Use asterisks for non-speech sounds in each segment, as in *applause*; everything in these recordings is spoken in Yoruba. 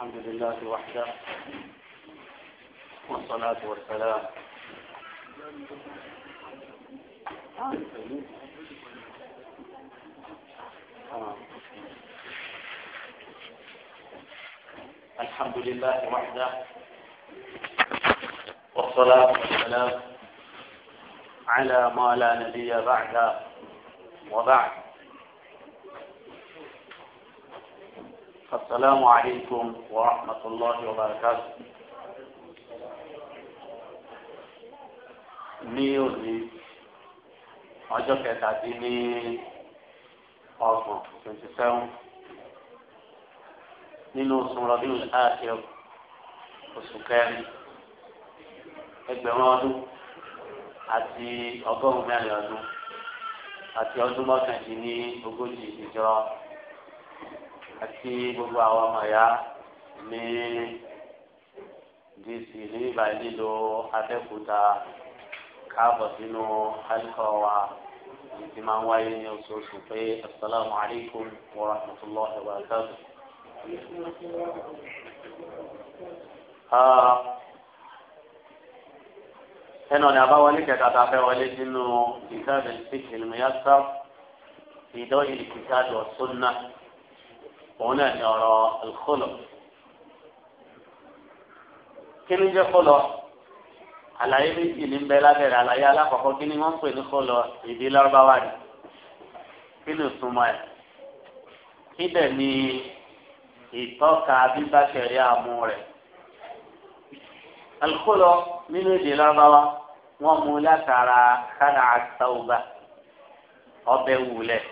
الحمد لله وحده والصلاة والسلام الحمد لله وحده والصلاة والسلام على ما لا نبي بعده وبعد السلام عليكم ورحمة الله وبركاته نيوزي ọjọ́ kẹtàdín ní ọgbọ̀n twenty seven nínú oṣù rọ̀bíù láàkiri oṣù kẹrin ẹgbẹ̀rún ọdún àti ọgọ́rùn-ún mẹ́rin ọdún àti ọdún mọ́kàndínlógójì ìjọ àti gbogbo àwọn ọmọ ya ní dc ní ìbàdí lílo abẹ́kúta káàbọ̀ sínú àlùkò wa ti máa ń wáyé ní oṣooṣù pé asalaamu alaykum wa rahmatulahi wa barakatuh. ẹnu ọ̀nà àbáwọlé kẹta tá a fẹ́ wọlé sínú ìsáàbẹ̀ sí kìlìmù yásá ìdọ́ ìlú kìtàdù náà òun náà ní ọ̀rọ̀ alukólọ kí ni jẹ́ kólọ àlàyé méjì ní bẹ lábẹ́rẹ́ àlàyé alákọ̀ọ́kọ́ kí ni wọ́n ń pè ní kólọ ìdí lárúbáwá ni kí ni ìtumọ̀ ẹ̀ kí dẹ̀ ni ìtọ́ka bíbáṣẹ̀rí àmú rẹ̀ alukólọ nínú èdè lárúbáwá wọ́n mú látara kánà àtàwùbá ọbẹ̀ wùlẹ̀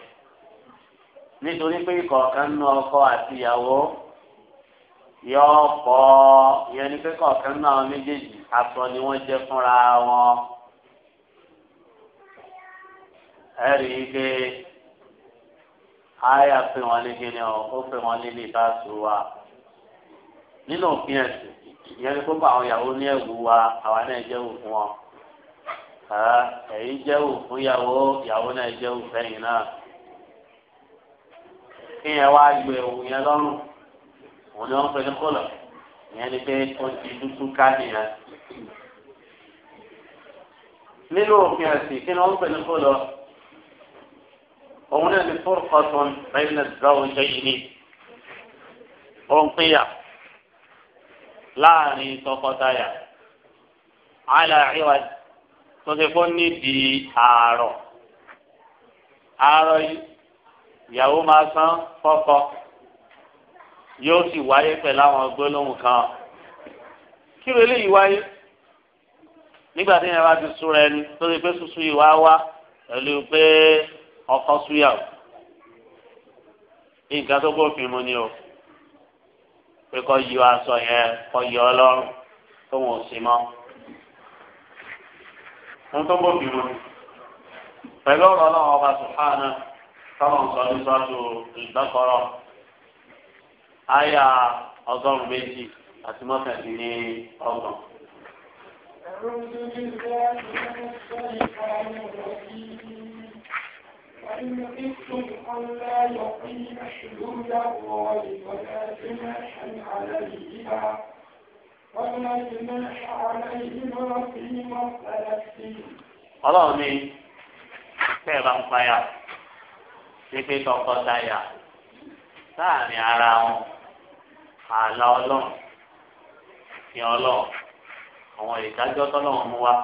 nítorí pé kọ̀ọ̀kan nú ọkọ àti ìyàwó yọ pọ̀ ìyẹn ni pé kọ̀ọ̀kan nú àwọn méjèèjì aṣọ ni wọ́n jẹ́ fúnra wọn. ẹ rí i pé àyà pé wọn ní kíni ọ ó pé wọn ní bíi báṣu wa nínú òfin ẹ̀sìn ìyẹn ni kókó àwọn ìyàwó ní ẹ̀wù wa àwa náà jẹ́ òwò fún wọn ẹ̀yin jẹ́ òwò ìyàwó ìyàwó náà jẹ́ òwò fẹ́yìn náà kí yẹn wá gbé òun yẹn lọ́rùn òun ni wọ́n pè ní kọlọ̀ ìyẹn ni pé ó ti dúdú káàdì yẹn. nínú òfin ẹ̀sìn kí ni wọ́n pè ní kọlọ̀ òun náà ni fúrkọ̀tún bẹ́ẹ̀ni ìdáwọ̀ jẹ́ yìí ni ó ń láàrin tọkọtaya aláìwá tó ti fún nídìí àárọ̀ àárọ̀ yìí ìyàwó máa san fọ́kọ yóò sì wáyé pẹ̀lú àwọn gbólóhùn kan kí ló léyìí wáyé nígbà tí yẹn bá ti súnra ẹni lórí pé súnsún yìí wá wá pẹ̀lú pé ọkọ súyàwó nǹkan tó bófin mu ni o pé kọ́ yọ aṣọ yẹn kọ́ yọ ọlọ́run tó wọn ò sí mọ́ ohun tó bófin mu pẹ̀lú ọ̀rọ̀ ọlọ́run ọba sùhánà sọ́mọ̀ sọ ní sọ́tù ìgbàkọ́rọ̀ àyà ọgọ́rùn-ún méjì àti mọ́kàndín ní ọgbọ̀n. أعوذ بالله من الشيطان الرجيم وإن خفتم ألا يقيم حدود الله ولا جناح عليهما ولا جناح عليهما فيما اختلفتم. Ọlọ́run ni tẹ́ ẹ bá ń payà pípé tọkọtaya láàrin ara wọn ààlà ọlọ́run fi ọlọ́run àwọn ìdájọ́ tọ́lọ́run mú wa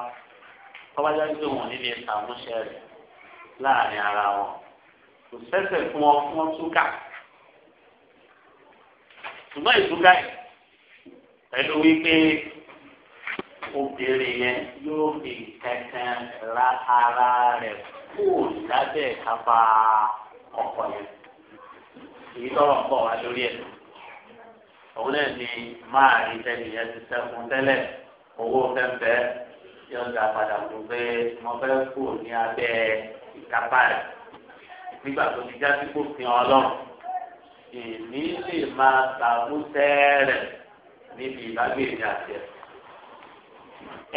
kọ́bájá gbé wọn níbi ìsàmúṣẹ rẹ̀ láàrin ara wọn kò sẹ́sẹ̀ fún wọn fún wọn túkà ṣùgbọ́n ìtúkà yìí pẹ̀lú wípé obìnrin yẹn yóò fi kẹ̀kẹ́ ra ara rẹ̀ kúrò lábẹ́ kápá ọkọ yẹn èyí tọrọ ń bọ̀ wá lórí ẹ̀ òun náà ni máa rí tẹ́lẹ̀ yẹn ti sẹ́kun tẹ́lẹ̀ owó fẹ́fẹ́ yóò dá padà tó pé mo fẹ́ kú ní abẹ́ ìkápá rẹ̀ nígbà tó ti jáde kó fi hàn ọlọ́run èmi lè máa gbàgbọ́sẹ́ rẹ̀ níbi ìbágbèrè àti ẹ̀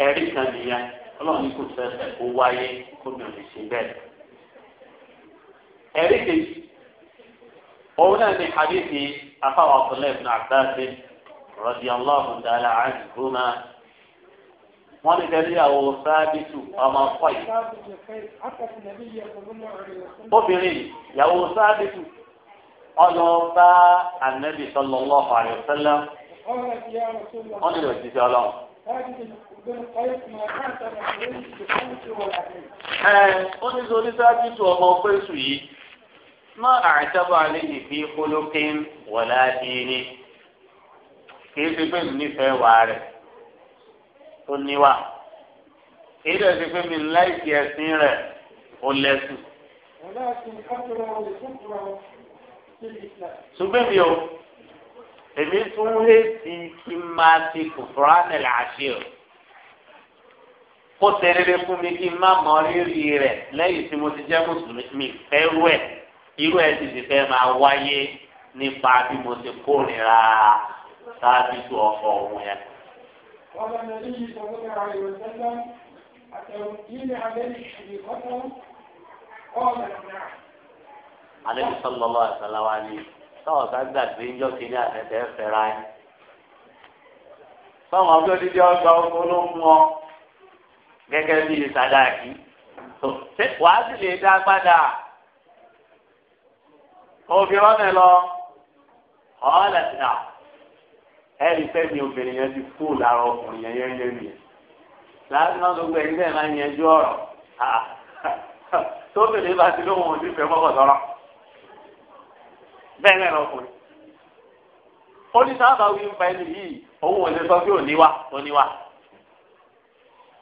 ẹ̀rí kan nìyẹn ọlọ́run ní kò fẹ́fẹ́ kó wáyé kó mi ò lè ṣe bẹ́ẹ̀ ẹ̀rí kejì òun náà ní hadithi afáwọn ọ̀tọ̀lẹ̀ ibn Abbas radiyallahu ta'ala anhuma wọ́n ní kẹ́lí àwọn sábìtù ọmọ kọ́yì. obìnrin ìyàwó sábìtù ọlọ́ọ̀bá ànábì sallallahu alaihi wasallam wọ́n nílò ìdíje ọlọ́run. ẹ ó ní sọ oníṣáájú tó ọmọ pẹ́sù yìí má àtẹ́bọ̀ àlejò bíi kólókéń wọ̀lá dínní kìí ṣe pé mi nífẹ̀ẹ́ wà rẹ̀ tó níwà kìí dẹ̀ ṣe pé mi láìsí ẹ̀sìn rẹ̀ ó lẹ́sùn. ṣùgbọ́n mi ò èmi tún hẹ́ẹ̀tì kí n máa ti kùfúránì làásìr kó tẹ́lẹ̀ fún mi kí n má mọ rírì rẹ̀ lẹ́yìn tí mo ti jẹ́ mùsùlùmí fẹ́ rú irú ẹ̀ sì ti fẹ́ máa wáyé nípa bí mo ti kórìíra sáábìtú ọkọ̀ òun yẹn. wọ́n bá nàlẹ́ yìí sọ̀rọ̀ nípa ìwé sẹ́lẹ̀ àtẹ̀wò yìí ní alẹ́ ìṣèlú kọ́tọ́ ọ̀nà náà. alẹ́ sọ́lọ́lọ́ àtàláwa ni táwọn ká gbàgbé ń jọ́ kínní àtẹ̀tẹ̀ fẹ́ra ẹ̀. fáwọn ọdún dídí ọgbà ọkọ ló mú ọ gẹ́gẹ́ bíi sàdáàkì. wàá sì lè dá padà òfin rọ́nà lọ ọ̀ọ́lẹ̀ nà ẹ̀rí fẹ́mi obìnrin yẹn ti kú lára ọkùnrin yẹn yẹn yẹn yẹn láti náà gbogbo ẹ̀yin bẹ́ẹ̀ máa ń yẹjú ọ̀rọ̀ tóbìnrin bá ti lóhùn òdì fẹ́ mọ́kàn sọ̀rọ̀ bẹ́ẹ̀ náà lọkùnrin ó ní sábà wí ń pa ẹni yìí òun ò lè sọ pé òní wa òní wa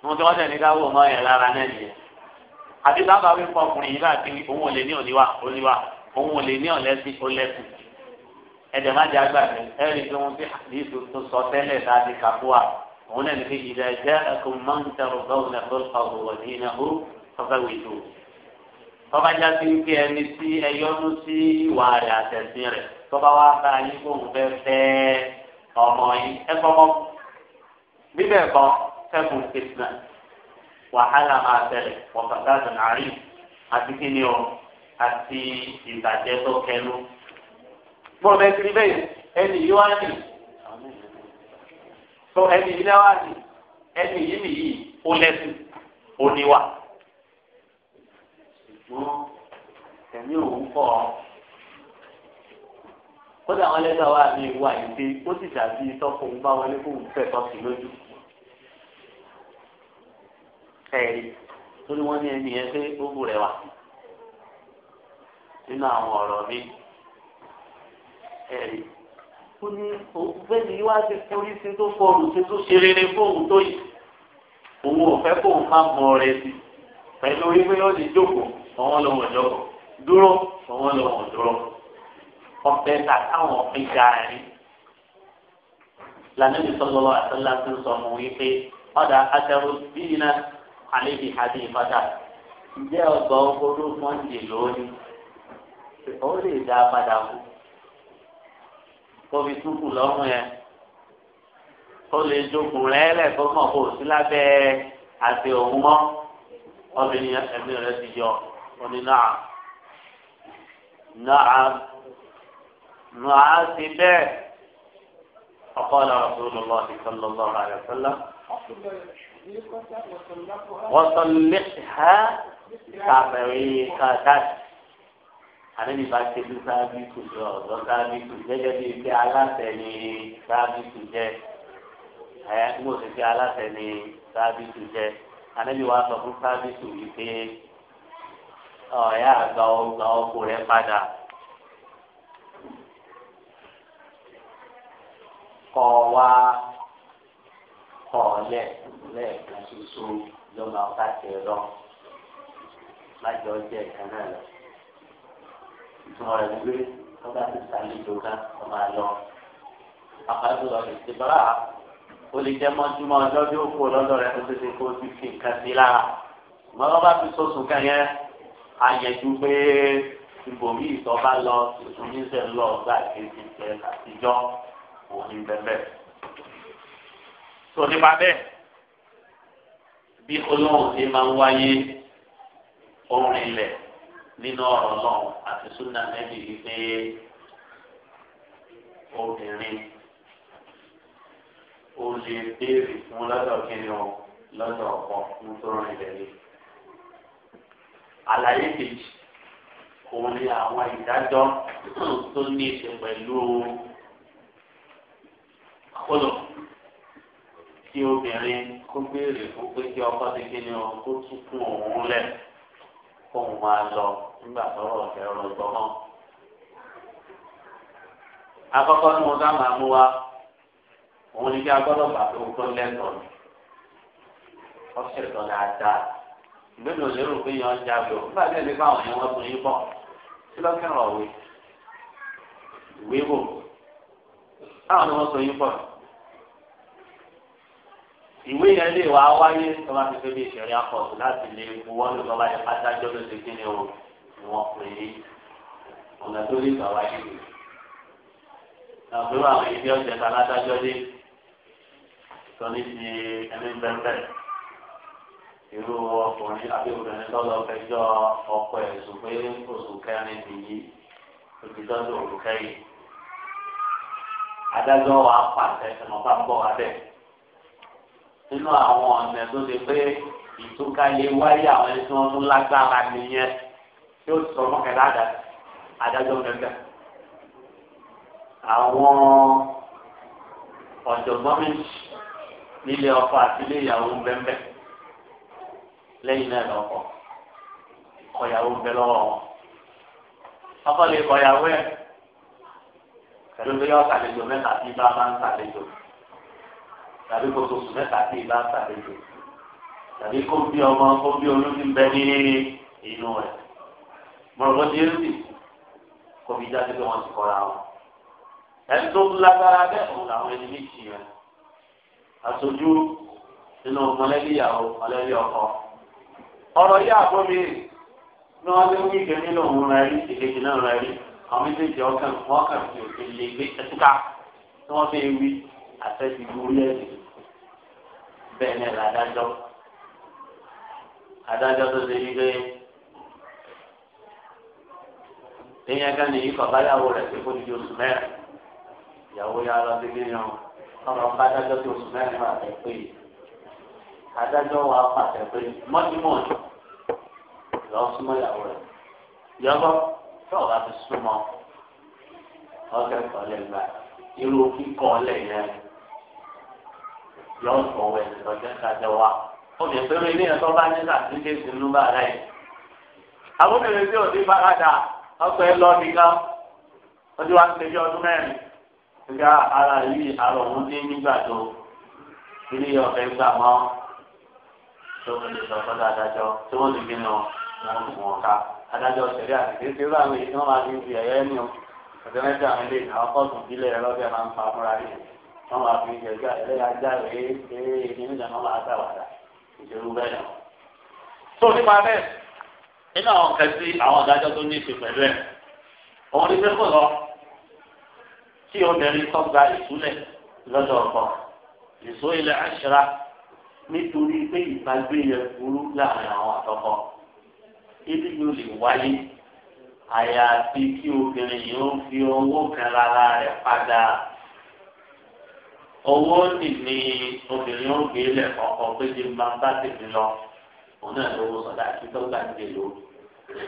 mo ti wọ́n tẹ̀ ní káwọ́ mọ́ ẹ̀ lára náà nìyẹn àti sábà wí ń pa ọkùnrin yìí láti òun ò ní òní wa òní wa òun ò lè ní ọ̀lẹ́sìn ó lẹ́kùn ẹ̀dẹ̀ má jẹ́ àgbàdo ẹ̀rí pé wọ́n fi àdìsù tó sọ tẹ́lẹ̀ tá a ti kà fún wa òun náà ní fi ìdá ẹ̀jẹ̀ ẹ̀kọ́ máa ń tẹ̀rù báwọn ẹ̀kọ́ ọ̀rọ̀ wọ̀ ní iná tọ́fẹ́ wì tó. tọ́ba já sí pé ẹni tí ẹ yọnu sí ìwà rẹ̀ àtẹ̀sìn rẹ̀ tọ́ba wá bá a yín fóun fẹ́ fẹ́ ọmọ yín ẹ kọ́kọ́ bíbẹ̀ kan àti ìbàjẹ́ tó kẹnu. Bọ́ọ̀lù ẹ̀sìn bẹ́ẹ̀ ẹni yìí wá nì. Tó ẹni yìí náà wá nì. Ẹni yìí nìyí ó lẹ́sìn ó níwà. Ṣùgbọ́n ẹ̀mí òun kọ̀ ọ́. Kódà àwọn ẹlẹ́gbẹ́ wa mi wà ìdè ó sì dàbí tọ́kùn bá wọlé kó fẹ́ tọ́sí lójú. Ẹ̀rí tó ní wọ́n ní ẹni yẹn pé ó bù rẹ̀ wà. nínú àwọn ọ̀rọ̀ mi ẹ̀rí ó ní bẹ́ẹ̀ ni wá ti forí sí tó fọrù sí tó ṣe rere fóun tó yìí òun ò fẹ́ kóun má mọ rẹ sí pẹ̀lú wípé ó ti jókòó ọ̀wọ́n lòun ò dúró ọ̀wọ́n dúró ta káwọn fi gàárì lànàbí sọlọ́lọ́ àtàlà ti sọ mọ́ wípé ọ̀dà àtẹ̀wò bíi náà àlébi àti ìfọ̀dà ǹjẹ́ ọgbà ọgbọ́n ló ó lè dá padà kú kóbi túkù lọ́rùn yẹn ó lè jókòó rẹ̀ lẹ́ẹ̀kọ́ mọ̀ kó o sí lábẹ́ àti òun mọ́ ọmọnìyàn ẹ̀mí rẹ̀ ti yọ oní náà náà náà ti bẹ́ẹ̀ ọkọ lọ́rọ̀ tó lọ́wọ́ ìkọlọ́ lọ́rọ̀ àyọ̀kọ́lá. wọ́n sọ lẹ́sìn ha tàbí kàdáàtì àlejò bá ṣe bí sábìkù jọ ọ̀dọ́ sábìkù gẹ́gẹ́ bíi pé aláṣẹ ni sábìkù jẹ́ ẹ mo sì fi aláṣẹ ni sábìkù jẹ́ àlejò wa sọ fún sábìkù yìí pé ọ̀yà àgbà ọgbà ọkọ rẹ padà kọ́ wa kọ́ lẹ̀ lẹ́ẹ̀kan ṣoṣo lọ́mọ ọ̀ká tẹ̀ lọ má jọ jẹ́ ìkan náà lọ ìtumọ̀ rẹ̀ ni pé wọ́n bá ti sàlejò kan wọ́n máa lọ. àkàtúntò lọ sí bàrà o lè jẹ́ mọ́júmọ́ ọjọ́ bí ó kú lọ́dọ̀ rẹ̀ tó tètè kó ti fi nǹkan sí lára. ṣùgbọ́n wọ́n bá fi sọ́sùn kan yẹn àyẹ̀jú pé ibòmí ìtọ́ba lọ ìtúnyíṣẹ́ lọ gbà kejì tẹ àtijọ́ òní bẹ́ẹ̀ tó nípa bẹ́ẹ̀ bí olóhùn ti máa ń wáyé orin ilẹ̀ nínú ọ̀rọ̀ náà àti súnà nẹ́bí wípé obìnrin ó lè béèrè fún lọ́dọ̀ kínní o lọ́dọ̀ ọ̀pọ̀ nítorí ìrẹ̀lẹ̀. àlàyé kejì òun ni àwọn ìdájọ́ tó ní í ṣe pẹ̀lú kólò tí obìnrin kó béèrè fún pé kí ọkọ ti kínní o kó tún kún òun lẹ̀ kóun máa lọ nígbà tọrọ ọ̀fẹ́ rọgbọ hàn. akọ́kọ́ tí mo dá máa mú wa òun ni kí agbọ́dọ̀ bàtò tó lẹ́tọ̀ọ́ mi ọ̀sẹ̀ tó dáadáa ìgbẹ́nu lérò pé yan ń jáde o nígbà tí ẹni báwọn yẹn wọ́n tún yín bọ̀ sí lọ́kẹ́rọ̀ òwe ìwé wò táwọn ni wọ́n tún yín bọ̀ ìwé yẹn lè wá wáyé tó bá ti débi ìṣẹ̀lẹ̀ akọ̀tù láti lè mú wọ́n lè lọ́ba yẹn pátájọ́ ló ti kíni o ni wọ́n pè é ọ̀nà tó lè gbà wáyé rè àbúrò àwọn ibi ọ̀jẹ̀ ta ládájọ́ dé sọ ní ti ẹni bẹ́ẹ̀ irú ọkùnrin àbí tó lọ fẹjọ́ ọkọ ẹ̀ sùn pé oṣù kẹrin nìyí òtítọ́ tó òkú kẹ́yìn adájọ́ wa pàṣẹ ẹ̀mọ́fà ń bọ̀ wá bẹ́ẹ̀ nínú àwọn ọ̀nà tó ṣe pé ìtúkalẹ̀ wáyé àwọn ẹni tí wọ́n tún lágbára nìyẹn tí ó sọ mọ́kànlá adájọ́ mẹ́fẹ́. àwọn ọ̀jọ̀gbọ́n méjì nílé ọkọ àti ilé ìyàwó bẹ́ẹ̀ lẹ́yìn náà lọ́kọ̀ kọ̀yàwó bẹ́ lọ́wọ́ wọn. ọkọ lè kọ̀yàwó ẹ̀ pẹ̀lú bí yọ sàlejò mẹ́ta bí bá máa ń sàlejò tàbí kó tó sùn mẹ́ta sí ìlà sàlejò tàbí kó bí ọmọ kó bí olójú ń bẹ ní inú rẹ̀ mọ̀rọ̀ ti rí kó fi jáde pé wọ́n ti kọ́ra wọn. ẹni tó lágbára bẹ́ẹ̀ òun làwọn ẹni méjì yẹn aṣojú nínú mọ̀lẹ́bí ìyàwó mọ̀lẹ́bí ọkọ. ọ̀rọ̀ yìí àbọ̀ mi ni wọ́n ti ń wí kẹ́mi lòun rẹ̀ rí ìkejì náà rẹ̀ rí àwọn méjèèjì ọkàn wọn kàn fi òkè lè gbé ẹtúkà tí wọ́n fi wí àtẹ́sí gbórí ẹ̀sìn bẹ́ẹ̀ náà ládájọ́ adájọ́ tó ṣe yí pé èèyàn kan nìyí kọ̀ báyàwó rẹ̀ pé kó di oṣù mẹ́rin ìyàwó yà lọ sí kíni o ọ̀rọ̀ ń bá adájọ́ tí oṣù mẹ́rin máa tẹ̀ pé adájọ́ wa pàtẹ pé mọ́júmọ́jú lọ súnmọ́ ìyàwó rẹ̀ yọ́bọ́ tí ọ̀gá ti súnmọ́ ọ̀gá ìkọ̀lẹ̀ gbà irú kíkọ́ ọ̀lẹ̀ yẹn yọ ọ̀wẹ̀ lọ́jọ́ ìdájọ́ wa obì péré ilé yẹn tó bá ní sàtúnṣe sínú bá rẹ̀ àbúrò tí ò ní faradà ọ̀pẹ lọ nìkan ọdún wa ń tẹ̀lé ọdún mẹ́rin gba ara yìí ara òun ní nígbà tó ilé ọ̀fẹ́ gbà mọ́ tó ń lè sọ fọ́dọ̀ adájọ́ tí wọ́n lè gbé lọ wọn lù wọn ká adájọ́ ṣẹlẹ̀ àti kéèké bá àwọn èyí tí wọ́n máa ń fi ẹ̀yẹ́ ní o ọ̀dọ́ mẹ́ta àwọn ilé ìdáwọ́ pọ̀ tún sílẹ̀ lọ́bẹ̀ máa ń pa fúnra rẹ̀ wọn máa fi ìjọba ẹlẹ́yà jáde eré ìdílé náà wọn máa sàwádà ìṣòro bẹ́ẹ̀ náà. tó nípa bẹ́ẹ̀ nínú àwọn kan sí àwọn ìdájọ́ tó ní ìṣe pẹ̀lú ẹ̀ òun ní pẹ́kọ̀ lọ tí obìnrin kọ́ gba ìsúlẹ̀ lọ́dọ̀ ọkọ ìṣó ilẹ̀ àṣírà nítorí pé ìbágbé yẹn burú láàrin àwọn àtọkọ ibi yóò lè wáyé àyàfi kí obìnrin yìí ó fi owó kan lára rẹ̀ padà owó nì ní obìnrin ó gbé lẹ ọkọ pé kí n máa bá tèmi lọ òun náà lówó sọdá àti tọgbà ń dè lórí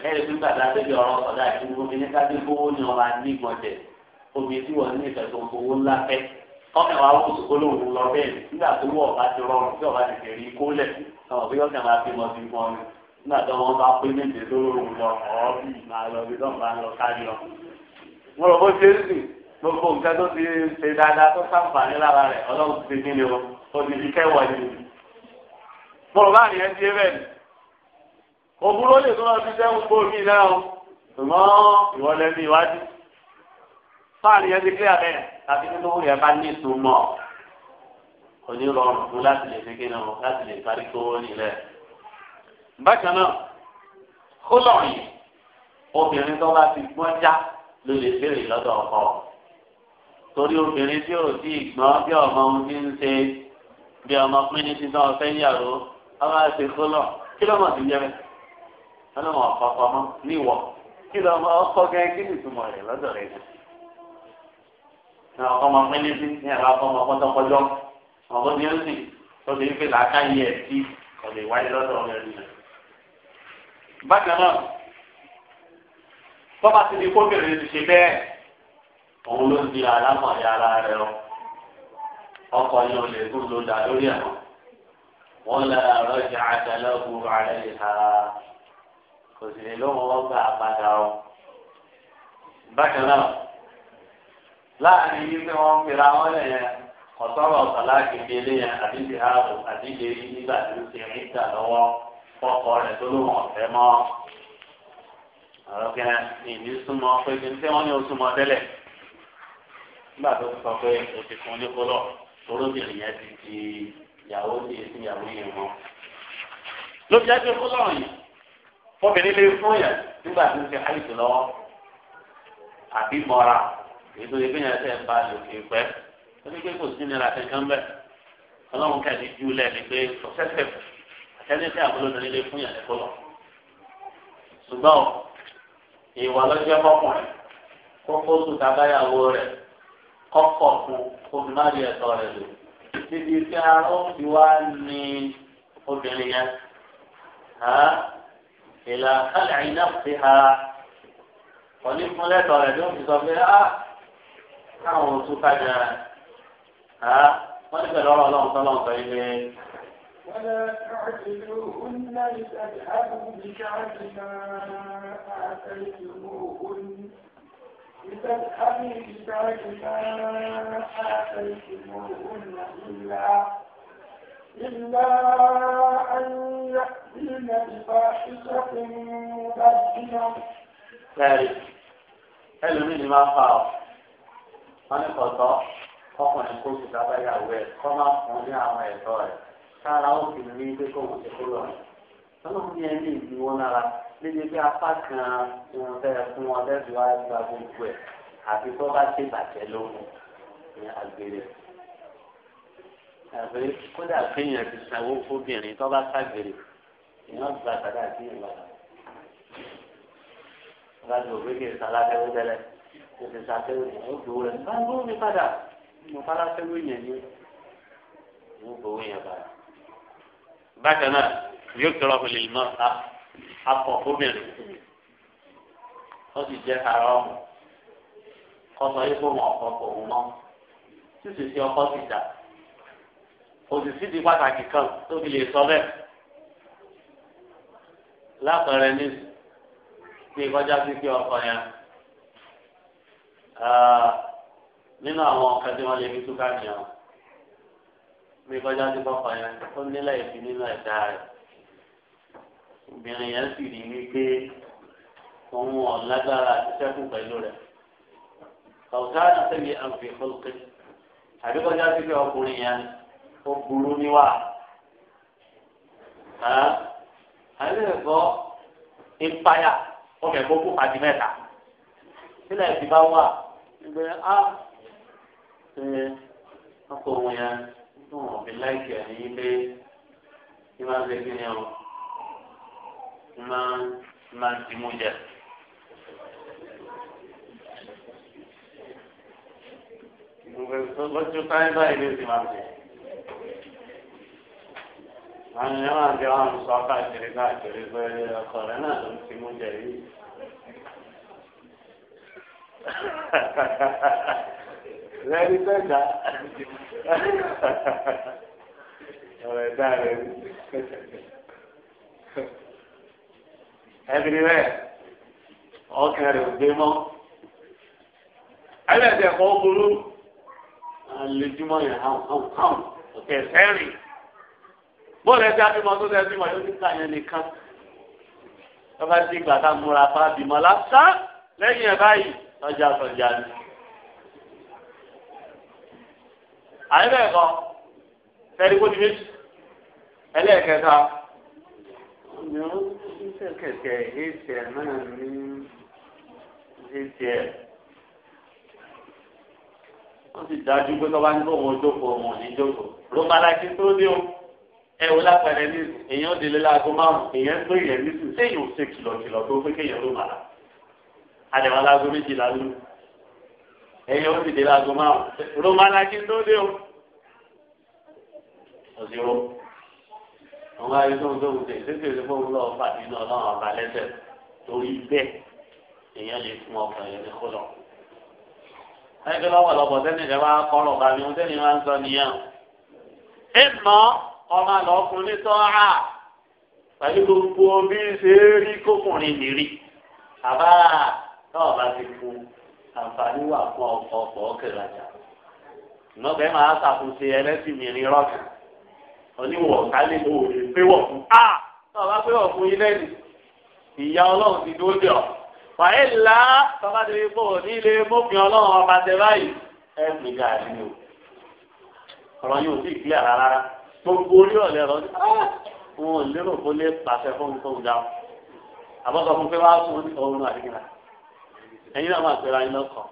ẹni tí gbàgbà tẹbi ọ̀rọ̀ sọdá àti gbogbo ní ká dé gbowó ni ọba nígbọn jẹ omi tí wọn ní ìfẹ́ tó ń fowó ńlá fẹ ọkẹ wa wò sí olóhùn lọ bẹ́ẹ̀ nígbà tó wọ ọba ti rọrùn tí ọba ti fèrè ikó lẹ ọmọ bí ọkẹ máa fi mọ sí fún ọ nígbà tó wọn bá pé méje lóhùn lọ ọ bí máa lọ bí lọ máa lọ kárí lọ. mo rò bó ṣe é sìn gbogbo nǹkan tó ti ṣe dáadáa tó sàǹfààní lára rẹ̀ ọlọ́run ti ní ni o òdìdí kẹwàá ni. bọ̀rọ̀ bá nìyẹn ti bẹ́ẹ̀ ni. òbúrò lè tún lọ sí sẹ́wọ̀n gbòmí náà o ṣùgbọ́n ìwọlẹ̀ ní iwájú. fáàní yẹn ti kílẹ̀ bẹ́ẹ̀ tàbí nínú yẹn bá ní ìtumọ̀ onírọ̀rùn fún láti lè fi kíni láti lè parí tó nílẹ̀. bákan náà kólọ̀ yìí obìnrin tó bá ti gbọ́n já ló lè béèrè lọ́dọ̀ ọkọ torí obìnrin tí ò sí ìgbọ́n bí ọmọ ohun ti ń ṣe bí ọmọ pín ní títàn ọ̀fẹ́ ìyàwó ọmọ àti kólọ̀ kí ló mọ̀ sí jẹ́rẹ́ ọlọ́mọ ọ̀pọ̀ pamọ́ níwọ̀ kí ló mọ ọkọ gẹ́gẹ́ kí ni ìtumọ̀ rẹ̀ lọ́dọ̀ rẹ̀ jù. ní ọkọ ọmọ pín ní sí ní ẹ̀rọ ọkọ ọmọ pọ́tọ́pọ́jọ́ ọmọ ní ẹ̀sìn tó lè fi làákà yẹ ẹ̀ sí ọ̀lẹ̀ wáyé lọ́dọ̀ rẹ̀ jù. bákan náà tọ́ba ti di kóbìnrin ti ṣe bẹ́ẹ̀ òun ló di alámọ̀dé ara rẹ o ọkọ̀ yóò lè kú ló dá lórí ẹ̀ wọ́n lọ rọ́jà àtàlẹ́kùn rẹ̀ ha kò sì lè lọ́wọ́ wọ́n gbà padà o bákan náà láàrin yìí pé wọ́n ń pera wọ́n lẹ̀ yẹn kọ̀tọ́rọ̀ ọ̀sálà kékeré yẹn àti ìhàrò àti ìdèrí nígbà tí ó ti rìn dà lọ́wọ́ fọ́kọ rẹ̀ tó ló wọ̀n fẹ́ mọ́ ọ̀rọ̀ kẹ́hìn ní súnmọ́ pé kí n tẹ́ ní oṣù mọ́ tẹ́lẹ̀ nígbà tó sọ pé o ti fún oníkólọ̀ oróbìnrin yẹn ti di ìyàwó ti sí ìyàwó yẹn mọ́. ló fi jẹ́ pé kólọ̀ yìí fọ́bìnrin lè fún yẹn nígbà tó ti àìsàn lọ́wọ́ àbí mọ́ra èyí tó yẹ kí yẹn tẹ̀ bá lòkè pẹ́ ó ní pé kò sí nira kankan bẹ́ẹ̀ ọlọ́run ká di júlẹ̀ ni pé sọ́sẹ́sẹ́ àtẹ́lẹ́sẹ́ àbúrò nílé fún yàrá ẹ̀kọ́ lọ. ṣùgbọ́n ìwà lọ́jọ́ ọkùnrin kókó sùn tábáyàwó rẹ̀ kọ́kọ́ kú omi má rí ẹ̀tọ́ rẹ̀ lò títí tí arọ́ fi wá ní obìnrin yẹn ìlà kálẹ̀ iná fi ha òní fún lẹ́tọ̀ rẹ̀ ló ń fi sọ pé á káwọn oṣù kájà wọ́n ti bẹ̀rẹ̀ ọ̀rọ̀ ọlọ́run tó lọ́n sọ yìí pé. ولا تعجلوهن لتذهبوا بشعر ما آتيتموهن لتسألي بسعد ما آتيتموهن إلا إلا أن ni máa ń fa ọ ní kọtọ ọkùnrin kó kìtà báyàwó ẹ kọ máa fún ní àwọn ẹ̀tọ́ rẹ̀ kára ó kìlì ní pé kó wọn ti kúrò rẹ̀ Ọlọ́run ní ẹni ìdíwọ́ nára níbi bí apá kan tí wọ́n fẹ́ fún wọn lẹ́bi wá gba gbogbo ẹ̀ àfi tó bá ṣe bàjẹ́ lóhùn ní agbèrè. àgbèrè kódà kéèyàn ti sanwó fóbìnrin tó bá ságbèrè èèyàn gba tàdá sí ìbàdàn. láti òwe kì í sálá fẹ́wọ́ tẹ́lẹ̀ kò sì sàfẹ́wọ́ yẹn ó gbowó rẹ̀ bá gbowó mi padà mo fara fẹ́wọ́ yẹn ni mo gbowó yẹn padà. bákan náà yóò tọrọ fún lè mọ́ a akọ fúnmìrì ó sì jẹ àárọ̀ kọsọ yìí fún ọkọ òun mọ títí tí ọkọ ti dà òṣìṣẹ́ di pàtàkì kan tó fi lè sọ bẹ́ẹ̀ lápẹẹrẹ ní bí kọjá sí pé ọkọ yẹn nínú àwọn ọkọ tí wọn lè fi túká nìyẹn bí kọjá sí pọkọ yẹn ó nílẹ̀ ìfi nínú ẹ̀dá rẹ̀ obìnrin yẹn sì rí mi pé òun ọ̀lágbára àti sẹ́kù pẹ̀lú rẹ̀ ọ̀gáàdì sẹ́yìn àǹfẹ̀ fọlùkẹ́ àbí kọjá sí pé ọkùnrin yẹn ó burú níwà àbí ẹ̀kọ́ ìpayà ọkẹ̀ kó kú pàdé mẹ́ta sílẹ̀ ti bá wà ẹgbẹ́ á ṣe ọkọ̀ yẹn tó wọ̀n fi láìkì ẹ̀ ní pé kí wọ́n ṣe kí ni ọ̀hún máa ń máa ń dimú jẹ. lọ́jọ́ táyé báyìí ló ti máa jẹ. àwọn èèyàn máa jẹ wọn sọ káàkiri káàkiri pé ọkọ rẹ náà ló ń timú jẹ yìí. lẹ́ni tó dá ọ̀rẹ́ dá rẹ̀ ní. Everywhere, ni bẹ́ẹ̀ ọkàn rẹ̀ ò gbé mọ́ ẹlẹ́dẹ̀ kọ́ burú alẹ́júmọ́ yẹn hàn hàn hàn ọ̀kẹ́ sẹ́rìn bọ́ọ̀lù ẹ̀sẹ̀ àbímọ tó tẹ̀ bímọ yóò ti kà yẹn nìkan lọ́ba ti gbà ká múra bá bímọ lásán lẹ́yìn ẹ̀ báyìí lọ́jà sọ̀jà ni. àyẹ̀bẹ̀ kan fẹ́ẹ́ rí kó di méjì ẹlẹ́ẹ̀kẹta iṣẹ́ kẹ̀kẹ́ atm náà ní atm wọ́n ti dájú pé tọ́ba ní bọ́ọ̀mù ojókòó ọmọ níjókòó romalaki tó dé o ẹ wò lápẹẹrẹ ní èèyàn délé láago márùn èèyàn gbé èèyàn ní sùn séèyàn ò ṣe kìlọ̀kìlọ̀ tó pé kéèyàn ló màlá àdèmọ́ láago méjìlá lónìí èèyàn ó sì dé láago márùn romalaki tó dé o ọ̀sìn o àwọn ayé tó ń tẹ ìdókè ló fóun lọ fà nínú Ọlọ́run ọba lẹsẹ torí bẹ́ẹ̀ èèyàn lè fún ọkàn yẹn ní kọlọ. ẹgbẹ́ lọ́wọ́lọ́wọ́ sẹ́ni rẹ̀ wá kọ́rọ̀ bá mi sẹ́ni máa ń sọ nìyẹn. ẹ mọ ọmọ àlọ́kùnrin sọ́ra pẹ̀lú gbogbo bí ṣe rí kókùnrin nìrí. bàbá náà bá ti fún àǹfààní wà fún ọkọ̀ ọkọ̀ ọkẹ̀rajà. ìmọ̀bẹ máa ṣàkóso ẹlẹ́sìn mìíràn rọ̀kì oníwọ̀ kálí ló wò lè péwọ̀ fún. a ah! tó o bá péwọ̀ fún yín lẹ́nu ìyá ọlọ́run ti dúró dé ọ. wàyí ńlá tọ́ba ti fi fóònù ní ilé mọ́kìn ọlọ́run ọba tẹ báyìí ẹ pè ká àdínú. ọ̀rọ̀ yóò sì kílẹ̀ rárá gbogbo orí ọ̀lẹ́ rọ ah! wọn ò lérò kó lè pàṣẹ fún mi tó dáhùn. àbọ̀sọ̀ fún pé wàá sùn ní ọrùn ẹ̀yin náà máa pèrè ayé lọ́kọ̀ọ́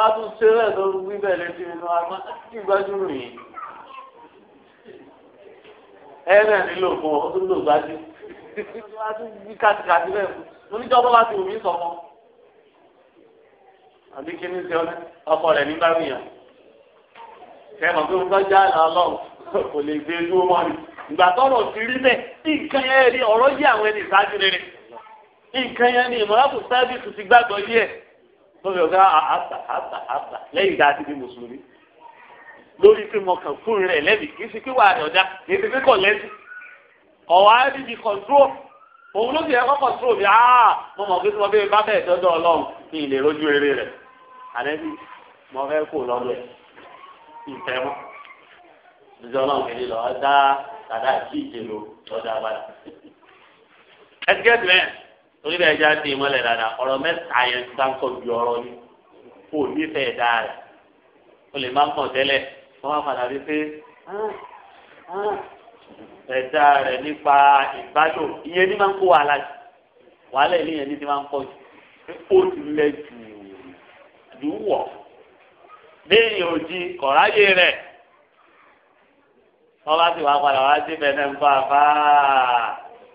a tún ṣe rẹ̀ lórí wíbẹ̀ lẹ́sìn inú agbá tí gbajúmọ̀ yìí ẹ náà nílò fún ọ tó lò gbájú bí kàtìkàtì bẹ́ẹ̀ fún oníjọba bá ti wù mí sọmọ àbí kí ni ṣe ọ ọkọ rẹ ní báwìyàn ṣe mọ̀ pé mo fẹ́ já àlà ọlọ́run kò lè gbé e dúró mọ́ mi ìgbà tọrọ ti rí bẹ́ẹ̀ bí nǹkan yẹn rí ọ̀rọ̀ yí àwọn ẹni ìsáájú rere nǹkan yẹn ni ìmọ̀lápò sábìsì ti gbàgbọ́ díẹ̀ lórí ọ̀gá àtà àtà àtà lẹ́yìn ìgbà àti bí mùsùlùmí lórí pé mo kàn fún rẹ̀ lẹ́bi kì í ṣe pé wà á dọ̀dá kì í ṣe pé kọ̀ lẹ́bi ọ̀wá níbi kọ̀ǹtró òun ló sì yẹ kọ́ kọ̀ǹtró mi áà ah, mo mọ̀ pé tí mo bẹ́ẹ̀ bá bẹ́ẹ̀ dọ́dọ̀ ọlọ́run ní ilé rojú eré rẹ̀ àlẹ́bí mo fẹ́ kó lọ́dọ̀ ìfẹ́ mọ́ ìjọ ọlọ́run kìíní lọ dá dàdá kí ìjèlò lọ́dọ̀ abala. ẹtikẹ́tì mẹ́rin torí bẹ́ẹ̀ já dé mọ́lẹ̀ dáadáa ọ̀rọ̀ mẹ́ta yẹn dáńkọ́ ju ọ̀rọ̀ yìí kò nífẹ̀ẹ́ dáa rẹ̀ o lè má mọ̀ tẹ́lẹ̀ wọ́n á padà rí pé ẹ̀dá rẹ̀ nípa ìbádò ìyẹn ní máa ń kó wàhálà jù wàhálà ilé yẹn ní ti máa ń pọ̀ jù ó ti lẹ̀ jù jù wọ̀ léyìn òjì kọ̀ráyé rẹ̀ wọ́n bá ti wá padà wá sí bẹ̀rẹ̀ ń bá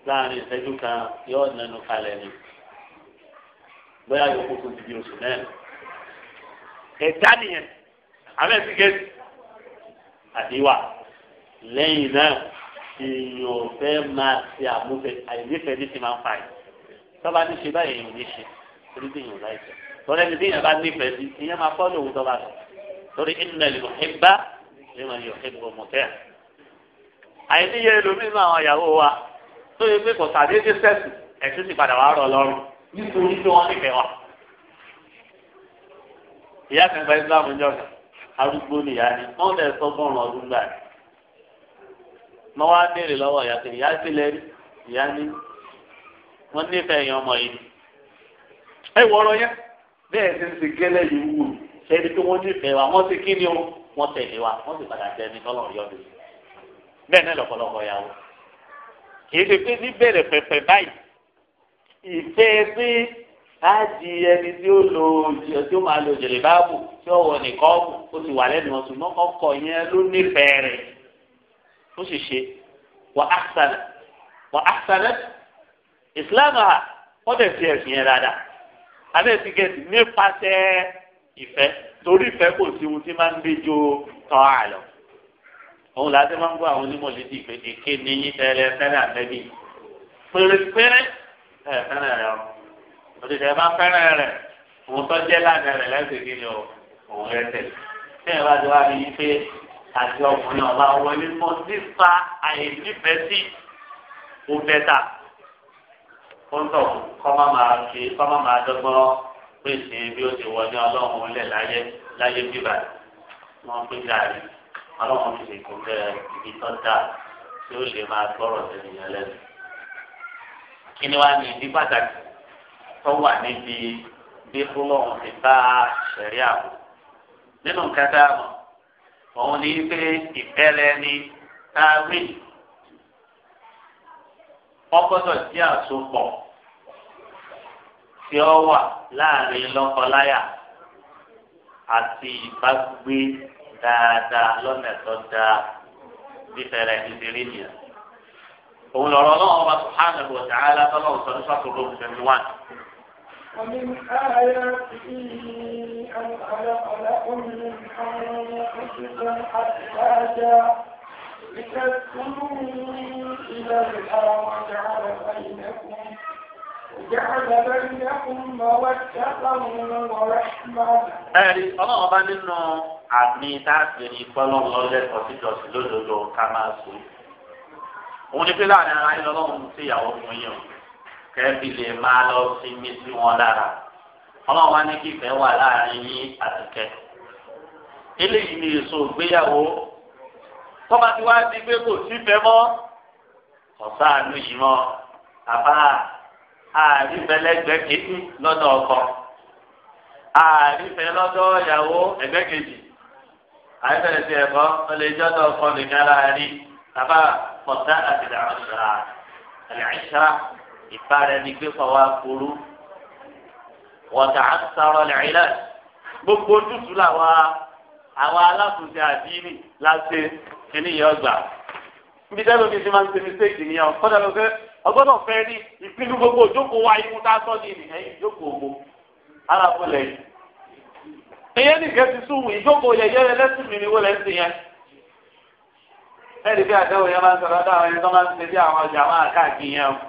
láàrin ìṣẹ́jú kan yóò nẹnu kalẹ̀ ni bóyá yòókù tó ti di oṣù náà ẹ̀dá nìyẹn àbẹ̀ ti gẹ̀ẹ́sì àdéwà lẹ́yìn náà èèyàn fẹ́ máa ṣe àmúfẹ́ àìnífẹ̀ẹ́ ní ti máa ń fa yìí tọ́ba ní ṣe báyìí èèyàn ò ní ṣe torí bí èèyàn láì fẹ́ torí ẹni bí èèyàn bá nífẹ̀ẹ́ sí ìyẹn máa fọ́ lòun tọ́ba sọ torí ìnìlẹ̀ lè mọ̀ ẹ́ bá lè mọ̀ yọ̀ ẹ́ bọ̀ mọ̀ kẹ́ẹ̀. àìníyẹ ẹlòmíín náà àwọn ìyàwó wa tó yẹ pé kò sàdédé sẹ́sì ẹ̀sùn ti padà wàá rọ̀ lọ́rùn nítorí pé wọ́n nífẹ̀ẹ́ wa. ìyá kan gba ìsìlámù jọ̀gàn arúgbó nìyá ni wọ́n lè sọ fọ́ọ̀rùn ọdún gbà ní. mo wá béèrè lọ́wọ́ ìyá pé ìyá sí lẹ́rí ìyá ní wọ́n nífẹ̀ẹ́ yẹn ọmọ yìí. ẹ wọ̀rọ̀ yẹn bẹ́ẹ̀ ti ń ti gẹ́lẹ́ yìí wù ẹni pé wọ́n nífẹ̀ẹ́ wa wọ́n ti kí ni o wọ́n tẹ̀lé wa wọ́n sì padà jẹ ẹni tọ́lọ̀ yọ̀dù bẹ́ẹ̀ náà lọ́pọ̀lọpọ̀ yà wò. kì í ṣe pé níbẹ̀rẹ̀ pẹ̀pẹ̀ báyìí ìfẹ́ á di ẹni tí ó lo tí ó máa lo jèrè báàbù tí ó wọ nìkan ó ti wà lẹ́nu ọ̀sùn mọ́ ọkọ̀ yẹn ló nífẹ̀ẹ́ rẹ̀ ó sì ṣe wà á sàlẹ̀ wà á sàlẹ̀ ìsìláàmù à wọ́n dẹ̀ fi ẹ̀sìn yẹn dáadáa abẹ́ ti gẹ̀ẹ́sì nípasẹ̀ ìfẹ́ torí ìfẹ́ kò sí ohun tí máa ń gbẹjọ tán àlọ́ òun làá ti máa ń gbọ́ àwọn onímọ̀ létí ìpè kékeré ní yín tẹ́lẹ̀ fẹ́ràn àtẹ́bí pérépéré ẹ̀ fẹ́ràn ẹ̀ ọ́ òṣìṣẹ́ bá fẹ́ràn rẹ̀ òun tó jẹ́ lánàá rẹ̀ lẹ́sìn kí ni o òun rẹ̀ tẹ̀. tí ẹ bá ti wá yí pé àti ọkùnrin ọba wọlé mọ́ nípa àìnífẹ̀ẹ́sì ó bẹ́ tà ó ń tọ̀ kọ́ má máa fi kọ́ má máa dọ́gbọ́n pèsè bí ó ti wọ ní ọlọ́run lẹ̀ láyé láyé bíbà wọ́n pín gàrí ọlọ́run ti lè kó ibi tó dáa tí ó lè máa gbọ́rọ̀ sẹ́niyàn lẹ́nu. kí ni wàá ní ìdí pàtàkì tó wà níbi bí fúlọ́ọ̀n ti bá ṣẹ̀rí àbò nínú kẹta mọ̀ òun ní pé ìbẹ̀rẹ̀ ni táwí wọ́n gbọ́dọ̀ jẹ́ àsopọ̀ tí ó wà láàrin lọ́kọláya àti ìbágbé dáadáa lọ́nà tó dáa bí fẹ̀rẹ̀ ní ti rí nìyẹn òun lọ̀rọ̀ náà wọ́n bá sùn hánà lọ́jà alábọ́lọ́ ní sọ́kòló twenty one. ومن آياته أن خلق لكم من أنفسكم أزواجا لتسكنوا إليها وجعل بينكم وجعل بينكم مودة ورحمة. ẹ̀rí ọlọ́run ọba nínú àmì táàbìrì pọ́lọ́mọ́ lẹ́kọ̀ọ́ síjọ́sí lódodo ká máa sùn. òun ni pé láàrin ara ẹ̀ lọ́lọ́run sí fún yín o kẹ́ẹ̀fì lè máa lọ sinmi sí wọn lára ọlọ́run wá ní kí ìfẹ́ wà láàrin yín àtìkẹ́ eléyìí ni èso ìgbéyàwó tọ́ba tí wàá di pé kò sífẹ́ mọ́ ọ̀sáàánú yìí mọ́ àbá àrífẹ́lẹ́gbẹ́ kejì lọ́dọ̀ ọkọ àrífẹ́ lọ́dọ̀ ìyàwó ẹgbẹ́ kejì àrífẹ́lẹ́ ti ẹ̀kọ́ ọlẹ́jọ́dọ̀ ọkọ nìkan láàrin àbá ọ̀sá àti ìdààmú ìṣara àlẹ́ àìṣara ìfara ẹni gbé pa wá kúrú wọ̀tà àtàrọ̀ lẹ́yìnlá gbogbo tútù làwọn àwọn alákùnrin àdínì láti kíní yẹn ọgbà níbi tẹ́lẹ̀ omi ti máa ń ṣe mistake nìyẹn ọ̀kọ́dà lọ́sẹ̀ ọgbọ́dọ̀ fẹ́ ní ìpinnu gbogbo ìjókòó wa ikú tá a sọ ní ìyẹn ìjókòó gbogbo alákùn lẹ́yìn ìyẹn nìkan ti súnwù ìjókòó yẹyẹ lẹ́sìn mi ni wọ́n lẹ́sìn yẹn bí àtẹ̀wò yẹn máa ń sọ̀rọ̀ dáhùn ẹni tó máa ń ṣe bí àwọn ọjà máa káàkiri yẹn o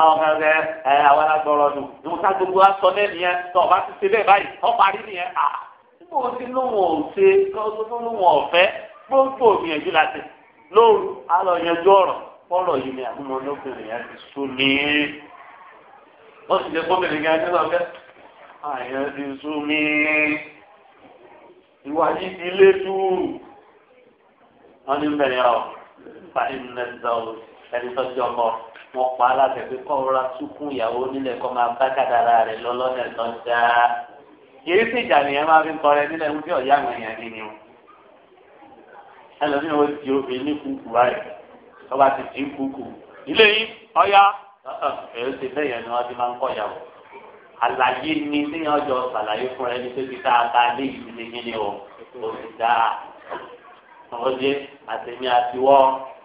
àwọn kan fẹ́ ẹ àwọn agbọ̀rọ̀ nù ìwọ̀n tá gbogbo aṣọ náà nìyẹn tó ọba ti ṣe bẹ́ẹ̀ báyìí ọ parí nìyẹn à bó o ti lóun ò ṣe kó lóun ọ̀fẹ́ gbogbo òmìyànjú láti lóru alọ yanjú ọ̀rọ̀ fọ́rọ̀ yìí ni àwọn ọmọdébìnrin yẹn ti sún ní wọ́n sì lè gómìnir yẹn nígbà fẹ́ àyàn ti sún ní ìwà yìí ti lé dúró wọ́n ní bẹ̀rẹ̀ ọ̀ fàìmù nẹ́tìdá ẹni tó ọmọ wọn pa aláṣẹ pé kọ́ ọ̀rọ̀ sunkún ìyàwó nílẹ̀ kọ́ máa bá kàdàrà rẹ̀ lọ́lọ́dẹ̀ lọ́jà. yìí sì ìjà nìyẹn máa fi ń kọrẹ nílẹ̀ ń bí ọ̀yá àwọn èèyàn ni o. ẹlòmíràn ó di obìnrin ní kúkú báyìí ọba ti di kúkú. ilé yìí ọ̀yá èyí ti bẹ́yẹn ni wọ́n ti máa ń kọ́ ìyàwó. àlàyé ni téèyàn jọ ṣàlàyé fún ẹni tó ti tá a bá lé ìdílé ọdẹ àtẹmí àtiwọ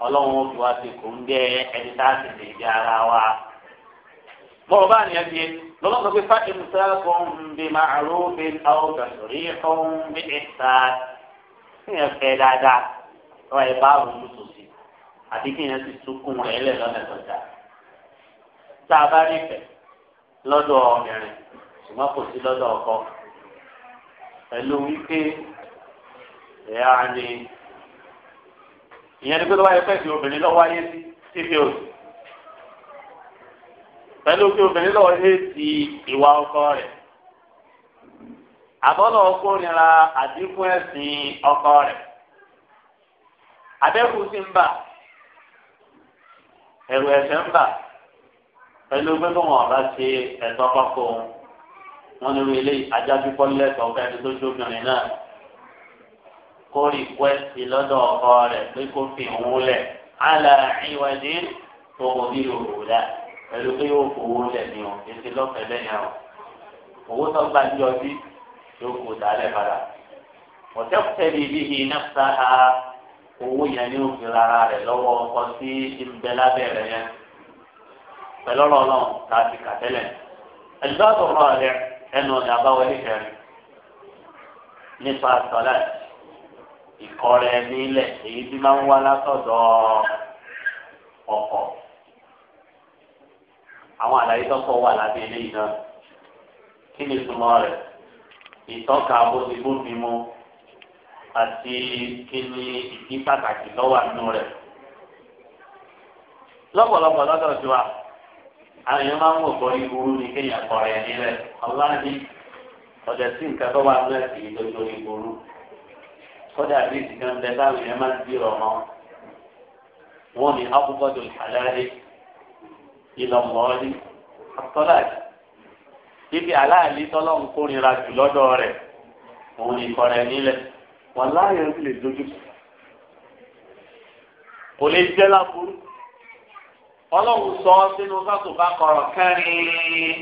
ọlọ́run òfin wa ti kò ń gẹ ẹni tá a ti lè jẹ ara wa. bọ́ọ̀ bá nìyẹn bíi lọ́wọ́ sọ pé fáìlì sáàkùn bí màrúfin àwọn kàṣírí fún bí ẹ̀ta kíyẹn fẹ́ dáadáa lọ́wọ́ ẹ bá rùn lóṣù sí àti kíyẹn sì sunkún rẹ̀ lọ́nà ìtọ́jà. tá a bá rí lọ́dọ̀ ọ̀rìn ṣùgbọ́n kò sí lọ́dọ̀ ọkọ pẹ̀lú wípé ẹ̀yà ni ìyẹn ni pé lọ́wọ́ ayẹ́fẹ́ ti obìnrin lọ́wọ́ ayé sí pcos pẹ̀lú pé obìnrin lọ́wọ́ ayé ti ìwà ọkọ rẹ̀ àbọ̀lọ̀ kórìíra àdínkù ẹ̀sìn ọkọ rẹ̀ abẹ́kù sí ń bà ẹ̀rù ẹ̀sẹ̀ ń bà pẹ̀lú pé kí wọ́n bá ṣe ẹ̀tọ́ kọ́kọ́ wọn nínú ilé ajá pípọ́ lẹ́tọ̀ọ́ fẹ́ẹ́ tó jókòó náà kó rìkwẹ́sì lọ́dọ̀ ọkọ rẹ̀ pé kó fi òun lẹ̀ àlà ìwádìí tó kò bí òwò dà pẹ̀lú pé yóò fowó lẹ̀ ní o èsì lọ́fẹ̀ẹ́ lẹ́yìn àwọn owó tó gbà ní ọtí yóò kó dálẹ̀ padà ọ̀tẹ́kùtẹ́ bíi bíi nẹ́fẹ̀sà ha owó yẹn ní òfin rárá rẹ̀ lọ́wọ́ ọkọ sí ìbẹ̀ lábẹ́ yẹn pẹ̀lú ọ̀rọ̀ náà ta ti kà tẹ́lẹ̀ ẹ̀dùn àtọ̀rọ̀ rẹ̀ ẹnu ọ̀dà ìkọrẹ nílẹ̀ èyí tí máa ń wá látọ̀dọ̀ ọkọ àwọn àlàyé tọkọ wà lábẹ́ eléyìí náà kí ni ìtumọ̀ rẹ̀ ìtọ́ka bóṣibóṣimọ àti kí ni ìdí pàtàkì lọ́wọ́ àánú rẹ̀ lọ́pọ̀lọpọ̀ lọ́dọ̀ tí wa àwọn èèyàn máa ń wò kọ́ ìburú ni kéèyàn kọrẹ nílẹ̀ ọlọ́run ní ọ̀dẹ̀ sí nǹkan tó wà lẹ́sìn ìdójú ìburú. kódà bí ìdìkan bẹ báwo yẹn máa ń bí ọmọ wọn ni abúgbọdọ ìhàlàlẹ ìlọmọọlì àtọláàdì ibi aláàlí tọlọ́run kórìíra jù lọ́dọ̀ rẹ̀ òun ni ìkọrẹ nílẹ̀ wọn láàyè ń lè dojú kò lè ọlọ́run sọ sínú sọ́tò bá kọ̀rọ̀ kẹ́rin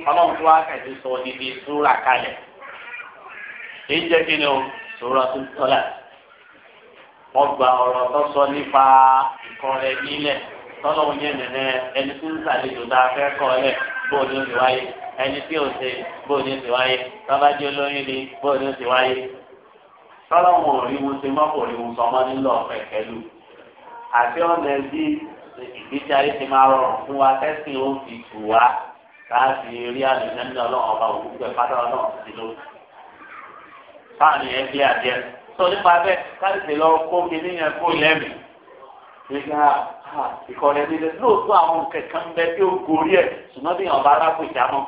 ọlọ́run tó wá kẹ̀sí sọ kalẹ̀ èyí jẹ́ kí wọ́n gba ọ̀rọ̀ tó sọ nípa ìkọrẹ nílẹ̀ tọ́lọ́hún yẹn nìyẹn ẹni tó ń sàlejò tá a fẹ́ kọ́ lẹ̀ bóòdù ó ti wáyé ẹni tí ò ṣe bóòdù ó ti wáyé tọ́bájú olóyún ni bóòdù ó ti wáyé tọ́lọ́hún ò rí wọn ṣe mọ́kò rí wọn sọmọ́ nílò ọ̀fẹ́ pẹ̀lú àti ọ̀nà ẹbí ìgbésí ayé ti máa rọrùn fún wa tẹ́sìn ó fi tù wá láti rí àlùfẹ́ ní ọlọ́run ọba òkú pẹ̀ pátá ọlọ́run sí lóṣù. fáànù ẹ sọ nípa bẹ́ẹ̀ káàdì lọ kó kínní yẹn kó lẹ́mìí nígbà ìkọ̀rẹ́ nílẹ̀ lóòótọ́ àwọn kẹ̀kẹ́ ń bẹ tí ó gorí ẹ̀ ṣùgbọ́n bí yàn bá alákòjá mọ́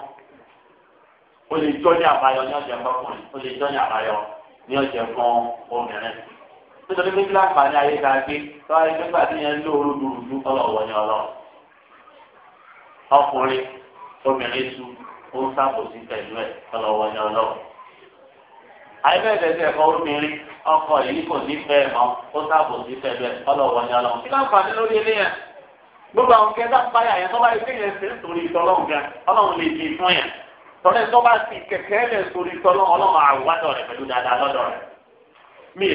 o lè jọ́ ní àbáyọ ní ọ̀jẹ̀ fọkùnrin o lè jọ́ ní àbáyọ ní ọ̀jẹ̀ fún obìnrin nítorí pé kílá àǹfààní ayé ká gbé lọ́wọ́ ẹgbẹ́ nígbà tí yẹn lóoru dùrùdù ọlọ́wọ́ ní ọlọ́run ọkùnrin obìnrin su ó ń sábòsí pẹ̀lú ẹ̀ ọlọ́wọ́ ní ọlọ́run. àìbẹ̀ẹ̀dẹ̀dẹ̀ ẹ̀kọ́ obìnrin ọkọ yìí kò ní fẹ́ mọ́ ó sábò sí fẹ́lẹ̀ ọlọ́wọ́ ni ọlọ́run. kí láǹfààní lórí ilé yẹn gbogbo àwọn kẹta báyà yẹn tó bá yẹ kéèyàn ṣe nítorí ìtọ́lọ́run gan ọlọ́run lè di fún yẹn tọ́lẹ̀ tó bá ti kẹ̀kẹ́ lẹ̀ sórí ìtọ́lọ́run ọlọ́run àwùwádọ̀ rẹ̀ pẹ̀lú dáadáa lọ́dọ̀ rẹ̀ mi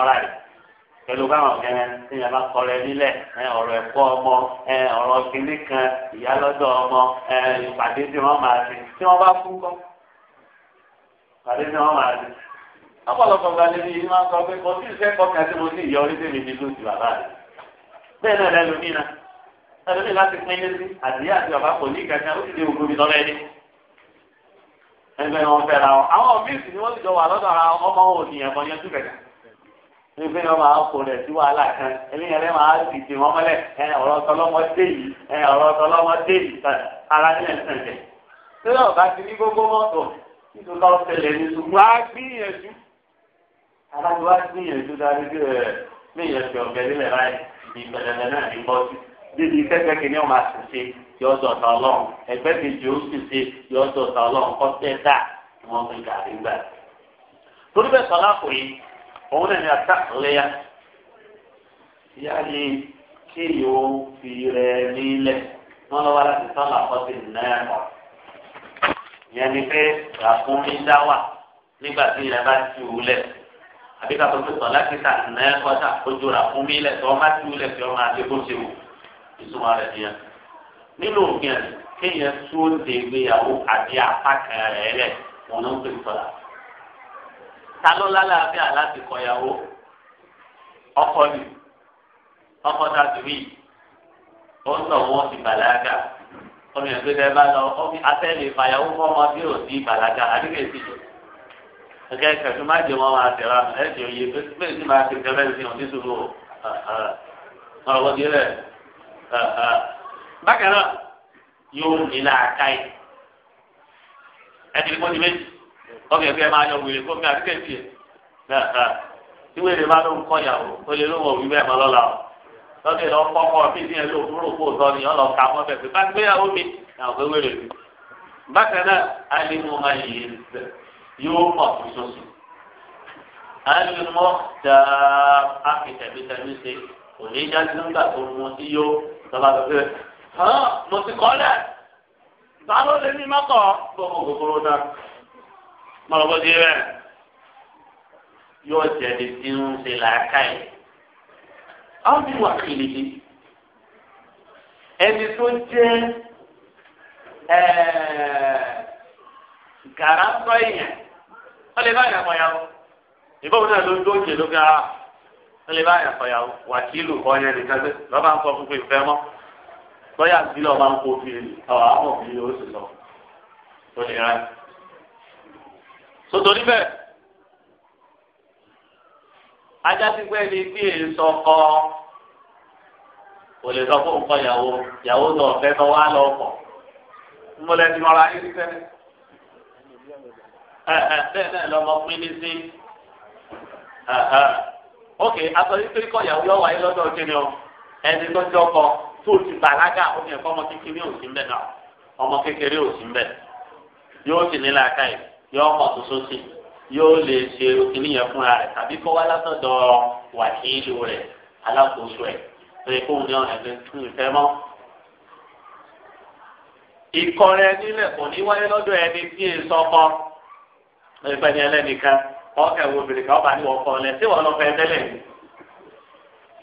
ìfẹ́ mi pẹ̀lú báwọn kẹrẹ tí yẹn bá kọrẹ nílẹ̀ ọ̀rọ̀ ẹ̀kọ́ ọmọ ọ̀rọ̀ kìnní kan ìyálọ́dọ̀ ọmọ ìpàdé tí wọ́n máa ṣe tí wọ́n bá kú kọ́ ìpàdé tí wọ́n máa ṣe. ọ̀pọ̀lọpọ̀ gba níbi yìí máa ń sọ pé kò sí ìṣe kọkàn tí mo ní ìyá orí tèmi ní lóṣù bàbá rẹ̀ bẹ́ẹ̀ náà lẹ́nu mí na lẹ́nu mí láti pín níbi àdìyá àti bàbá kò ní kankan ẹgbẹ́ wọn fẹ́ra wọn àwọn míì ni wọ́n ti jọ wà lọ́dọ̀ ara ọmọ òní ẹ̀bọn yẹn tún kẹ̀kẹ́ ebi náà máa kó rẹ̀ sí wàhálà kan eléyìí ẹlẹ́ máa dìde wọn mọ́lẹ̀ ẹ ọ̀rọ̀ tọlọ́mọ dé yìí ẹ ọ̀rọ̀ tọlọ́mọ dé yìí ara nílẹ̀ ń tẹ̀lé. sílẹ̀ ọ̀gá ti ní gbogbo mọ́tò nítorí ọ̀ tẹ̀lé ní ṣùgbọ́n á gbìyànjú. alájọ á gbìyànjú dárí bí ẹ gbìyànjú ọ̀gẹ́ nílẹ̀ báyìí ìgbẹ̀lẹ̀lẹ̀ náà ní bọ́ sí. bíbi kẹ́kẹ́ kìíní ọmọ àṣìṣe yọ dọ̀tà ọlọ́run ẹgbẹ́ kejì ó sì ṣe òun náà ni àtàkùnléyà yáni kí yóò fi rẹ̀ nílẹ̀ wọ́n lọ́wọ́ láti sọ́nà àkọsí náírà yẹn ni pé ràkúnrin dá wà nígbà tí ìyẹn bá ti wù lẹ̀ àbí ká tọ́jú tọ̀ láti ta náírà kọ́ta ojú ràkúnrin lẹ̀ tọ́ bá ti wù lẹ̀ fi ọmọ àti bó ti wù ìsúnmọ́ rẹ̀ nìyẹn nínú òfin ẹ̀ kéèyàn tún ó dé ìgbéyàwó àbí apá kan rẹ̀ rẹ̀ wọn ló ń pè sọ̀rọ̀ ta ló lálàáfíà láti kọyàwó ọkọ ni ọkọ tàbí wí ó ń lọ́wọ́ ti bàlágà ọmọ ìgbé dẹ bá lọ ọmọ afẹ́lẹ̀ ìfàyàwó fún ọmọ bí ò sí bàlágà àdúgbò sí i gẹ́gẹ́ o má jẹ́ wọn máa tẹ̀ra ẹ̀jẹ̀ òye bẹ́ẹ̀ sì o tẹ̀kẹ́ bẹ́ẹ̀ o ọdún sùúrù ọ̀rọ̀ di rẹ̀ bákan náà yóò nílà káyì ẹ̀jẹ̀ kọ́ni méjì kọ́mi ẹ̀fẹ́ máa yọ wèrè kọ́mi àdúgbò tiẹ̀ náà tí wèrè máa ló ń kọ́yà o ó lè lóun òwú bẹ́ẹ̀ mọ́ lọ́la o lọ́dẹ lọ kọ́kọ́ bí ní ẹlò òfurufú kó sọ ni ọlọ́ ka mọ́ bẹ́ẹ̀ pé bá gbéyàwó mi náà pé wèrè mi bákan náà alimu máa yè é yóò mọ̀ sọ́sọ́ alimọ̀ dáa akitẹ̀mítẹ̀mí ṣe kò ní nígbà tó mú sí yó lọ́ba tó fẹ́ hàn mo ti kọ́ lẹ̀ báwo lè ní mọ́kọ̀ bọ́ mọ́ náà mọ̀rọ̀ bó ti rẹ̀ yóò jẹ̀bi tí ń ṣe làákà yìí. àwọn ti wà kìlìkì ẹni tó jẹ́ gàràtọ̀ èèyàn wọ́n lè bá ìyàpọ̀ yàwó ìbọn náà ló ń dóńjẹ ló ga wọ́n lè bá ìyàpọ̀ yàwó wàkìlù kọ́ yẹn nìkan tó lọ́ba ń sọ fún pé ìfẹ́ mọ́ lọ́yà sílẹ̀ ọba ń kó fi ọ̀hún àwọn òbí yóò sì sọ tó lè rà yìí. sotori bẹ́ẹ̀ ajásí pé ní bí èso kọ kò lè sọ fún nǹkan yàwó yàwó tó ọ̀fẹ́ tó wá lọ pọ̀ múlẹ̀ tí mo ra yín sẹ́lẹ̀ ẹ ẹ ok aṣọ yìí kɔ kọ́ yàwó lọ́wọ́ ayé lọ́dọ̀ o tó ti kékeré yóò hàn tó sósì yóò lè ṣe òkìní yẹn fúnra rẹ̀ tàbí kó wá látọ̀dọ̀ wàhíìlú rẹ̀ alákòóso ẹ̀ pé kóun ní ọ̀nà ẹgbẹ́ tún ìfẹ́ mọ́. ìkọrẹ nílẹ̀ kò ní wáyé lọ́dọ̀ ẹni tí èè sọ́kọ́ ẹgbẹ́ ni ẹlẹ́nìkan ọkẹ́ wo obìnrin kan ọba ní ọkọ rẹ̀ tí wọ́n lọ fẹ́ tẹ́lẹ̀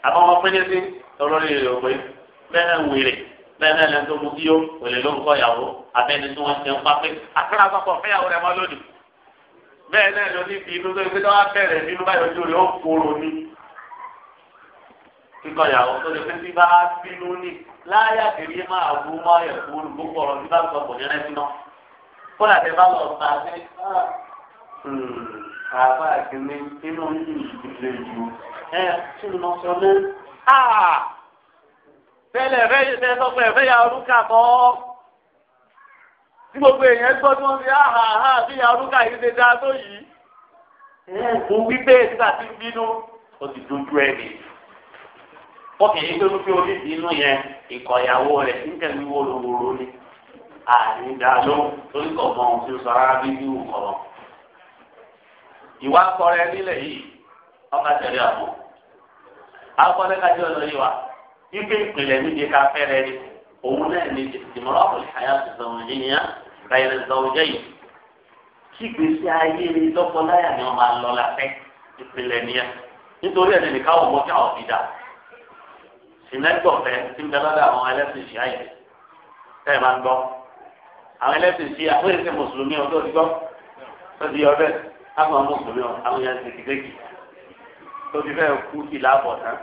àbọ̀wọ́ pínlẹ̀ sí olórí rẹ̀ òwe bẹ́ẹ̀ wèrè bẹ́ẹ̀ náà lẹ́nu tó mú kí ó òlè ló ń kọ́ ìyàwó abẹ́ni tí wọ́n ti ń pápẹ́ àkàrà àpapọ̀ fẹ́yàwó rẹ̀ mọ́ lónìí bẹ́ẹ̀ náà lọ ní fi inú tó gbé dáwà bẹ̀rẹ̀ nínú báyọ̀ ojú rẹ̀ ó kóró ní kíkọ́ ìyàwó tó lè fẹ́ sí bá bínú ní láyà kiri máa bú máa yẹ kúrú gbogbo ọ̀rọ̀ bí bá sọ kò ní síná kódà tẹ bá lọ bá dé hmm, àbá àkíní inú yìí lè ju ẹ tí mo sọ náà. tẹ́lẹ̀ ẹ̀fẹ́ ìfẹ́ sọ pé ya orúkà kọ́ tí gbogbo èèyàn gbọ́ tí wọ́n fi áhà áhà fi ya orúkà yìí ṣe dáa tó yìí fún wípé nígbà tí ń bínú ó ti dojú ẹni wọ́n kì tó ní pé orí yẹn ní ni àní dáadọ́ torí kọ̀ ohun tí ó sọ bí ìwà akọrẹ yìí ọkà akọrẹ kájọ lọ yìí ipe ìpìlẹ̀ níbi ká fẹ́rẹ̀ rí òun náà ní ìdìmọ̀ràn ọ̀pọ̀lọpọ̀ àyà ti zọ̀wọ̀n yìí ni bẹ̀rẹ̀ zọ̀wọ̀n jẹ́ yìí kí gbèsè ayé ni lọ́kọláyà ni wọ́n máa lọ láfẹ́ ìpìlẹ̀ nìyẹn nítorí ẹ̀ nìkan wọ̀ mọ́ kí fi dà sinẹ́gbọ̀fẹ́ tí ń bẹ lọ́dọ̀ àwọn ẹlẹ́sìn ìṣíà yìí tẹ́ ẹ máa ń gbọ́ àwọn ẹlẹ́sìn ìṣíà ó mùsùlùmí ọdún ọdún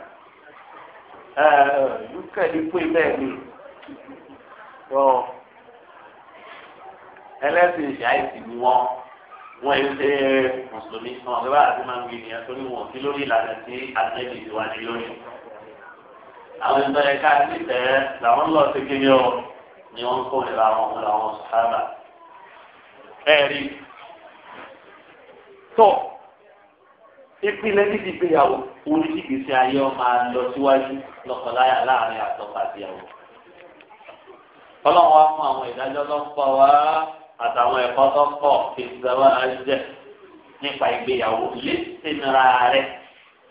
lùkẹ́ ní pé bẹ́ẹ̀ ni tó ẹlẹ́sìn ṣáìsì ni wọ́n wọ́n ń ṣe mùsùlùmí wọn bẹ́ẹ̀ àti máa ń gbé nìyẹn torí wọn sí lórí ìlànà tí àtẹ́jì ti wà ní lórí. àwọn ìbẹ̀rẹ̀ ká ní tẹ̀ làwọn lọ sí kíni o ni wọ́n ń kó ní làwọn ọmọ làwọn sábà. ẹ̀rí tó ìpìlẹ̀ níbi ìgbéyàwó òun ní ìgbésí ayé ọmọ àlọ síwájú lọ́kọláya láàrin àtọ́kọ àtìyàwó. ọlọ́run wá fún àwọn ìdájọ́ tó pọ̀ wá àtàwọn ẹ̀kọ́ tó pọ̀ kí ìgbàwá jẹ́ nípa ìgbéyàwó lè sínúra rẹ̀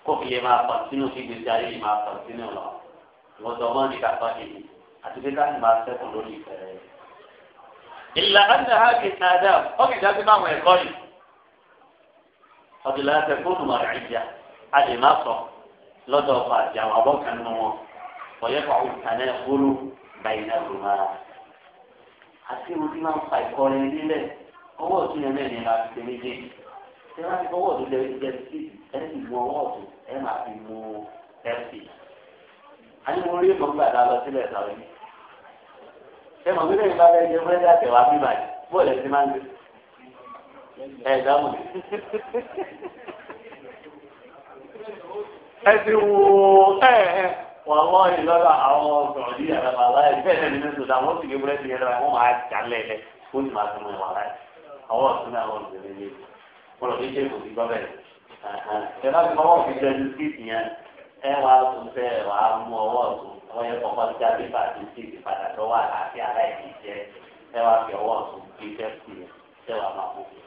kó fi lè máa pọ̀ sínú kí ìgbésí ayé yìí máa pọ̀ sínú lọ. wọ́n sọ wọ́n ní kàkọ́ ìlú àti pé káàkiri máa sẹ́kù lórí ìfẹ́ rẹ̀. ìlànà ọdún láti fóònù mọ̀rẹ́ ìjà a lè má sọ lọ́dọ̀ ọkọ̀ àti àwọn abọ́kan nù wọn ọ̀yẹ́ kọ̀ ọ̀hún kàná ẹ̀kúrú báyìí náà ló máa. àti irun tí máa ń fa ìkọrin nílẹ̀ ọwọ́ ọ̀tún yẹn náà ni máa fi ṣe méjèèjì tí wọ́n ti fọwọ́ ọ̀tún lẹ́yìn jẹ́ sí ẹ̀ mú ọwọ́ ọ̀tún ẹ̀ máa fi mú ẹ̀sì. àní mo rí ìmọ̀ gbàdá lọ sílẹ̀ sáré. ẹ mọ̀ bí lẹ́yìn bá fẹ́ jẹ fúrẹ́dà tẹ̀wá bíbáyìí bóòlù ẹ̀ ẹ dáhùn ẹ ti wo ẹ ẹ wọn wọn yìí lọ́dọ̀ àwọn sọ̀rọ̀dí àgbàgbà láyé bẹ́ẹ̀ ni nínú sọ̀dọ̀ àwọn sì ké búrẹ́dì yẹn wọn máa jalè lẹ kó ní máa tún wọn láyé àwọn ọ̀sùn náà wọn lè lè wọn lọ fi ṣe kò sí gbọ́bẹ̀ ẹ bá fi ọwọ́ fi jẹ ní síìtì yẹn ẹ wàá tún fẹ́ ẹ wàá mú ọwọ́ ọ̀tún ọwọ́ yẹn kọ́kọ́ ti já pépà àti síìtì padà lọ́wọ́ àti aláìní jẹ ẹ wàá fi ọwọ́ ọ̀tún fi fẹ́ sí ẹ wàá máa kó fún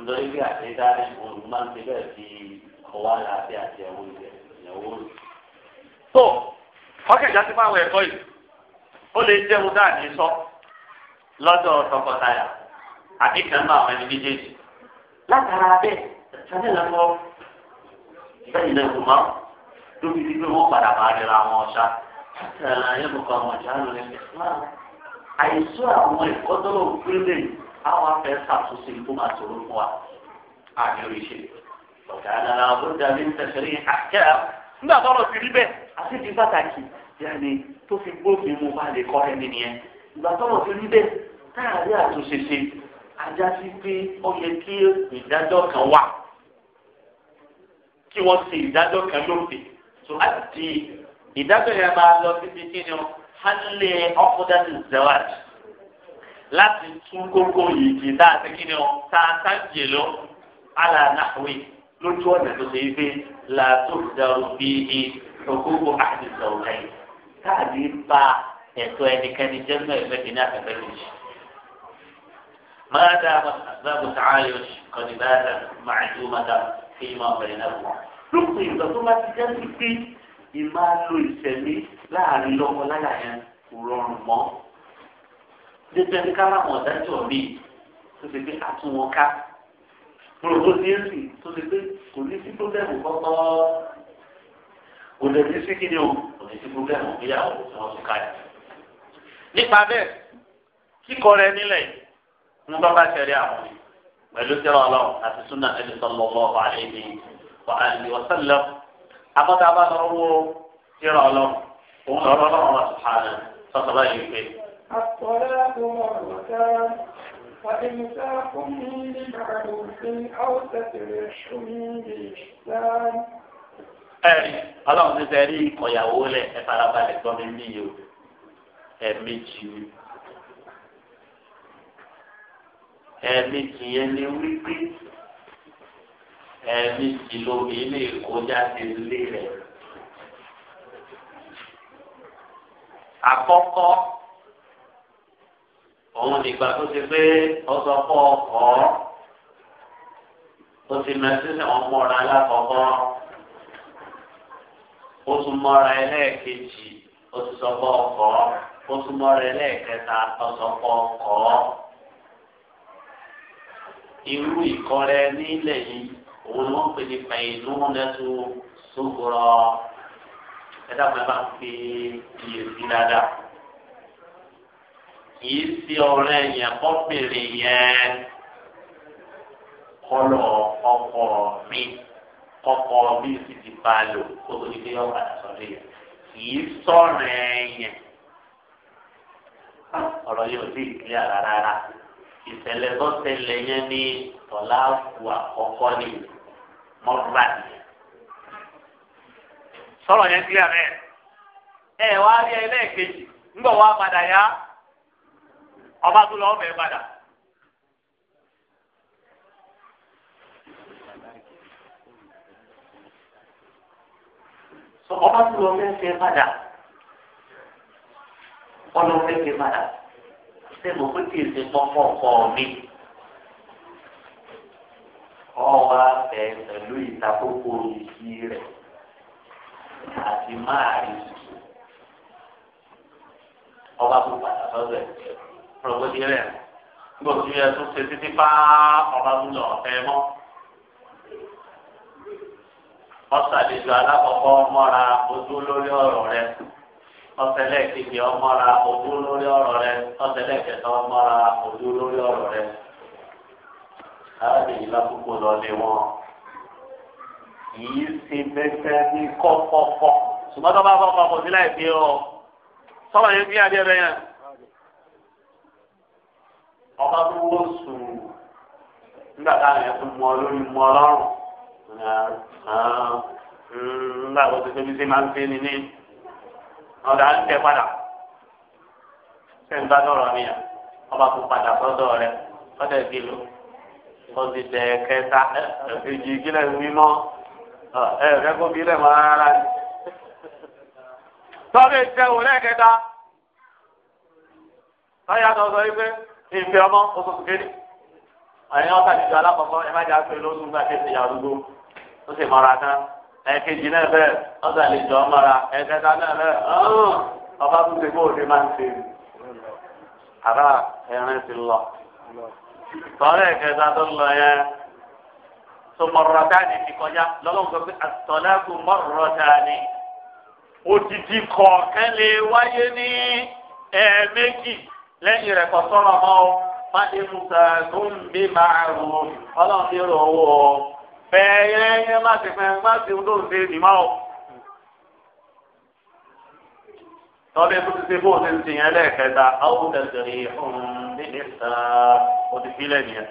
nítorí bí àtẹ̀dá ní òun máa ń ṣe bẹ́ẹ̀ fi ọwọ́ ara àti àti ẹ̀wọ́ ilẹ̀ ìyàwó rẹ̀. tó ọkẹ̀já ti máa wọ ẹ̀kọ́ yìí ó lè jẹun náà ní sọ lọ́dọ̀ tọkọtaya àti kan náà àwọn ẹni méjèèjì. látara bẹ́ẹ̀ sábẹ́ lọ́wọ́ bẹ́ẹ̀ náà kò máa lóbi tí wọ́n padà máa rẹ̀ ra wọn ṣá àyẹ̀bùkọ̀ ọmọ ìṣáájú rẹ̀ àìsọ àwọn ẹ̀kọ́ àwọn afẹ́ ṣàtúnṣe tó máa ṣòro fún wa àmì oríṣi ọ̀gá alára ọ̀gá mi ń tẹ̀sẹ̀rí àkẹ́rà nígbà tó ọ̀rọ̀ ti rí bẹ́ẹ̀ àti ti pàtàkì yẹni tó fi gbófin mu bá lè kọ́ ẹni nìyẹn ìgbà tó ọ̀rọ̀ ti rí bẹ́ẹ̀ káàrí àtúnṣe ṣe ajá sí pé ó yẹ kí ìdájọ́ kan wà kí wọ́n ṣe ìdájọ́ kan lófin tó ìdájọ́ yẹn máa lọ síbi kí ni ó hánilé ọkùnrin zẹ́wàjì láti tún kókó yìí kì í dáa sí kí ni ọ tá a tá jè lọ ala nahwi lójú ọ̀nà tó ṣe é pé làtó da òbí i òkúkú àdìsọ ọ̀gá yìí káàdì bá ẹ̀tọ́ ẹnikẹ́ni jẹ́nu ẹ̀mẹ́kì ní àtẹ̀fẹ́ kejì. máa dá àbábò sàárẹ̀ kan ní báyà máa ju mata kí n máa bẹ̀rẹ̀ náà wọ̀. lópin ìgbà tó bá ti jẹ́ sí ìmáa lo ìṣẹ̀lẹ̀ láàrin lọ́kọ láyà dẹ́gbẹ́ ní kára àwọn ọ̀dájọ́ mi tó ṣe pé àtúnwọ̀n ká gbogbo ní èsì tó ṣe pé kò ní sí pọ́blẹ́mù kọ́kọ́ kò lè ní sí kíni o kò ní sí pọ́blẹ́mù ìyàwó tí wọ́n tún ká yìí. nípa bẹ́ẹ̀ kíkọ rẹ nílẹ̀ mú bábá ṣẹlẹ̀ àwọn pẹ̀lú sẹ́wọ̀n ọlọ́run àti súnà ẹni sọ́lọ́ ọlọ́ọ̀fà ẹni wàhálì wọ́sẹ̀lẹ̀ àkọ́tà bá lọ́wọ́ sẹ́wọ̀n ọlọ́run òun lọ́rọ́ ọlọ́run wà sọ̀tọ̀ báyìí pé الطلاق مرتان فإمساك بمعروف أو تسريح بإحسان ẹ̀rí ọlọ́run ti sẹ́rí ìkọ̀yàwó lẹ̀ ẹ farabalẹ̀ gbọ́ mi ní yìí o ẹ̀ẹ̀mejì o ẹ̀ẹ̀mejì yẹn ni wípé ẹ̀ẹ̀mejì lómi lè kọjá sí ilé rẹ̀ àkọ́kọ́ òun nígbà tó ti pé ọsọ kọ ọkọ ó ti mẹsílẹ̀ ọmọọ̀rọ̀ alákọ̀ọ́kọ́ ó tún mọ́ra ẹlẹ́ẹ̀kejì ó ti sọ pé ọkọ ó tún mọ́ra ẹlẹ́ẹ̀kẹta ọsọ pé ọkọ irú ìkọrẹ nílẹ̀ yìí òun ni wọ́n pè ní pẹ̀lú lẹ́tù sókòrọ̀ ẹ̀dá pẹ̀lú àti ìyèsí dáadáa kìí sí ọ̀rẹ́ yẹn kọ́bìnrin yẹn kọ́lọ̀ ọkọ mi kọ́kọ mi sì ti bá a lò kó tó di pé yọ padà sọ́dọ̀ yẹn kìí sọ̀rẹ́ yẹn ọ̀rọ̀ yóò sì kílíà rárá ìṣẹ̀lẹ̀ tó ṣẹlẹ̀ yẹn ní tọ́lá kù àkọ́kọ́ ni mọ́tòlá nìyẹn. sọ̀rọ̀ yẹn kílíà bẹ́ẹ̀ ẹ wá rí ẹ lẹ́ẹ̀kejì ńgbọ̀ wá padà yá ọba tó lọ ọbẹ̀ padà. ọba tó lọ mẹ́fẹ́ padà ọlọ mẹ́fẹ́ padà ṣé mo pé kìí ṣe pọ́npọ́n kọ́ mi ọwọ́ abẹ pẹ̀lú ìtakókò ìṣí rẹ̀ àti máa rí ọba tó padà sọ́dọ̀ ẹ̀ ọ̀rọ̀ di rẹ̀ nígbà tí yẹ tó ṣe títí bá ọba ń lọ ọ̀fẹ́ mọ́. ọ̀sàlejò alákọ̀ọ́kọ́ mọ́ra ojú lórí ọ̀rọ̀ rẹ̀ ọ̀sẹ̀lẹ̀ kejì ọmọ́ra ojú lórí ọ̀rọ̀ rẹ̀ ọ̀sẹ̀lẹ̀ kẹta ọmọ́ra ojú lórí ọ̀rọ̀ rẹ̀. arábìnrin lákòókò lọ lé wọn kìí ṣe mẹ́fẹ́ ní kọ́kọ́kọ́ ṣùgbọ́n tó bá kọ́kọ́ kò sí láì fi ọ sọ́wọ́n yẹn fi adé rẹ̀ yẹn. ọba tó sùn nígbà yẹn tún mọ lórí mọ lọ́rùn mm, nígbà tó ti tóbi sí máa ń fi ni ní ọ̀dà ń tẹ padà sẹ́ńgbà ọba tó padà lò kẹta mímọ́ mọ́ rárá lẹ́ẹ̀kẹta. ìfẹ́ ọmọ oṣooṣù kéde àyìn ọ̀tà jíjọ alákọ̀ọ́kọ́ ẹ má jà pé lóṣù gbà kéde ìyá arúgbó ó sì mọ́ra tán ẹ̀ẹ́kejì náà bẹ́ẹ̀ ọ̀tà àlejò ọmọra ẹ̀ẹ́kẹta náà bẹ́ẹ̀ ọba tó ti bó òde máa ń ṣe àrà ẹ̀rín ti lọ. tọ́lá ẹ̀kẹta tó lọ yẹn tó mọ̀rọ̀ táàdì ti kọjá lọ́lọ́mùsọ pé àtọ̀lá kò mọ̀rọ̀ táàdì òdìdí kọ̀ọ̀kẹ́ lè wáyé ní ẹ̀ẹ̀mẹ́jì lẹ́yìn rẹ̀ kọ́ sọ̀rọ̀ mọ́ ọ má ti mú sàgún bí máa rù ú ọlọ́run ti rò owó ọ bẹ́ẹ̀ yẹn yẹn má ti fẹ́ má ti ń dóun ṣe nìmọ́ ọ. tọ́lẹ̀ tó ti ṣe bó ṣe ń ṣe yẹn lẹ́ẹ̀kẹta ọ̀hún tẹ̀sẹ̀rì ọ̀hún nílé sàn òdìfílẹ̀ nìyẹn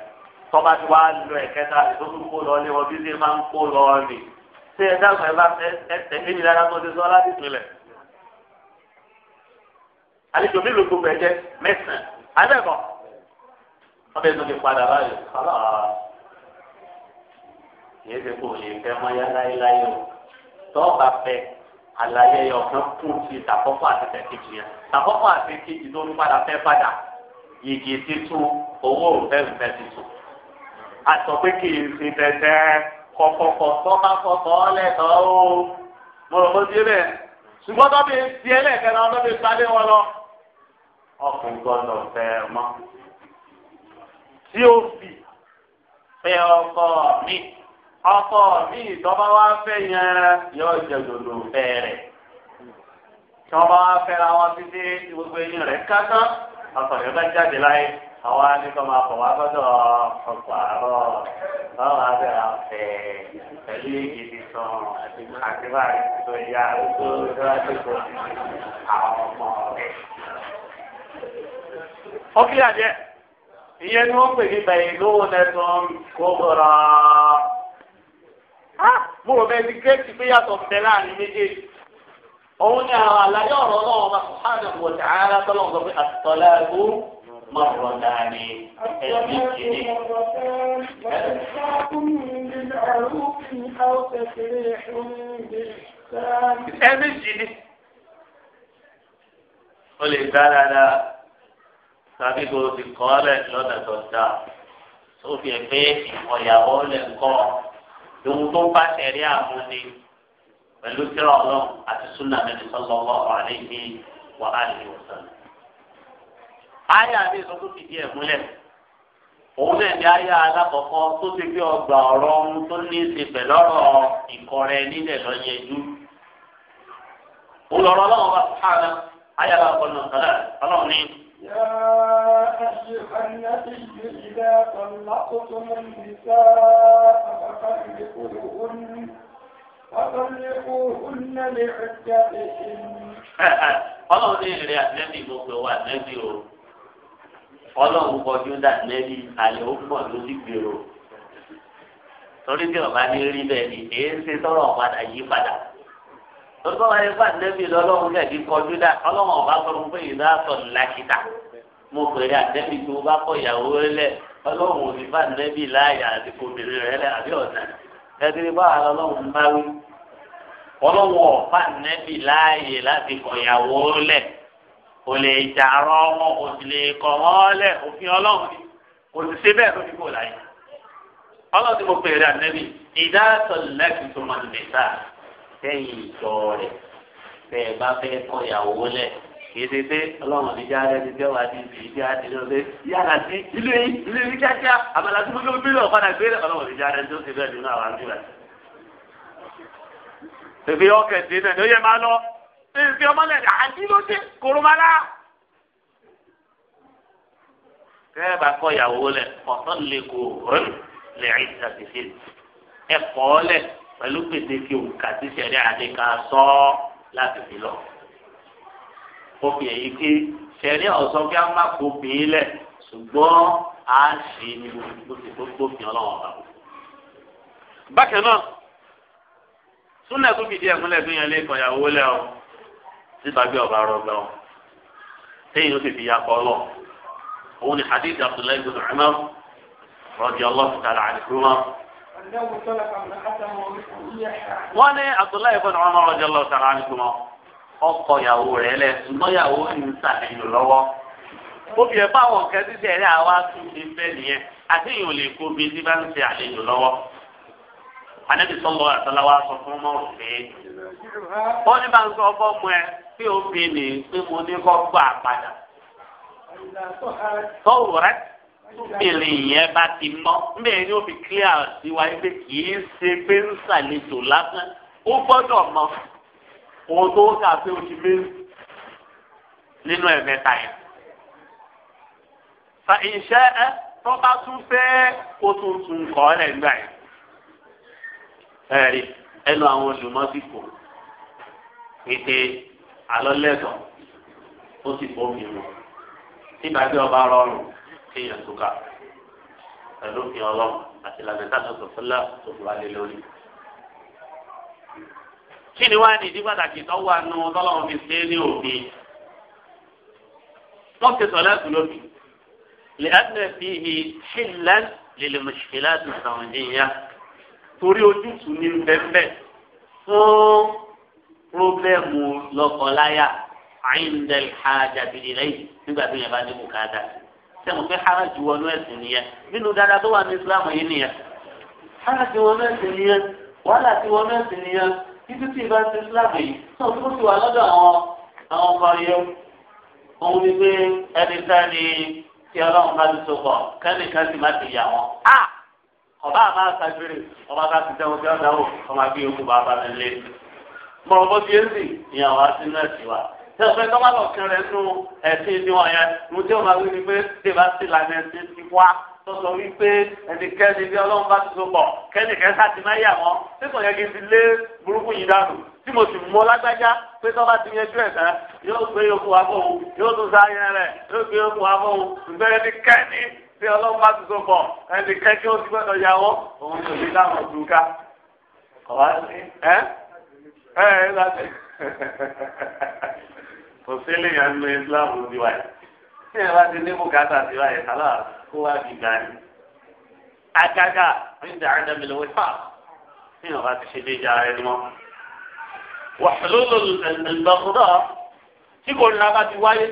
tọ́ba ti wá lọ ẹ̀kẹta tó tún kó lọ lé wọn bí ṣe máa ń kó lọ rè ṣé ẹ dáhùn ẹ bá ẹ tẹ̀lé àlejò mélòó gbogbo ẹ jẹ mẹsàn án abẹ́kọ̀ wọ́n bẹ̀rẹ̀ tó ti padà báyìí kọ́lá yìí ṣe kó lè fẹ́ mọ́yá láéláé o tọ́ọ̀bà fẹ́ àlàyé ọ̀kan kún ti tàkọ́kọ́ àti tẹ̀kejì yẹn tàkọ́kọ́ àti kejì tó ń padà fẹ́ padà ti, títún owó òǹfẹ́ǹfẹ́ títún àtọ̀ pé kì í ṣe tẹ̀tẹ̀ kọ̀kọ̀kọ̀ tọ́ba kọ̀kọ̀ lẹ́tọ̀ọ́ o mo rò ó dé bẹ́ẹ̀ ṣùgbọ́n tọ́bi tiẹ̀ lẹ́ẹ̀kẹ́ náà tọ́bi sáré wọn lọ ọkùnrin gbọ́dọ̀ fẹ́ ọmọ tí ó fi fẹ́ ọkọ mi ọkọ mi ìtọ́ba wá fẹ́ yẹn yóò jẹ dòdò fẹ́ rẹ̀ tí wọ́n bá wọn títí gbogbo eyín rẹ̀ kátán ọkọ̀ rẹ̀ bá jáde láyé àwọn anìkan máa fọ̀ wá gbọ́dọ̀ ọkọ̀ àárọ̀ báwọn abẹ́ra fẹ́ pẹ̀lú ìgidi sàn àti báyìí tó yá tó tó tó tó àwọn ọmọ rẹ̀ ọbí àjẹ ìyẹn ni wọ́n pè ní bẹyìn lówó lẹsàn kóbọrọ mo rò bẹ́ẹ̀ ti kéèkì pé yàtọ̀ bẹ láàrin méjèèjì òun ni àwọn àlàyé ọ̀rọ̀ náà wọn bá sùhánà wọ tààrà tọlọmọ sọ pé àtọlẹẹkù mọ̀rọ̀ dání ẹbí kìíní. ẹbí kìíní ó lè dá dáadáa tàbí kó o ti kọ́ lẹ̀ lọ́nà tó dá ó fi ẹgbẹ́ ìkọ̀yàwó lẹ̀ kọ́ lóhun tó bá tẹ̀lé àmúni pẹ̀lú tíra ọlọ́run àti súnà Nabi sallallahu alaihi wa alihi wasallam. Aya mi sọ fún fìdí ẹ̀ múlẹ̀ òun náà ní ayé alákọ̀ọ́kọ́ tó ti gbé ọgbà ọ̀rọ̀ ohun tó ní í pẹ̀lú ọ̀rọ̀ ìkọrẹ nílẹ̀ lọ́yẹ̀dú. olùrọ̀ ọlọ́run bá sáré ayé wa kọ́ nù sọ́lá ọlọ́run ní. يا أيها النبي إذا طلقتم النساء فطلقوهن فطلقوهن لعدتهن. ọlọ́run ní ìrìn àtẹ́bí gbogbo wa àtẹ́bí o ọlọ́run kọjú dà lẹ́bí àlẹ́ ó pọ̀ lójú o. torí bí ọba ní rí bẹ́ẹ̀ ni èé ṣe tọrọ padà yí padà. lọ́dọ̀ wọn ẹgbẹ́ àtẹ́bí lọ́lọ́run lẹ́ẹ̀dí kọjú dá ọlọ́run ọba sọ̀rọ̀ pé sọ làkìtà mo pèrè àtẹ́bí tó bá ìyàwó ọlọ́run òbí bá àtẹ́bí láàyè àti kòmìnir na lẹ̀ àbí ọ̀nà ẹ̀dínlẹ̀ bá ọlọ́run bá wí ọlọ́run ọ̀bá láàyè láti ìyàwó lẹ̀ kò lè jà kò sì lè lẹ̀ sẹ́yìn ìjọ rẹ̀ tẹ́ ẹ bá fẹ́ kọ́ ìyàwó lẹ̀ kì í ṣe pé ọlọ́run ní jáde ti jẹ́ wá ní ìdí ìdí àti ìdí ọ̀sẹ̀ yàrá sí ilé ilé ní kíákíá àbàlà tí mo gbé bílíọ̀ padà gbé ọlọ́run ní jáde tó ti bẹ́ẹ̀ nínú àwọn àdúrà. èfi ọkẹ́ sí náà ni yẹ máa lọ èfi ọmọlẹ̀ àti ló dé kòròmálà. kẹ́ẹ̀ bá kọ́ ìyàwó lẹ̀ ọ̀sán lè kò rẹ́ lẹ́yìn ìṣàtìṣe ẹ̀kọ́ lẹ̀ pẹ̀lú pèsèké òǹkà tí sẹ̀rí àdéka sọ ọ́ láti fi lọ. obìnrin yìí ké sẹ̀rí ọ̀sán kí a má kó bìín lẹ̀ ṣùgbọ́n a ṣe ní gbogbo tí tó gbófin ọlọ́wọ́n ọba. bákan náà súnlẹ̀ tó fìdí ẹ̀kúnlẹ̀ tó yẹn lé ìkọ̀yàwó lẹ̀ ọ́ tí bàbá ọba rọgbà ọ́ téyìn ó sì fi yakọ̀ ọlọ́ òun ni hadith Abdullahi ibn Umar radiyallahu ta'ala anhuma wọ́n ní Abdullahi ibn Umar radiyallahu ta'ala anhuma ọkọ ìyàwó rẹ̀ lẹ̀ ṣùgbọ́n ìyàwó ń sàlẹ̀yìn lọ́wọ́ obìnrin báwọn kẹ́ títí ẹ̀rí àwa tún lè fẹ́ nìyẹn àti èèyàn lè kó bí tí bá ń ṣe àlejò lọ́wọ́ anabi sọlọ àtàláwà sọ fún ọmọ òfin ó ní bá ń sọ fọmọ ẹ pé òfin pé mo ní kọ́ gbà padà tọ́wọ̀ tóbìnrin yẹn bá ti mọ́ mbẹ́ẹ̀ ni ó fi clear sí wa pé kì í ṣe pé ń ṣàlejò lásán ó gbọ́dọ̀ mọ ohun tó kà pé o ti gbé nínú ẹ̀mẹ́ta yẹn. fa ìṣe ẹ tó bá tún fẹ́ kó tuntun kọ́ ẹ̀ lẹ́gbàá yẹn. ẹ̀rí ẹnu àwọn olùmọ́sí kò pété alọ́lẹ́dọ̀ ó sì bọ́ mi mọ́ nígbà tí ọba rọrùn kéèyàn tó kà pẹ̀lú òfin ọlọ́run àti ìlànà ìtàkùn sọ̀fúnlá tó fi wá lé lórí. kí ni wàá nìdí pàtàkì tó wà nù tọ́lọ́run fi ṣe é ní òfin? wọ́n ti sọ̀rọ̀ ẹ̀sùn lómi lẹ́ẹ̀dẹ̀ fi hi ṣìlẹ̀ lílẹ̀ mùsùlùmí ti sàwọn ènìyàn torí ojútùú ní bẹ́ẹ̀ fún pírọ́blẹ́mù lọ́kọ̀láyà àyíǹdẹ̀lì hájà bìrì lẹ́yìn nígbà tó yẹn bá ní bùkátà sí sẹ́mu pé hara ju wọnú ẹ̀sìn nìyẹn nínú dáadáa tó wà ní ìsìlámù yìí nìyẹn hara ju wọnú ẹ̀sìn nìyẹn wàhálà ti wọnú ẹ̀sìn nìyẹn títí tí ìbá ti ìsìlámù yìí tó tó ti wà lọ́dọ̀ àwọn àwọn ọkọ yẹn òun ni pé ẹni sẹ́ni tí ọlọ́run bá ti sopọ̀ kẹ́nìkan sì má ti yà wọ́n á ọba àmà àtàgbére ọba ká ti dẹ́wọ́n tí ó dáwọ́ ọmọ àbí yòókù bá bá mi lé mọ̀ ọ́ bó ti yé sí ìyàwó àti nọ́ọ̀sì wa tẹ̀sán tó bá lọ kẹrẹ nù ẹ̀sìn ní wọn yẹn mo tí o máa wí ni pé tí bá sì lànà ẹ̀sìn ti wá tọ́sọ wípé ẹnikẹ́ni bí ọlọ́run bá ti so bọ̀ kẹ́nìkẹ́ sáti máa yà wọ́n tí kò yẹ kí n ti lé burúkú yìí dànù tí mo sì mọ lágbájá pé tọ́ bá ti yẹjú ẹ̀ tán yóò gbé yòókù wá fóun yóò tún sáyẹ rẹ̀ yóò gbé yòókù wá fóun ṣùgbọ́n ẹnikẹ́ni bí ọlọ́run bá ti so bọ̀ ẹnikẹ́ kí ó ti gbọ́dọ̀ yà wọ́n òun kò ní *laughs* kò sí lèèyàn ní islam ti wáyé tí ẹ bá ti ní bùkátà ti wáyé kálá kó wá di gani agaga ní dàrẹ́dà mi lówó fà tí ẹ bá ti ṣe déjì ara ẹni mọ́ wàhálólò ìgbàgbọ́dọ̀ tí kò nira bá ti wáyé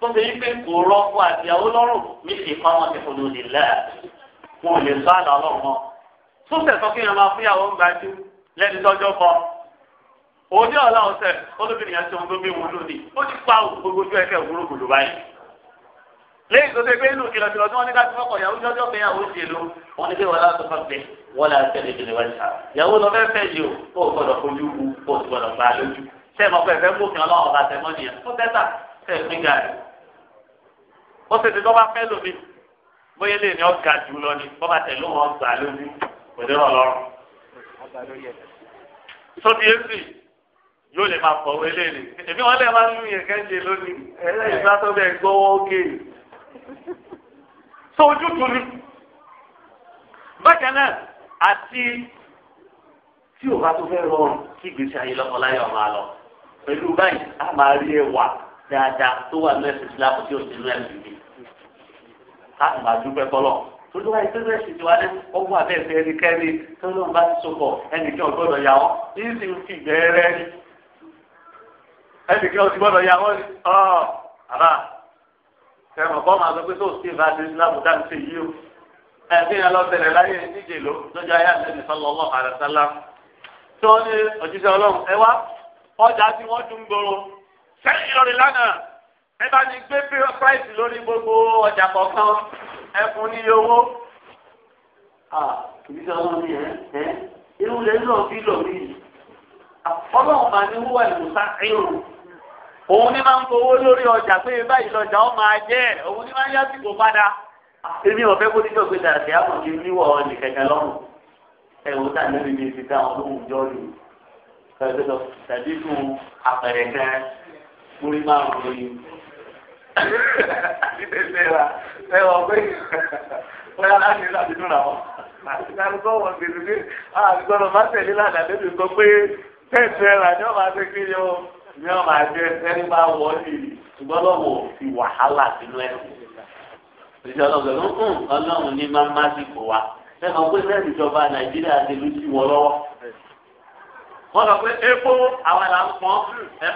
tó ṣe yí pé kò rọ́pò àti àwọn ọlọ́run mi sì fa wọn ti fọdún nílẹ̀ wọn lè sọ àlọ́ ọlọ́run mọ́ tó tẹ̀sán kí ẹ máa fúyàwó ń gbajú lẹ́ni tọ́jọ́ bọ́ òní ọlọ́run sẹ olóbìnrin yẹn ti wọn gbé wọn lónìí ó ti pa gbogbo ojú ẹkẹ òwúrò gbòdò báyìí lẹ́yìn tó ṣe pé inú kìlọ̀ kìlọ̀ tí wọ́n ní ká ti fọ́kọ̀ yàwó jọjọ́ pé yàwó ṣe ló wọ́n ní pé wọ́n láti fọ́ pé wọ́n láti fẹ́ lè tẹ̀lé wájú yàwó lọ fẹ́ẹ́ fẹ́ yìí o kó o gbọ́dọ̀ fojú wu kó o ti gbọ́dọ̀ gbà lójú ṣé mo fẹ́ fẹ́ mú kí ọlọ́run ọba tẹ̀ mọ́ nìyẹn ó tẹ́tà ṣe é gbígbà rẹ̀ ó ṣe ti tọ́ bá fẹ́ lómi bóyá lè ní ọ̀gá jù lọ ni bọ́ bá tẹ̀ ló wọn gbà lójú kò dé rọ̀ lọ́rùn. sọ́tì yéésì yóò lè máa fọwọ́ eléyìí èmi wọn lè máa ń lu yẹn kẹ́ńjẹ lónìí ẹlẹ́yìn bá tó bẹ́ẹ̀ gbọ́wọ́ ókè so ojútùú ni bákan náà àti tí o bá tó fẹ́ rọrùn kí gbèsè ayé lọ́kọ̀láyọ̀ máa lọ pẹ̀lú báyìí a máa rí ẹwà dáadáa tó wà ní ẹsẹ̀ ìsìlámù tí o ti lú ẹ̀mí mi ká sì máa dúpẹ́ kọ́lọ̀ tójú wáyé tó fẹ́ ṣètò wa ní ọgbọ́n abẹ́ẹ̀fẹ́ ẹnikẹ́ni tó lóun bá ti sopọ̀ ẹnìkan gbọ́dọ̀ yà wọ́n ní sì ń fi bẹ́ẹ̀rẹ́ ẹnì kí ọtí gbọ́dọ̀ yà wọ́n ọ àbá ẹ̀rọ bọ́ máa sọ pé tó sí ìbá ti islam dá ní sèyí o ẹ̀sìn yẹn lọ bẹ̀rẹ̀ láyé níjẹ̀ ló lọ́jọ́ ayé àti ẹnì sọ́lọ́ ọlọ́ọ̀ àrẹ̀sálá tí wọ́n ní òjíṣẹ́ ọlọ́run ẹ wá ọjà tí wọ́n dún gbòòrò sẹ́yìn lórí lánàá ẹ bá ní gbé price lórí gbogbo ọjà kọ̀ọ̀kan ẹ fún ní iye owó. òjíṣẹ́ ọlọ́run yẹn ẹ irú lẹ́yìn náà fi lò mí yìí ọlọ́run máa ní wúwà ìwòsàn ẹ̀rù òun ní máa ń gbowó lórí ọjà pé báyìí lọ́jà ó máa jẹ́ òun ní máa ń yásìkò padà èmi ọ̀fẹ́ kó níjọ́ pé dàrẹ́ kí á kò ti níwọ̀ ọ̀nì kẹ̀kẹ́ lọ́rùn ẹ̀rù tà níbi ní ti dáhùn olóhùn ni kẹ̀kẹ́ lọ tàbí fún àpẹẹrẹ kan múrí márùn-ún ni. ẹ wọ pé bóyá láti láti dúnra wọn àti ká ló gbọ́ wọn gbèsè pé àgbọ̀dọ̀ tẹ̀sí ẹ̀rọ àti ọmọ àti kéde o ní ọmọ àti ẹni máa wọ fi wàhálà sínú ẹ̀. ọlọ́run ní máa má sí pé ìjọba nàìjíríà ti lù sí wọn lọ́wọ́. wọ́n sọ pé epo àwọn ẹ̀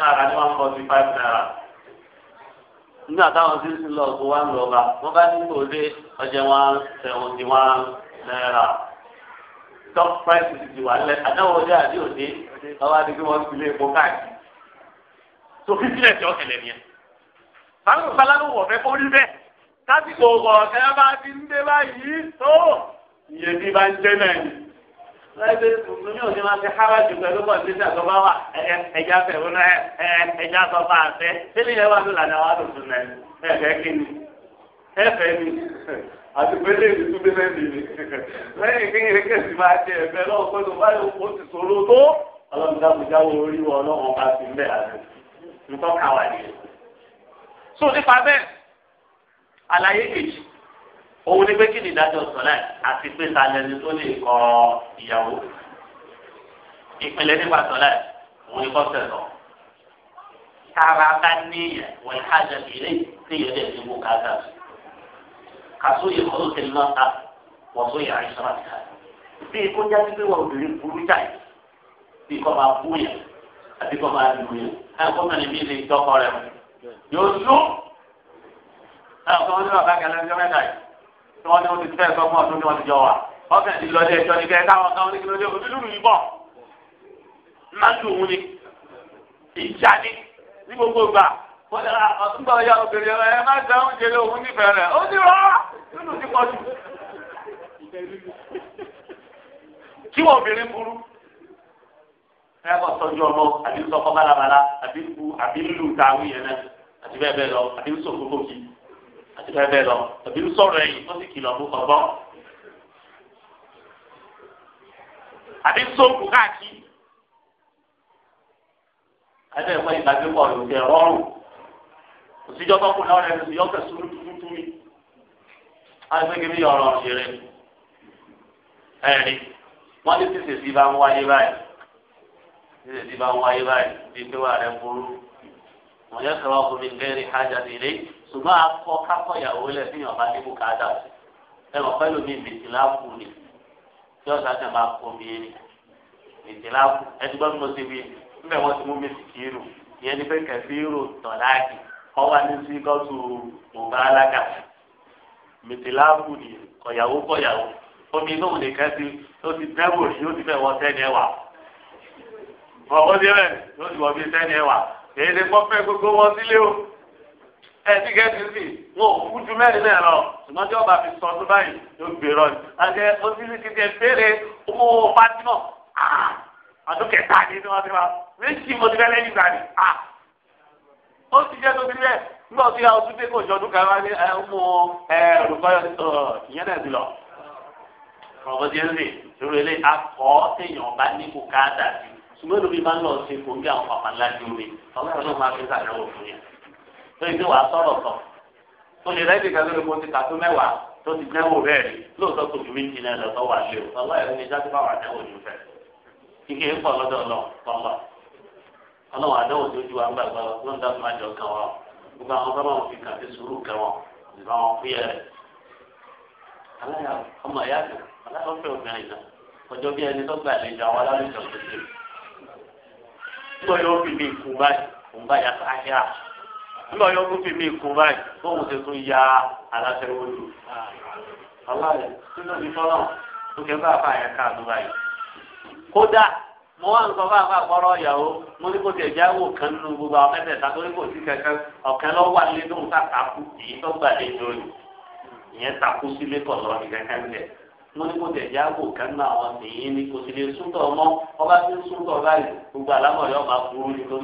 máa rà ní five naira. nígbà táwọn sí lọ wọ́n bá ní kò dé wọn Top price ti ti wà lẹ́ àdáwọ̀ ọjọ́ àdé òde ọba àdé kí wọ́n fi lé epo káàkiri. tó fífílẹ̀ tí ó kẹlẹ̀ nìyẹn. báwo balanu wọ̀ fẹ́ kó rí bẹ́ẹ̀ kásìkò ọ̀kẹ́ bá ti ń dé báyìí tó iye tí bá ń jẹ́ náà ni. láìpẹ́ mi ò ní máa fi hárà jù pẹ̀lú kọ̀ǹtíṣà tó bá wà ẹja fẹ̀rù náà ẹja sọ fún àfẹ́ tẹ́lẹ̀ yẹn wà ló lànà wà lóṣù náà ẹ̀fẹ́ kí ni ẹ̀fẹ́ ni àti pé lè tún dé lẹ́nu mi lẹ́yìn kí yẹn kẹ́sì máa jẹ ẹ̀fẹ́ lọ́wọ́ pé tó bá yóò kó ti sòro tó ọlọ́run dáàbò jáwọ́ orí wọn ọlọ́run bá ti mẹ́ àná nǹkan kà wà ní. so nípa bẹ́ẹ̀ àlàyé kejì òun ni pé kí ni ìdájọ́ sọ̀rọ̀ àti pé ta lẹni tó lè kọ ìyàwó ìpínlẹ̀ nípa sọ̀rọ̀ òun ni kọ́ sẹ̀sọ̀ tára bá níyẹn wọ́n ìhájà ìlé tí ìyẹn lè ti wò ká sáà kàsóyè kọ́lọ́tẹ̀ náà ta wọ́sóyè àìsàn àti ká bí ikú ń jáde pé wọn ò lè burú jáì bí kò máa bú yẹn àbí kò máa lù yẹn ẹ̀kọ́ mẹ́rin bí ilé ìtọ́kọ rẹ̀ mu yóò lù ẹ̀kọ́ wọn ní bàbá kẹlẹ́ ẹjọ́ mẹ́ta yìí tí wọ́n ní wọ́n ti fẹ́ ẹ̀kọ́ fún ọdún ní wọ́n ti jọ wà ọ̀fẹ́ ti lọ ilé ẹjọ́ ní kẹ́ káwọn káwọn ní kí ló dé òdúdú lù yìnbọn má lù òun ni ìjà ni ní gbogbo gbà wọ́n lè ra ọ̀túngbà ọ̀yà obìnrin ọ̀rọ̀ ẹ má da oúnjẹ lé òun nífẹ̀ẹ́ rẹ̀ ó ní rọ́ nínú ti pọ̀ jù. kí wọ́n obìnrin burú ẹ kọ́ tọ́jú ọmọ àbí ń sọkọ́ bálabàla àbí ń bu àbí ń lù tàwí yẹn náà àti bẹ́ẹ̀ bẹ́ẹ̀ lọ àbí ń sọ̀rọ̀ gbòógì àti bẹ́ẹ̀ bẹ́ẹ̀ lọ àbí ń sọ̀rọ̀ ẹ̀yìn wọ́n sì kìlọ̀ fún ọgbọ́n àbí ń sọ̀rọ̀ káàkiri. Adé ẹ̀kọ́ ìgbàgbé pọ̀ lòdì ẹ̀rọ ọ̀rùn òsìjọ́ tó kù náà rẹ̀ lùsì yọ̀ọ̀kẹ́ sùúrù tuntun mi. agbègbè mi ọ̀rọ̀ ṣeré ẹ̀rí wọ́n ní títí sí bá ń wáyé báyìí títí sí bá ń wáyé báyìí bí pé wà rẹ̀ burú wọ́n yẹ kọ́ ọkùnrin gẹ́rì hájà nílé ṣùgbọ́n akọ kákọ̀yàwó lẹ̀ fi hàn bá níbù káàdà ẹ mọ̀ pẹ́lú mi mìtìláàpù ni tí ọ̀sán tẹ̀ máa kọ́ mi ẹni mìtìláàpù ẹ ti gbọ́ bí mo ṣe wí níbẹ̀ wọ́n ti mú mi sì kírù ìyẹn ni pé kẹfí rò tọ̀ láàkì ọwọ́ ní síkọ́tù ọba alága mìtìláàbù ni kọ̀yàwó kọ̀yàwó omi inú òun nìkan ti ó ti dẹ́wò sí ó ti fẹ́ wọ sẹ́ni ẹ̀wà ọ̀wọ́ ti rẹ̀ ló ti wọ bí sẹ́ni ẹ̀wà èyí ni kọ́ fẹ́ gbogbo wọn sílé o ẹ ti gẹ́tì sí wọn ò kú ju mẹ́rin náà lọ ṣùgbọ́n tí ọba fi sọ ọdún báyìí ló gbé rọ ni àti onílé ti tẹ béèrè owó fatima àdókẹ́ta ah! ni wọ́n ti wá méjì mo ti fẹ́ lẹ́yìn ìgbà ni. Ah! ó ti jẹ́ tóbi bẹ́ẹ̀ nígbà tí a tún dé kò jọ ọdún kan wá ní mú olùkọ́yọ̀ ìyẹn náà ti lọ. ọ̀pọ̀ ti ń rìn ìṣòro ilé akọ́ téèyàn bá ní kò ká dà sí ṣùgbọ́n lóbi máa ń lọ sí kò ń bí àwọn pàpà ńlá ju mi ọlọ́run ló máa fi sàdánwò fún yẹn. tó ìdí wàá sọ̀rọ̀ kan tó lè rẹ́ẹ̀dì kan lórí mo ti kà tó mẹ́wàá tó ti dẹ́wò bẹ́ẹ̀ rí lóòótọ́ kò ọlọ́wọ́ àdáwò tó ju wa gbàgbà ló ń dáhùn májọ kan wọn gbogbo àwọn bá wọn fi kàfi sùúrù kan wọn ìgbà wọn fi yẹ rẹ. aláya ọmọ ìyá mi aláya ọfẹ obìnrin náà ọjọ́ bí ẹni tó gbà lè àwọn alálùjọ tó ṣe. nígbà yóò fi mí kú báyìí kú báyìí àtàkìá nígbà yóò fi mí kú báyìí tóun ṣe tún ya aláṣẹ wọlé. aláya nínú ìfọlọ́ tó kẹ́ bá a mo wá nǹkan bá àgbà kọ́rọ́ ìyàwó mo ní kó tiẹ̀ kan nínú gbogbo àwọn mẹ́tẹ̀ẹ̀ta tó ní kò sí kankan ọ̀kan lọ́ wà nílé èyí tó ìyẹn takú sílé kọ̀ ní kankan lẹ̀ mo ní kó tiẹ̀ kan nínú àwọn tèyí kò lè ọba tí ń báyìí gbogbo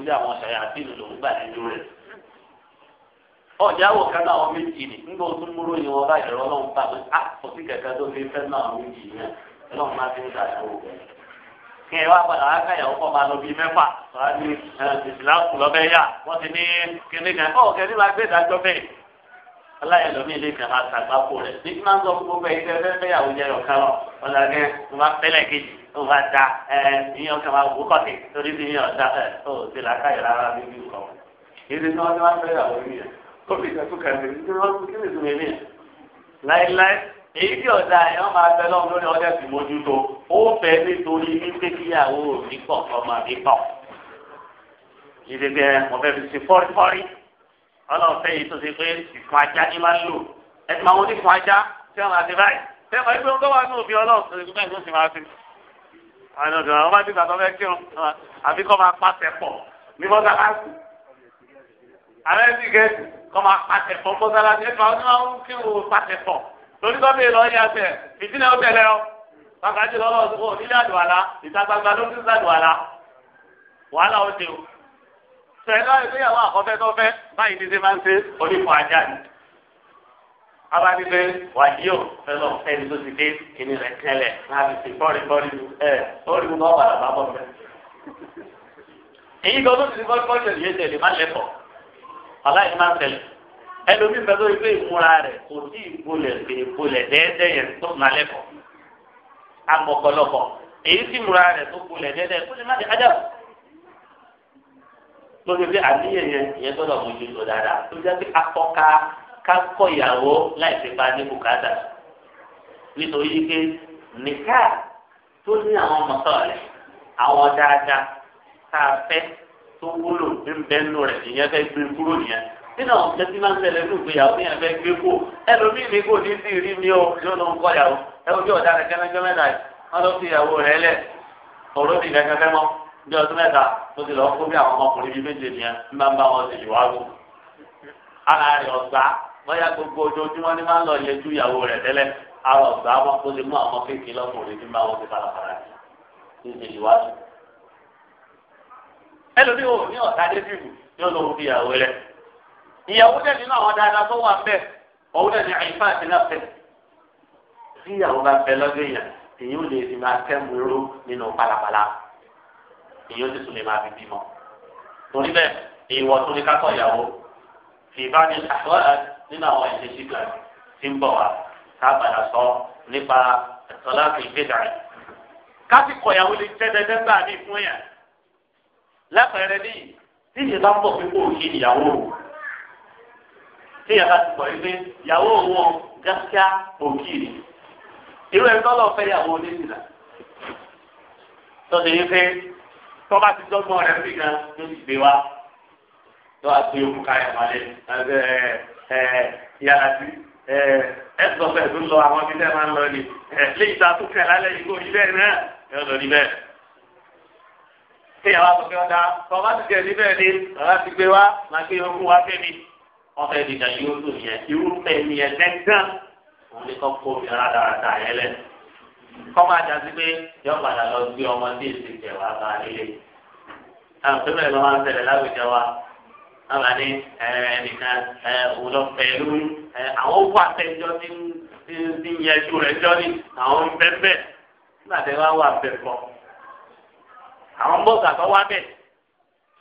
ọba ni ah, àwọn kẹ ẹ wá padà wá káyàwó kọ́ máa lọ bíi mẹ́fà wá ní ìsìláàkù lọ́bẹ̀ yá wọ́n ti ní kíní kan ọ̀ kẹ́ni máa gbé ìdájọ́ bẹ́ẹ̀. aláyẹ̀ lómi ilé kan máa sàgbákò rẹ̀ ní kí máa ń sọ fún gbogbo ẹ̀yin tẹ́lẹ̀ fẹ́ yàwó jẹ́ ọ̀kan lọ ọ̀là ni mo máa pẹ́lẹ̀ kejì mo máa da ẹ ìyẹn ọ̀kan máa wò kọ́tì torí ti yẹn ọ̀dà ẹ̀ ó ti là káyọ̀ rárá bíbí nǹkan. ìdí tí wọ́n ti máa fẹ́ yàwó èyí tí ọ̀dà yẹn máa fẹ́ lọ́wọ́ lórí ọdẹ sì mójútó ó fẹ́ nítorí wípé kíyàwó mi pọ̀ ọmọ mi pọ̀ ìdègbè mo fẹ́ fi ṣe fọ́rífọ́rí ọlọ́ọ̀fẹ́ yìí tó ṣe pé ìfún ajá ni máa ń lò ẹ̀sìn máa ń wọlé ìfún ajá tí wọ́n máa ti báyìí tẹ́lẹ̀ pàdé pé wọ́n gbọ́ wà ní òbí ọlọ́ọ̀fẹ́ ìgbẹ́ ìgbẹ́ ìgbẹ́ ìgbẹ́ àwọn ọ̀dọ́ àwọn máa ń dìgbà tó fẹ́ kírun àbí kọ́ máa pàṣẹ pọ̀ ní mọ́sálásí àrẹ́sì gẹ̀ẹ́sì kọ́ máa pàṣẹ pọ̀ torí tó bèèrè lọ́ọ́ yà sẹ̀ fìdílé ó tẹ̀lé ọ bàbá jù lọ́wọ́ ọ̀dùnkún onílé àdùwàlà ìta ló ń tún àdùwàlà wàhálà ó dé o. sẹ́yìnlá ìgbéyàwó àkọ́fẹ́ tó fẹ́ báyìí ní ṣe máa ń ṣe onífọ̀ ajá ni. abáni pé wàjíò fẹlọ ẹni tó ti dé kíní rẹ tẹlẹ láti fi bọ́ọ̀rì bọ́ọ̀rì ẹ bọ́ọ̀rì mú náà bá bọ̀ ẹlòmí fẹ́ tó ìgbé ìmúra rẹ̀ kò sí ìbolẹ̀ pé ìbolẹ̀ dẹ́ẹ́dẹ́ yẹn tó má lẹ́kọ̀ọ́ amọ̀kọlọ́kọ̀ èyí sì múra rẹ̀ tó bolẹ̀ dẹ́ẹ́dẹ́ kó lè má di ajá lórí bí àníyàn yẹn yẹn gbọ́dọ̀ mójú tó dáadáa tó jẹ́ pé akọ́ka kákọ́ ìyàwó láì fi bá ní bùkátà nítorí pé nìkà tó ní àwọn mọ̀tọ́ọ̀lẹ̀ àwọn dáadáa tá a fẹ́ tó wúlò ń bẹ́ẹ̀ nù rẹ̀ ìyẹn fẹ́ gbé kúrò nìyẹn. nínú àwọn ọ̀sẹ̀ tí máa ń tẹ̀lé ní ìgbéyàwó ní ẹ̀fẹ́ gbé kó ẹlòmíì ní kò ní sí rí mi o yóò ló ń kọ́ ìyàwó ẹ ojú ọ̀dà rẹ̀ kẹ́lẹ́kẹ́ mẹ́ta yìí wọ́n lọ sí ìyàwó rẹ̀ lẹ̀ ọ̀rọ̀ ti kẹ́kẹ́ fẹ́ mọ́ bí ọdún mẹ́ta tó ti lọ kó bí àwọn ọmọkùnrin bíi méje nìyẹn ń bá ń bá wọn ara rẹ̀ ọ̀gbá lọ bí ìyàwó dẹ̀ nínú àwọn dáadáa tó wà bẹ́ẹ̀ òun dẹ̀ ní àyíká àti láfẹ́ tí ìyàwó bá bẹ lọ́dún èèyàn èyí ò lè fi máa kẹ́mu irú nínú pálapàla èyí ò sì tún lè máa fi bímọ torí bẹ́ẹ̀ ìwọ tó ní kákọ̀ ìyàwó fi bá ní àwọn nínú àwọn ìṣesí kan tí ń bọ̀ wá sábàdà sọ nípa ẹ̀tọ́ láti ìgbéga rẹ̀ káti kọ̀ ìyàwó lè jẹ́ dẹ́dẹ́gbà ní ìfún èèyàn lẹ́pẹ̀rẹ́ ní tí bá pọ̀ pé kò ìyàwó rò téèyàn bá ti gbọ́ yìí pé ìyàwó òun gáskíá òkìrì irú ẹni tọ́lọ̀ fẹ́ ìyàwó oníṣìlá tọ́sí yìí pé tọ́ba ti dọ́gbọ́n rẹ̀ fi gan ló ti gbé wa tó a ti òkú ká yàrá lé ẹ ẹ yàrá sí ẹ ẹ sọ fẹ́ tó lọ àwọn ibi tẹ́ máa ń lọ ni ẹ léyìí tó a tún kẹ́ lálẹ́ yìí kò yí bẹ́ẹ̀ náà ẹ lọ ní bẹ́ẹ̀ téèyàn wá sọ pé ọ̀dà tọ́ba ti jẹ̀ ní ni bàbá ti gbé wa máa gbé okun wa fẹ́ ọfẹ dìda yóò lò yẹn irúfẹ́ mi yẹn gẹ́gẹ́ òun ni kò kó mi rádaràda yẹn lẹ kọ́má jásí pé yọ padà lọ gbé ọmọ tí èsì jẹ wá bá nílé àwọn tó bẹ̀rẹ̀ lọ́wọ́ ń tẹ̀lé láwùjọ wa náà ní ẹnìkan òun lọ fẹ́ lóyún àwọn owó àtẹjọ́ ti ń yẹjú rẹ̀ jọ́ ni àwọn ń bẹ́ bẹ́ẹ̀ nígbà tí wọ́n wà bẹ́ẹ̀ kọ́ àwọn bọ́ọ̀sì àtọwọ́ bẹ́ẹ̀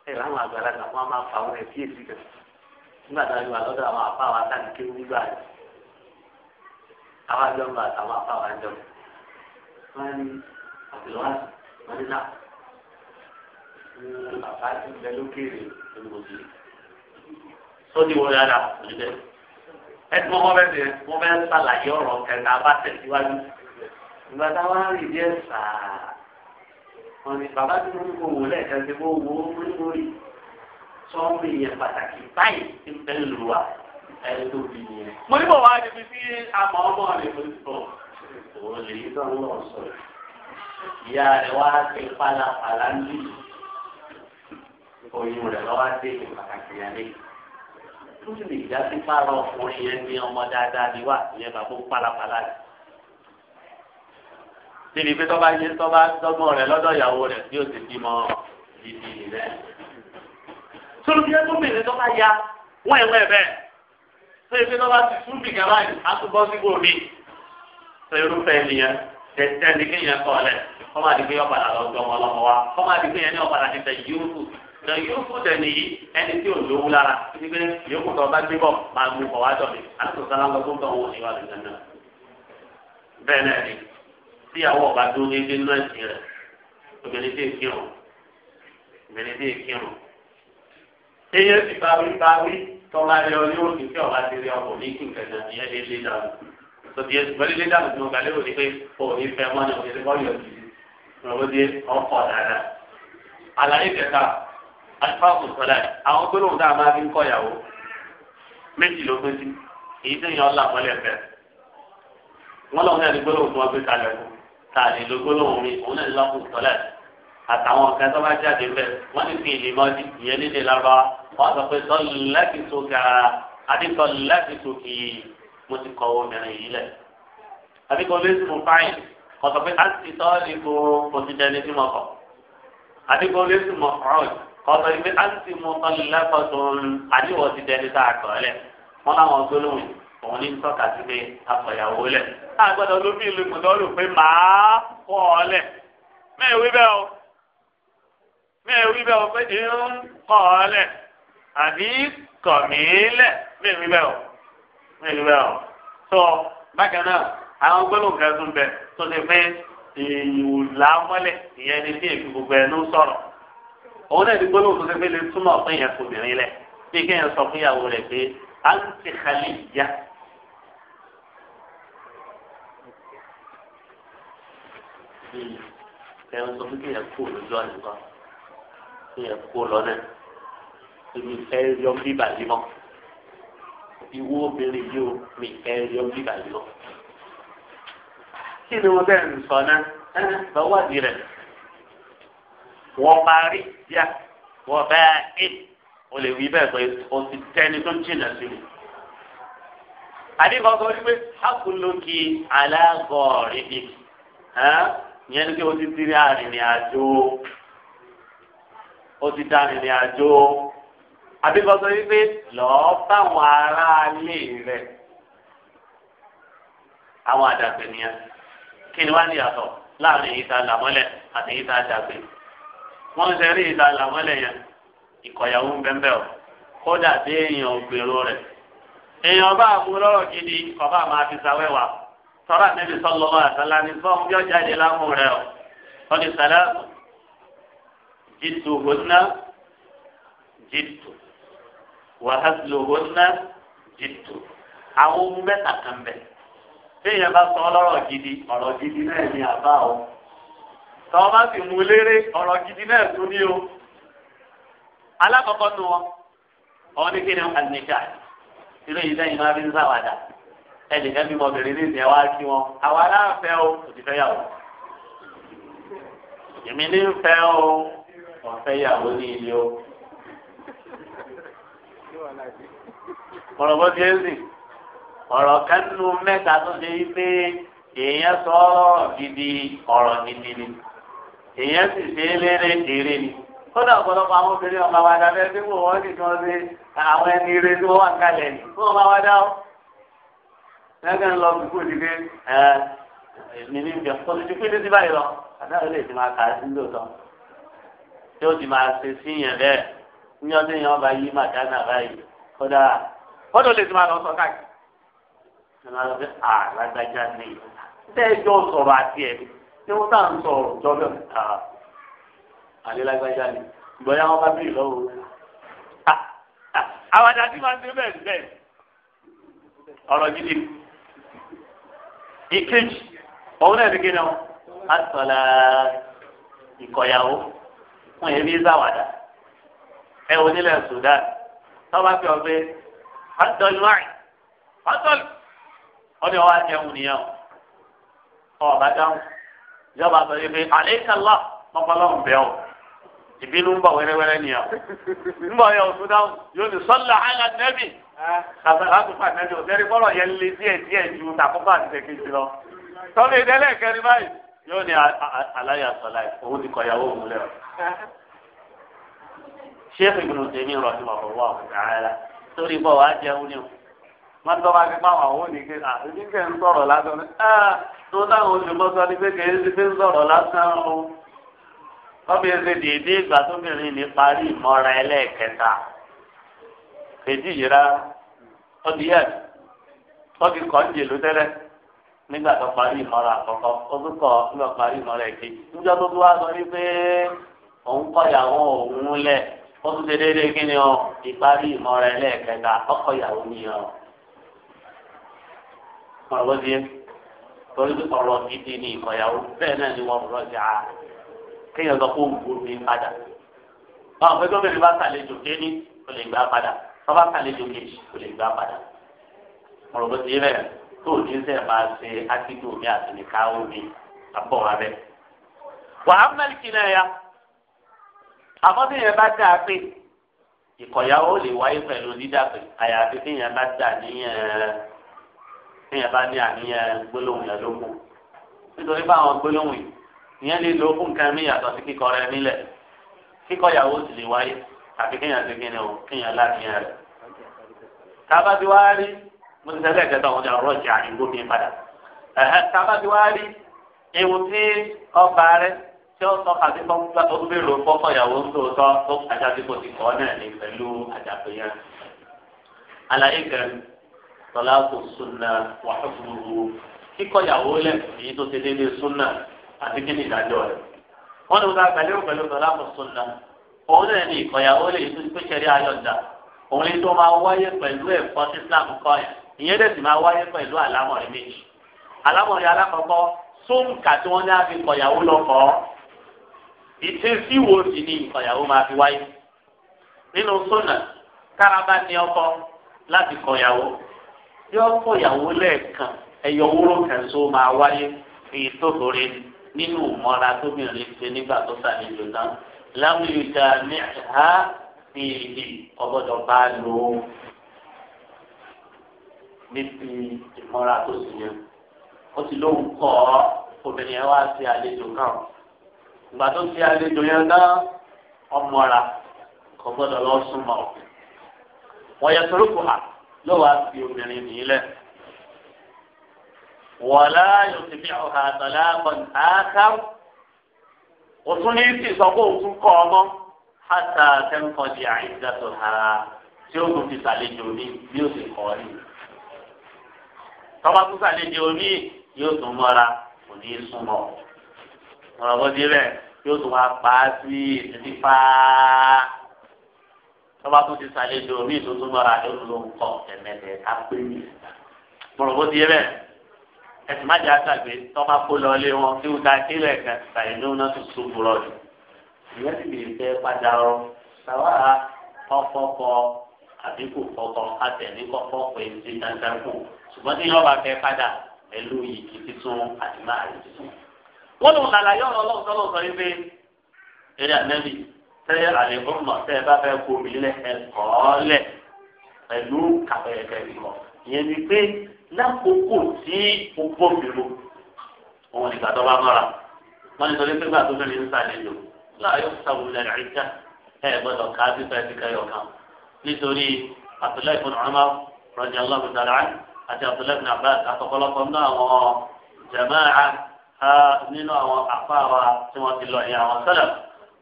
ẹ̀ láwọn àgbàlagbà wọn máa fa nígbà tá a yọ àlọ́dọ̀ àwọn àfa wa tá a ti kéwú nígbà rẹ̀ àwọn àjọ ń bá àtàwọn àfa wa jọ wọn ní àbílọ́wà wọn ní náà bàbá ti bẹ lókèrè olùwòsì sọ́ni wọ́n yára òjúbẹ́ ẹ̀dùn wọn bẹ́ẹ̀ bẹ́ẹ̀ wọ́n bẹ́ẹ̀ sàlàyé ọ̀rọ̀ kẹta bá tẹ̀síwájú ìgbà táwọn arìn díẹ̀ sàá wọn ní bàbá ti mú kó wò lẹ́ẹ̀kan tí mo wò ó mú lórí sọ́ọ́mù yẹn pàtàkì báyìí ti bẹ́ lù wá ẹni tó bí yẹn. mo ní bọ̀ wá níbi tí àmọ́ ọmọ rẹ̀ ló ti bọ̀. òun lè yí sọ́ọ́mù náà sọ̀rọ̀. ìyá rẹ̀ wá ti pálapàla ní oyún rẹ̀ lọ́wọ́ dé ní pàtàkì yẹn ní. tó sì lè já sí pààrọ̀ ọkùnrin yẹn ní ọmọ dáadáa ni wà ìyẹn bàbá ó pálapàla ni. Tìrì pé tọ́ba yé tọ́ba tọ́gbọ́n rẹ̀ lọ́dọ̀ ìyàwó rẹ̀ tí sórí ẹ tó bèrè tó bá ya wọ́n ẹ̀wọ́ ẹ̀ bẹ́ẹ̀ tó ebi tó bá ti sún bì gàmá yìí á tún bọ́ síbò mi tó irúfẹ́ ènìyàn tẹ̀síẹ̀ ní kéèyàn kọ́ ọ̀lẹ̀ kọ́má àdìgbé yọ̀ padà lọ́jọ́ wọn lọ́mọ wa kọ́má àdìgbé yẹn ní ọ̀padà ti tẹ̀ yóò fún na yóò fún tẹ̀lé yìí ẹni tí ò lówó lára títí pé yòókù tó bá gbé bọ̀ máa mú ọ̀wá jọ mi aláṣọ sálá ń lọ fún tọ̀hún òní wà lóṣù bẹ́ẹ̀ náà ni tíyàwó ọba tó ní ilé náà sí rẹ̀ obìnrin tí èkìrùn obìnrin tí èkìrùn kéye ti báwí báwí tọ́ba rẹ ọ ní òkè tí ọba ti rí ọkọ̀ ní kí nǹkan náà ìyẹn lè lé dànù sọdí ẹ ṣùgbọ́n lílé dànù tí mo gbà lérò ni pé o ò ní fẹ́ mọ́ ní òkè lọ́yọ̀ yìí lọ́wọ́ dé ọkọ̀ dáadáa. àlàyé kẹta alifáàkù sọlá ẹ àwọn gbólóhùn tá a máa fi ń kọ́ ìyàwó méjì ló pín sí èyí tí èèyàn là mọ́lẹ̀ fẹ́. wọ́n lọ́wọ́ àtàwọn kan tó bá jáde fẹ wọn ti fi ìlímọdì ìyẹn nílé lábá wọn sọ pé sọlù láti sókè ara àti sọlù láti sókè mo ti kọ obìnrin yìí lẹ. àbí kò lè sùn fáyìn kò sọ pé àti sọlù kò kò ti dẹni tí mo kọ. àbí kò lè sùn mọ ọrùn kò sọ pé àti mo sọlù lẹ́kọ̀ọ́sùn àdìwọ̀ ti dẹni tá a kọ̀ lẹ̀. wọn làwọn gbólóhùn òun ní tọ́ka sí pé àkọ̀yàwó lẹ̀. àgbàdo ló bí ìlú mọ̀tọ́ mẹ́rin wí bẹ́ẹ̀ o pé irun kọ́ ọ lẹ̀ àbí kọ̀ mí lẹ̀ mẹ́rin wí bẹ́ẹ̀ o mẹ́rin wí bẹ́ẹ̀ o tó bákan náà àwọn gbólóhùn kan tún bẹ tó ti pé ìwùlà mọ́lẹ̀ ìyẹn ni bí èkó gbogbo ẹnu sọ̀rọ̀ òun náà ti gbólóhùn tó ti pé lè túmọ̀ fún ìyẹn kò bìnrin lẹ̀ bí kéèyàn sọ fún ìyàwó rẹ̀ pé à ń ti xalẹ̀ ìjà. Ẹ̀rọ sọ fún kéèyàn kú òlójú àdúgbò tó yẹ kó lọ náà èmi fẹ́ yọ bíbà yìí mọ́ ìwọ obìnrin yìí ó mi fẹ́ yọ bíbà yìí mọ́. kí ni wọ́n bẹ̀rẹ̀ sọ náà ẹ̀ bá wà ní rẹ̀ wọ́n parí díà wọ́n bá ẹ̀ o lè wí bẹ́ẹ̀ pé o ti tẹ́ni tó jìnnà sí mi. àdìgbò kan wípé hakulóki alágọ̀ọ́rì bíi yẹn ni kí o ti tiri arìnrìn àjò ó ti dá ìrìn àjò àbíkọ́sọ wípé lọ́ọ́ báwọn aráalé rẹ̀ àwọn àdàgbẹ̀ nìyẹn kí ni wá ní ìyàtọ̀ láàrin ìta làmọ́lẹ̀ àti ìta àdàgbẹ̀ wọ́n ń sẹ́rí ìta làmọ́lẹ̀ yẹn ìkọ̀yàwó ń bẹ́ńbẹ́ o kódà dé èèyàn ògbèrò rẹ̀ èèyàn bá mú lọ́rọ̀ gidi ọba máa fi sawẹ́wà tọ́ra níbi sọ́lọ́wọ́ àtàlà ní sọ́ọ́ جدهن جد وهزلهن جد àwọn ohun mẹ́ta kan bẹ̀ téèyàn bá sọ ọlọ́rọ̀ gidi ọ̀rọ̀ gidi náà ní àbá o tọ́ bá sì mú léré ọ̀rọ̀ gidi náà tún ní o alákọ̀ọ́kọ́ nu wọn ọ̀hún ní kí ni àníkà ilé yìí lẹ́yìn máa fi ń sáwàdà ẹnìkan bí mọ̀bìnrin ní ìsìn ẹ̀ wá kí wọn àwa náà fẹ́ o kò sì fẹ́ yàwó èmi ní fẹ́ o. ọ̀fẹ́ yàwó ní ilé o. ọ̀rọ̀ bó ti ń sìn ọ̀rọ̀ kẹ́nu mẹ́ta tó ṣe yí pé èèyàn sọ ọ̀rọ̀ gidi ọ̀rọ̀ gidi ni èèyàn sì ṣe é lérè èrè ni kódà ọ̀pọ̀lọpọ̀ àwọn obìnrin wa dá bẹ́ẹ̀ ṣe àwọn ẹni ire wà ni dá lẹ́gbẹ̀ẹ́ ń lọ ẹ̀ ní ìjọ tó ti ní tí ó ti máa ṣe sí yẹn bẹ́ẹ̀ ní ọdún yẹn ọba yí màdánà báyìí kódà kódà lè ti máa lọ sọ káàkiri. ẹnu àlọ́ pé à lágbájá ni tẹ́ẹ̀jọ́ sọ̀rọ̀ àti ẹ̀ tí wọ́n tàn sọ̀rọ̀ jọ́bẹ̀ àlẹ́ lágbájá ni ìgbọ̀nyá wọn bá bí ìlọ́wọ́. àwọn àdàtí máa ń ṣe bẹ́ẹ̀ bẹ́ẹ̀ ọ̀rọ̀ gidi ìkejì òun náà wọn yẹ bí sáwàdà ẹ wò nílẹ̀ Sudan tọ́ba fi ọ̀gbẹ́ ọ̀tọ̀lùwárì ọ̀tọ̀lù ọ̀dẹ wa jẹun nìyẹn o ọba dáhùn ìjọba sọ yìí pé àlékàlá mọ́kànlọ́hùn bẹ́ẹ̀ o ìbínú ń bọ̀ wẹ́rẹ́wẹ́rẹ́ nìyẹn ń bọ̀ yẹ òtún dáhùn yóò ní sọ́lá àyà nẹ́bì kàtàkà tó fà nẹ́bì òtẹ́rì bọ́lọ̀ yẹn lé díẹ̀ díẹ̀ ju tàkùnfà àti tẹ̀kejì lọ tọ́lẹ̀ ìdẹ́lẹ̀ kẹrin báyìí yóò ní aláyà sọ̀lá òun ti kọ̀ sheikh ibn tèmi rahimahullah ta'ala torí bọ wàá jẹun ni o má tọ́ bá gbá àwọn òun nìkan àti kẹ́ ń sọ̀rọ̀ lásán ní ẹ́ tó táwọn olùmọ́sọ ní pé kèé ti fi ń sọ̀rọ̀ lásán o wọ́n fi ṣe dèédé ìgbà tóbìnrin ní parí ìmọ̀ra ẹlẹ́ẹ̀kẹta kejì yìí rárá wọ́n ti yẹ wọ́n ti kọ́ ń jèlú tẹ́lẹ̀ nígbà tó parí ìmọ̀ra àkọ́kọ́ ó tún kọ́ parí ìmọ̀ra ẹ̀kejì níjọ́ tó tún wá sọ ní pé òun kọ ìyàwó òun lẹ̀ ó tún ṣe déédéé kí ni ọ ìparí ìmọ̀ rẹ̀ lẹ́ẹ̀kẹta ọkọ ìyàwó ni ọ. ọ̀rọ̀ bó ti torí pé ọ̀rọ̀ gidi ni ìkọ̀yàwó bẹ́ẹ̀ náà ni wọ́n rọ̀ sí a kéèyàn sọ fún òun mi padà. báwo pé gómìnà bá sàlejò kéní kò lè gbà padà wọ́n bá sàlejò kejì kò lè gbà padà. ọ̀rọ̀ bó ti yẹ bẹ́ẹ̀ tó o ní sẹ́ẹ̀ máa ṣe ákíkí omi àti nìka omi àbọ̀ wa bẹ́ẹ̀. wàhálà kìnnìyà àmọ́ tí yẹn bá dà á pé ìkọ̀yàwó lè wáyé pẹ̀lú dídàpè àyàfi tí yẹn bá dà níyẹn tí yẹn bá ní àníyàn gbólóhùn yẹn lókun nítorí báwọn gbólóhùn yìí ìyẹn lè lo okùn nǹkan mi yàtọ̀ sí kíkọ rẹ nílẹ̀ kíkọ̀yàwó sì lè wáyé àfi kéèyàn ti kíni o kéèyàn láníyàn rẹ̀ tába ti wá rí mo ti sẹ́lẹ̀ kẹta òun ọ̀rọ̀ ìjà ìgbó tí ó sọ kàdé kọ́ gbà tó bèrò fọ́fọ́ ìyàwó tó sọ tó àjàdé kò ti kọ́ náà ní pẹ̀lú àjàpé yẹn. àlàyé kẹrin tọ́lá kò sunna wà fúru kíkọ́ ìyàwó lẹ̀ èyí tó ti dédé sunna àti kí ni ìdájọ́ rẹ̀. wọ́n ní wọ́n gbàlẹ́ pẹ̀lú tọ́lá kò sunna òun náà ní ìkọ̀yàwó lè tó pé kẹrí ayọ̀dà òun ní tó máa wáyé pẹ̀lú ẹ̀kọ́ sí Islam kọ́ yẹn ìyẹn dẹ̀ sì máa wáyé pẹ̀lú àlámọ̀rin méjì àlámọ̀rin alákọ̀ọ́kọ́ sóńkà tí wọ́n ní àfi kọ̀yàwó lọ́kọ̀ọ́ ìṣesí wo sì ni ìkọ̀yàwó máa fi wáyé nínú sọ́nà káraba ní ọkọ láti kọ̀yàwó tí ó kọ̀yàwó lẹ́ẹ̀kan ẹ̀yọ wúrò kan tó máa wáyé fi tóbore nínú ìmọ̀ra tóbìnrin ṣe nígbà tó sàlejò náà láwùjọ ní ha fi ìdí ọgbọ́dọ̀ bá lò ó níbi ìmọ̀ra tó sì yẹ ó ti lóun kọ́ obìnrin yẹn wá sí àlejò náà ìgbà tó fi àlejò yẹn dá ọmọra kò gbọ́dọ̀ lọ súnmọ́ wọ́n yẹ torókù hà ló wàá fi obìnrin nìyí lẹ̀ wọ́lá yóò ti fi ọ̀hà àtàlà àkọ́ni àáká òtún ní sì sọ pé òtún ọmọ hàtà tẹ́ńkọ́ di àìdàtò ha tí ó tún fi sàlejò ní bí ó sì kọ́ ni tọ́ba tún sàlejò ní yóò tún mọ́ra kò ní í súnmọ́ ọ̀rọ̀ bó dé bẹ́ẹ̀ yóò tún wá pa á sí ìdí pa á. tọ́ba tó ti sàlejò mí tó tún bọ̀ra yóò tún ló ń kọ́ ẹ̀mẹ́tẹ̀ ká pé mi. ọ̀rọ̀ bó dé bẹ́ẹ̀ ẹ̀sìn má jẹ́ àtàgbé tọ́ba kó lọ lé wọn kí wọ́n ta kílẹ̀ kan sàyẹn ló ná tó tó burọ̀ jù. ìyẹn ti bìí fẹ́ padà rọ sàwá kọ́kọ́kọ́ àdínkù kọ́kọ́ àtẹ̀lé kọ́kọ́ pé ti dandan ṣùgbọ́n tí yọ́ọ̀bà wọ́n lòun làlàyé ọ̀rọ̀ ọlọ́run tọ́lọ̀ sọ yìí pé eré ànẹ́bí tẹ́lẹ̀ àlè ọ̀nà tẹ́ ẹ bá fẹ́ kó mi lẹ̀ ẹ kọ́ lẹ̀ pẹ̀lú kàbẹ̀rẹ̀ ìmọ̀ ìyẹn ni pé lákòókò tí o bọ̀ mi lò òun nígbà tó bá mọ́ra wọ́n ní sọdí pé gbà tó fẹ́mi ń sàlejò láàyò sábò lẹ̀ ẹ̀ka ẹ̀ gbọ́dọ̀ ká bí fẹ́ẹ́ ti kẹ́yọ̀ kan nítorí Abdullahi ibn nínú àwọn àfáàrà tí wọ́n ti lọ ní àwọn sẹ́lẹ̀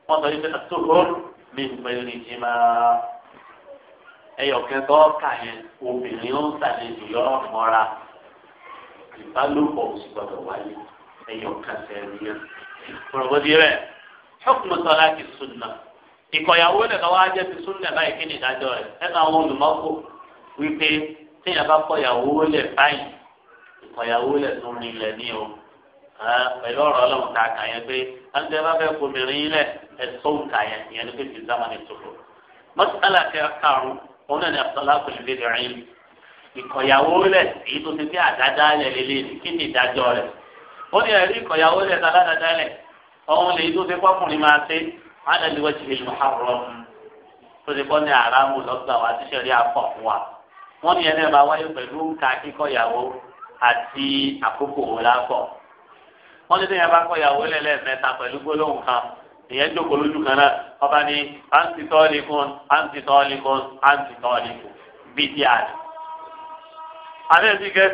wọ́n sọ wípé àtúhùn mi ń pè ní ìjìmá ẹyọ kẹtọ kà yẹn obìnrin ó ń sàlejò yọrọ mọra ìbálòpọ̀ òsì gbọdọ̀ wáyé ẹyọ kẹsẹ̀ nìyẹn. pọ̀rọ̀bọ̀dì rẹ̀ ṣọ́kùnrin sọlá ti sunna ìkọ̀yàwó lẹ̀ káwá jẹ́ ti sunna báyìí kí ni ìdájọ́ rẹ̀ ẹ̀ka àwọn olùmọ́kò wípé téèyàn bá kọ̀yàwó lẹ̀ báyìí ìkọ̀yàwó lẹ̀ tó rinlẹ̀ ní o pẹ̀lú ọ̀rọ̀ ọlọ́run ta kà yẹn pé ẹnìtẹ́ bá fẹ́ kọmìnrin yín lẹ̀ ẹ̀sọ́ òǹkà yẹn ìyẹn ni pé fi zamani tòrò. mọ́tàlá kẹrù òun náà ni àtọ́lá kò lè lè rìn ìkọ̀yàwó lẹ̀ èyí tó ti fi àdáda lẹ̀ lélẹ̀ kí ni ìdájọ́ rẹ̀. ó ní ẹ̀rí ìkọ̀yàwó lẹ̀ tàdáda lẹ̀ ọ̀hún lè tó ti pọ́kùnrin máa ṣe ádàlíwọ̀ ti lè lù wọ́n ní sẹ́yìn bá kọ́ ìyàwó lẹ́lẹ́ mẹ́ta pẹ̀lú gbólóhùn kan ìyẹn jókòó lójú kan náà ọba ní àǹtí tọ́ọ̀lì fún àǹtí tọ́ọ̀lì fún àǹtí tọ́ọ̀lì fún bíi àbẹ́ ti gẹ́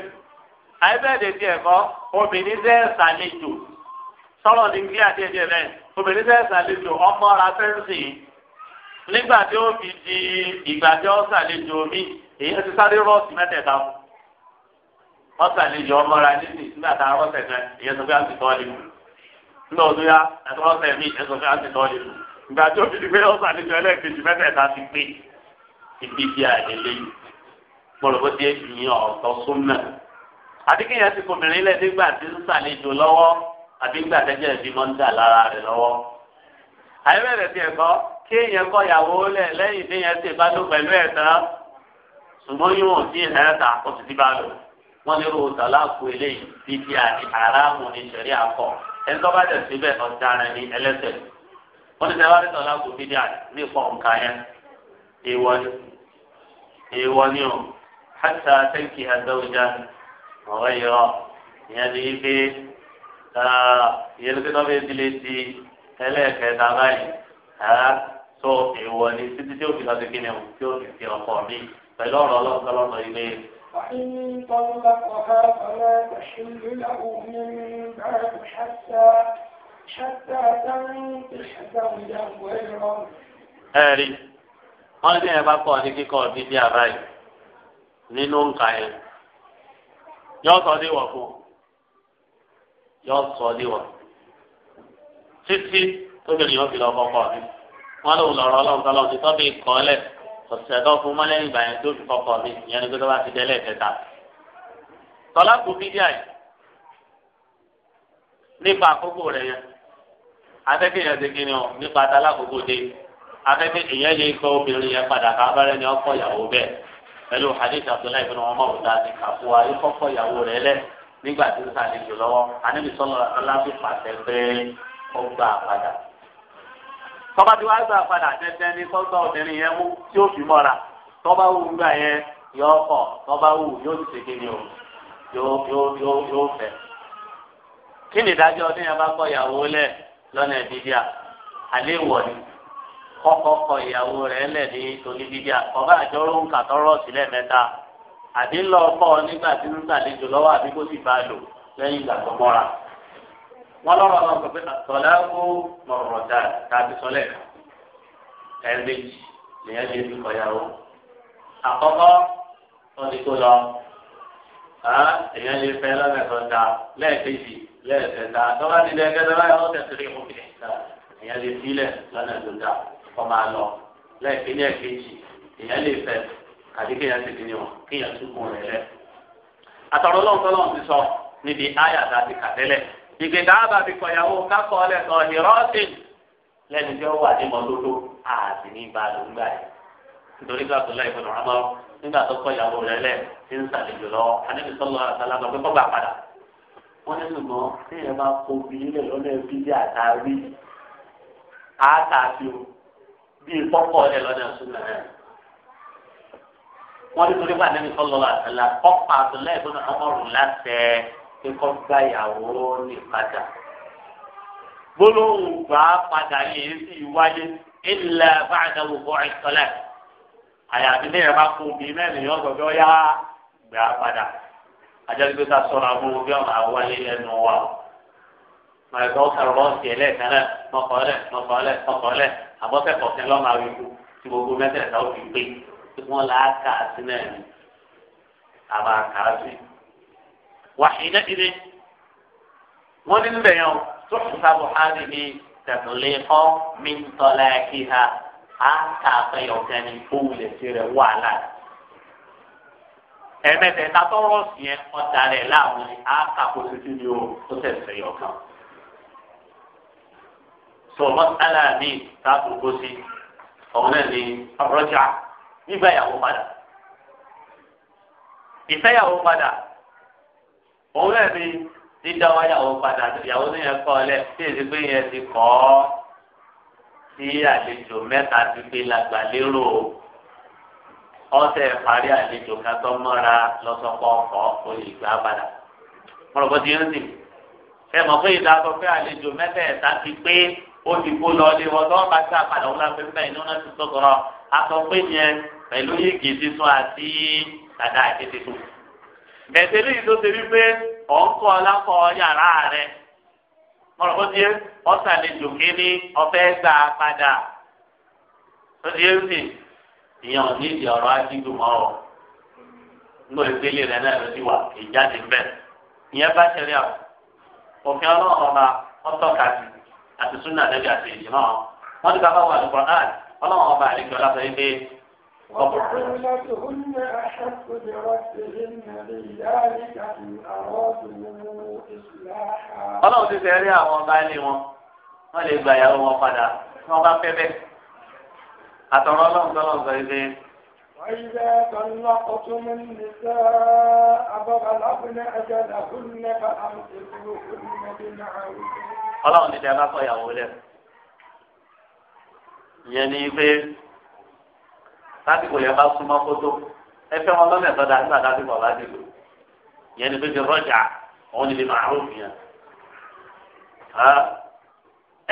àìbẹ́ẹ̀dẹ̀ tiẹ̀ kọ́ obìnrin tẹ́ ṣàlejò sọ̀rọ̀ ní kí àti ẹ̀jẹ̀ rẹ̀ obìnrin tẹ́ ṣàlejò ọmọ ara fẹ́ǹsì nígbà tí ó fi di ìgbà tí ó ṣàlejò mi èyí ti sáré rọ́ọ̀sì mẹ́tẹ̀ẹ̀ta fún ọ̀sàlejò ọmọra níbi nígbà tá a rọ́ọ̀sẹ̀ kan ìyẹn sọ pé a tọ́ ni nígbà ọdún yá ẹ̀sọ́rọ́sẹ̀ mi ẹ̀sọ́ pé a ti tọ́ ni ìgbà tí ó fi di pé ọ̀sàlejò ẹlẹ́ẹ̀kejì mẹ́tẹ̀ẹ̀ta ti pé ibi bí a lè léyìn pọ̀lọ́pọ̀ tí ìyẹn ọ̀tọ̀ súnmọ̀ àdìgẹ́yẹ ti kòmìnrin lẹ́ nígbà tí ń sàlejò lọ́wọ́ àbí nígbà tẹ́jẹ́ ìbímọ ń dà lára rẹ̀ lọ́wọ́ àyẹ̀bẹ̀rẹ̀ tiẹ̀ kọ́ kí èèyàn kọ́ ìyàwó lẹ̀ lẹ́yìn tí èèyàn ti bá lò wọ́n ní irú tàláàkù eléyìí bíbí àti aráàmù ní sẹ̀rí àkọ́ ẹni tó bá dẹ̀ síbẹ̀ ọ̀daràn ní ẹlẹ́sẹ̀ wọ́n ní sẹ́wárí tàláàkù bíbí àti nípa òǹkà yẹn èèwọ̀ ni èèwọ̀ ni o hàtà tẹ́ǹkì àdáwùjá ọ̀rọ̀ yọ ìyẹn ní pé ìyẹn ní pé tó bẹ́ẹ̀ dílé ti ẹlẹ́ẹ̀kẹta báyìí tó èèwọ̀ ni títí tí ó fi lọ sí kíni o tí ó fi ọkọ̀ mi pẹ̀lú ọ̀rọ̀ ọlọ́ọ̀tọ́ وإن طلقها فلا تحل له من بعد حتى حتى تنكح زوجا غيره. ẹ̀rí wọ́n ní ẹ̀bá pọ̀ ní kíkọ́ bíbí àbáyé nínú nǹka yẹn yọ sọ ní wọ̀ fún yọ sọ ní títí tóbi ni yóò fi lọ kọ́kọ́ mi wọ́n lòun lọ́rọ́ ọlọ́run tọ́lọ́run ti tọ́ bí kọ́ lẹ̀ ọ̀sẹ̀ tó fún mọ́lẹ́yìn ìgbà yẹn tó fi kọ́kọ́ mi ìyẹn ni gbọ́dọ̀ bá ti dẹ́lẹ̀ kẹta. tọ́lá kù bídíà yìí nípa àkókò rẹ̀ yẹn afẹ́kẹ́ yẹn ti kíni o nípa tálá àkókò dé afẹ́kẹ́ ìyẹn lè kọ́ obìnrin yẹn padà ká abẹ́rẹ́ ni ọkọ̀ ìyàwó bẹ́ẹ̀ pẹ̀lú hadith abdullahi bin umar ọ̀tá ti kàfó ayé kọ́kọ́ ìyàwó rẹ̀ lẹ̀ nígbà tí ó sàlejò lọ́wọ́ anábì sọ́nà aláfi pàṣẹ tọ́ba tí wàá gbà padà tẹ́tẹ́ ní kọ́ńtà obìnrin yẹn mú tí ó fi mọ́ra tọ́ba wù gbà yẹn yọ ọkọ̀ tọ́ba wù yóò ti ṣe kíni o yóò yóò yóò yóò fẹ́. kí ni ìdájọ́ ọdún yẹn bá kọ ìyàwó lẹ̀ lọ́nà ìdíjà àlẹ́ ìwọ̀ ni kọ́kọ́ kọ ìyàwó rẹ̀ lẹ̀ ní torí dídíà ọba àjọrò ń kàtọ́rọ̀ sílẹ̀ mẹ́ta àdínlọ́ọ̀kọ́ nígbà tí ń gbàlejò lọ́wọ́ àbí kó sì bá a lò lẹ́yìn ìgbà tó mọ́ra wọn lọ́rọ̀ náà sọ pé àtọ̀láńgó mọ̀rọ̀dà tàbí sọlẹ̀ ẹ̀ẹ́dẹ́jì lèyàn lè fi kọ̀yàwó àkọ́kọ́ ọdún tó lọ èèyàn lè fẹ́ lọ́nà tó da lẹ́ẹ̀kejì lẹ́ẹ̀kẹta tọ́ba ti dẹ́ kẹta báyọ̀ ó tẹ̀sí rí òkè èèyàn lè filẹ̀ lọ́nà tó da kọ́ máa lọ lẹ́ẹ̀kejì lè fẹ́ àti kéèyàn ti dìnyọ̀ kéèyàn tún kùn rẹ̀ lẹ́ àtọ̀rọ̀ lọ́nkọ́ lọ́n ti sọ níbi áyà tá a ti kà tẹ́lẹ̀ ìgbìndà àbàbí kọ̀yàwó kákọ́ lẹ́kọ̀ọ́ hìrọ́ọ̀sì lẹ́nu tí ó wà ní mọ́tótó àti ní ìbàdàn nígbà yìí nítorí gbàgbọ́ láì fún ọ̀rọ̀ àmọ́ nígbà tó kọ̀yàwó rẹ̀ lẹ̀ ti ń sàlejò lọ anábì sọ́lọ́ àtàlà lọ pé kọ́ gbà padà wọ́n ní ṣùgbọ́n tí ẹ máa kó bí ilé lọ́nà ẹbí bí àtàrí àtàfi o bíi pọ́pọ́ ẹ lọ́nà ẹ̀sùn náà wọ́n ní torí pàdé pé kọ́ gba ìyàwó ní padà gbólóhùn gbà padà yìí sì wáyé ilẹ̀ báyìí náà wò ìtọ́lẹ̀ àyàfi ní ẹ̀rọ kó bí mẹ́rin yọ gbọ́dọ̀ yá gbà padà ajálùgbé ká sọ̀rọ̀ àwọn ọmọ bí ọmọ àwọlé ẹnu wa màá gbọ́ sọ̀rọ̀ lọ́sì ẹlẹ́ẹ̀kan náà mọ̀kànlẹ̀ mọ̀kànlẹ̀ mọ̀kànlẹ̀ àbọ̀fẹ́ kọ̀ọ̀kan lọ́mọ àwíkú tí gbogbo mẹ́tẹ̀ẹ̀ta ó fi gbé tí wọ́n là sí náà ni àbá sí wàhíná ìdí wọn ní níbẹ̀ yẹn o tó ṣàbọ̀ hàbí mi tẹ̀lé kọ́ mi ń tọ́lá kí ha á kà fẹ́ yọ kẹ́ni owó lè ti rẹ̀ wà láàyè. ẹ̀mẹ́tẹ̀ẹ̀ta tọrọ sí yẹn ọ̀dà rẹ̀ láàmú ni á kà kó títí ni o tó tẹ̀sẹ̀ yọ kan. sọ mọ́sálà mi táàbù kó sí ọ̀hún náà ni ọ̀rọ̀jà nígbà yàwó padà. ìfẹ́ yàwó padà òun náà ni dídá wáyàwó padà ìyàwó ní yẹn kọ́ ọ lẹ̀ tí èsì pé yẹn ti kọ́ ọ sí àlejò mẹ́ta ti gbé lágbà lérò ọ̀sẹ̀ parí àlejò kátó mọ́ra lọ́sọ̀kọ̀ ọkọ̀ olùgbà padà mọ̀lọ́kọ́ ti yẹn sì ẹ mọ̀ pé ìdájọ́ pé àlejò mẹ́tẹ̀ẹ̀ta ti pé ó ti kó lọ lé wọn tó wọn bá sá padà wọn lápẹ́ mẹ́rin ní wọn ti sọ̀rọ̀ àtọ̀pẹ́ yẹn pẹ̀lú yìgì sísun àti dàda àti títún. ẹ̀sẹ̀ lẹ́yìn tó ṣe ọ ọ̀ ń kọ́ ọlákọ́ yàrá rẹ̀ mọ̀rọ̀ ó gbà padà ó ní ìdí ajídùn ọ ńgbọ́ ìgbélé rẹ̀ náà ló ti wà ìjáde ń bẹ̀ ìyẹn bá ṣẹlẹ̀ ọ̀ òfin ọlọ́run ọba ọ̀tọ̀ka sí àti súnà lẹ́bi àti ìjìmọ́ wọn ti ká bá wà náà ọba àlejò وبعولتهن أحق بردهن لذلك إن أرادوا إصلاحا Ọlọ́run ti fẹ́ rí àwọn báyìí wọn wọ́n lè gba ìyàwó wọn padà tí wọ́n bá fẹ́ bẹ́ẹ̀. àtọ̀rọ̀ ọlọ́run tó lọ́n sọ ibi. وإذا طلقتم النساء فبلغن أجلهن فأمسكوهن بمعروف. Ọlọ́run ti tẹ́ ẹ bá kọ ìyàwó lẹ̀. ìyẹn ni pé lásìkò yẹn bá súnmọ́ kótó ẹ fẹ́ wọn lọ́nà ìtọ́jà nígbà lásìkò ọ̀la dìbò yẹn ni bíbi rọ́jà òun ni lè máa rò fìyàn.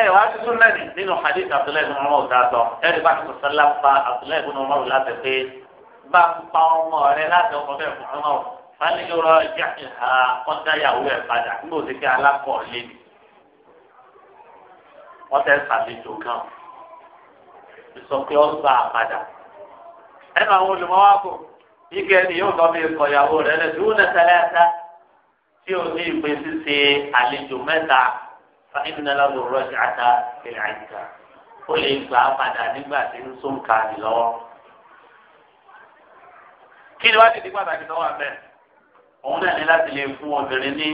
ẹ wá sí tún lẹ́nu nínú hadith abdullahi bin umar ọ̀dà sọ ẹni bá ti sọ lápá abdullahi bin umar ọ̀dà sọ pé bá pa ọmọ rẹ láti ọkọ bẹ́ẹ̀ fún ọmọ fánílẹ́rọ ìjà ìhà kọ́ńdáyàwó ẹ̀ padà nígbà òsì kí alákọ̀ọ́ lé ni wọ́n kan ìsọ̀kẹ́ ọ̀sà padà ẹnu àwọn olùmọ́wákò ike ni yóò tọ́ bí ìkọ̀yàwó rẹ̀ lẹ́sẹ̀ wọ́n lẹ́sẹ̀ lẹ́sẹ̀ tí o ní ìpè ṣíṣe àlejò mẹ́ta fa ìdúnnalá ló rọ́ọ̀ṣì àtà ìrìn àìsà ó lè gbà á padà nígbà tí ń sún kàní lọ́wọ́. kí ni wàá ti di pàtàkì lọ́wọ́ abẹ́ òun náà ní láti lè fún obìnrin ní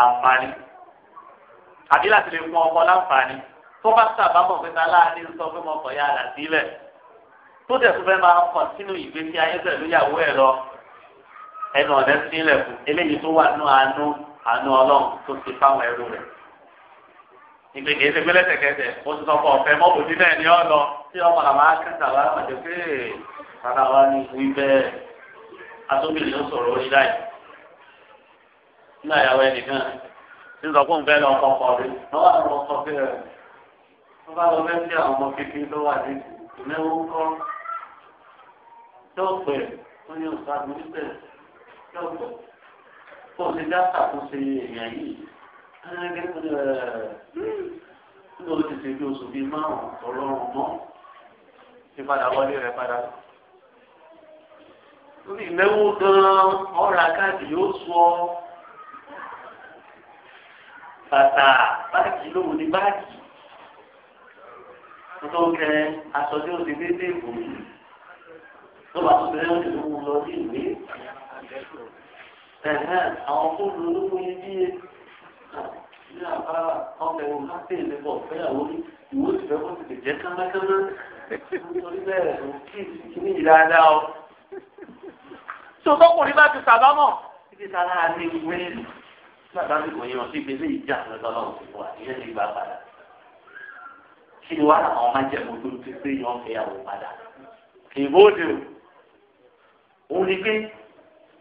àǹfààní àbí láti lè fún ọkọ láǹfààní tó bá sábà mọ̀ pé ta láàánú sọ pé mo kọ̀ ya sílẹ̀ tó dẹ̀ tó fẹ́ máa kọ̀ntínú ìgbésí ayé pẹ̀lú ìyàwó ẹ̀ lọ ẹnu ọ̀dẹ́ sílẹ̀ fún eléyìí tó wà nù àánú àánú ọlọ́run tó ti fáwọn ẹrú rẹ̀. ìgbè kìí ṣe pé lẹ́sẹ̀kẹsẹ̀ ó ti sọ fún ọ̀fẹ́ mọ́bòdì náà ni ọ lọ tí ọmọ làwọn akẹ́kọ̀ọ́ àwọn àmọ̀jọ pé bàbá wa ni wí bẹ́ẹ̀ atóbìnrin ó sọ̀rọ̀ orí láì nígbà ìyàwó ẹnìkan tí ń sọ fún bẹ́ẹ̀ lọ́kọ̀ ọkọ̀ rí lọ́wọ́ àwọn ọkọ̀ bẹ́ẹ̀ tó pè tó ní ọ̀sán mi tó pè tó ṣe dáta tó ṣe èèyàn yìí ẹnìkan ní o ti ṣe bí oṣù bíi márùn-ún ọlọ́run mọ́ ti padà wọlé rẹ padà lórí ìnáwó gan-an ọ̀rọ̀ àkáàdì yóò sọ bàtà báàgì lóhùn ní báàgì tó tó kẹ aṣọ tí ó ti dédé ìbòmí lọ́ba tó bẹ̀rẹ̀ ń lò lọ sí ìwé. àwọn tó lu olówó yẹn bí e ní àbá ọbẹ̀ wọn bá tẹ̀ lé bọ̀ fẹ́yàwó ní ìwé ti fẹ́ wọ́n ti lè jẹ́ kánákáná. nítorí bẹ́ẹ̀ ló kí ìsìnkí dáadáa o. sọtọ́kùnrin bá ti sàbámọ̀ títí sára ní ìwé bàbá mi kò yan sí gbèsè ìjà lọ́dọ́lọ́ òṣèlú àtìyẹ́ ní gbà padà. kí ni wàhálà àwọn máa jẹ́ mo tó ti pé yan fẹ́yàwó padà. kì í bó de o òun ni pé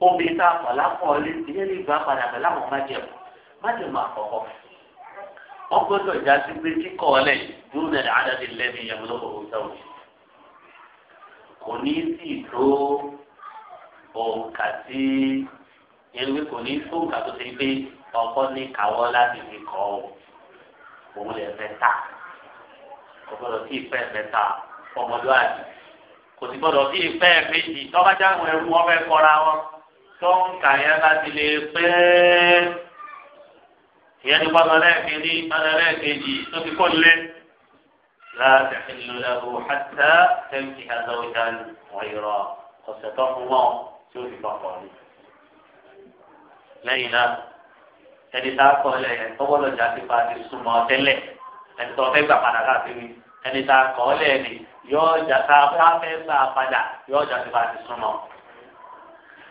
obìnrin tá a pàlà kọ́ ọ lé ìyẹn lè bá padà pẹ̀lú àwọn májẹ̀mú májẹ̀mú àkọ́kọ́ wọ́n gbọ́dọ̀ já sí pé kíkọ́ ọ lẹ̀ yóò nà àdàdì lẹ́nu ìyẹn lọ́wọ́ òwúta òjì kò ní sí ìdó òǹkà tí yẹn ló pé kò ní sí òǹkà tó ti pé ọkọ ní kàwọ́ láti fi kọ́ ọ òun lè fẹ́ ta kò gbọ́dọ̀ sí ìfẹ́ fẹ́ ta ọmọlúwàbí kò sì gbọdọ̀ bí ìfẹ́ méjì tọ́ba jáwọn ẹrú wọn fẹ́ kọ́ra wọn tó ń kà yẹn bá ti lè pẹ́ ìyẹn ní pọ́n lẹ́ẹ̀kejì pọ́n lẹ́ẹ̀kejì tó fi kó lé láti ìlú ẹ̀rù hàtà tẹ́ǹtì àzọ̀wọ̀dàn wọ̀nyọ̀rọ̀ ọ̀sẹ̀ tó fún wọn tí ó fi kọ́kọ́ rí. lẹ́yìn náà ẹni tá a kọ́ lẹ̀ ẹ̀ tọ́gbọ́dọ̀ jáde pa ti súnmọ́ tẹ́lẹ̀ ẹ̀ tọ́ fẹ́ gbà padà káàkiri ẹni tá a kọ́ ọ́ lẹ́ẹ̀ni yóò jà tá a bá fẹ́ gbà padà yóò jà tó bá ti súnmọ́.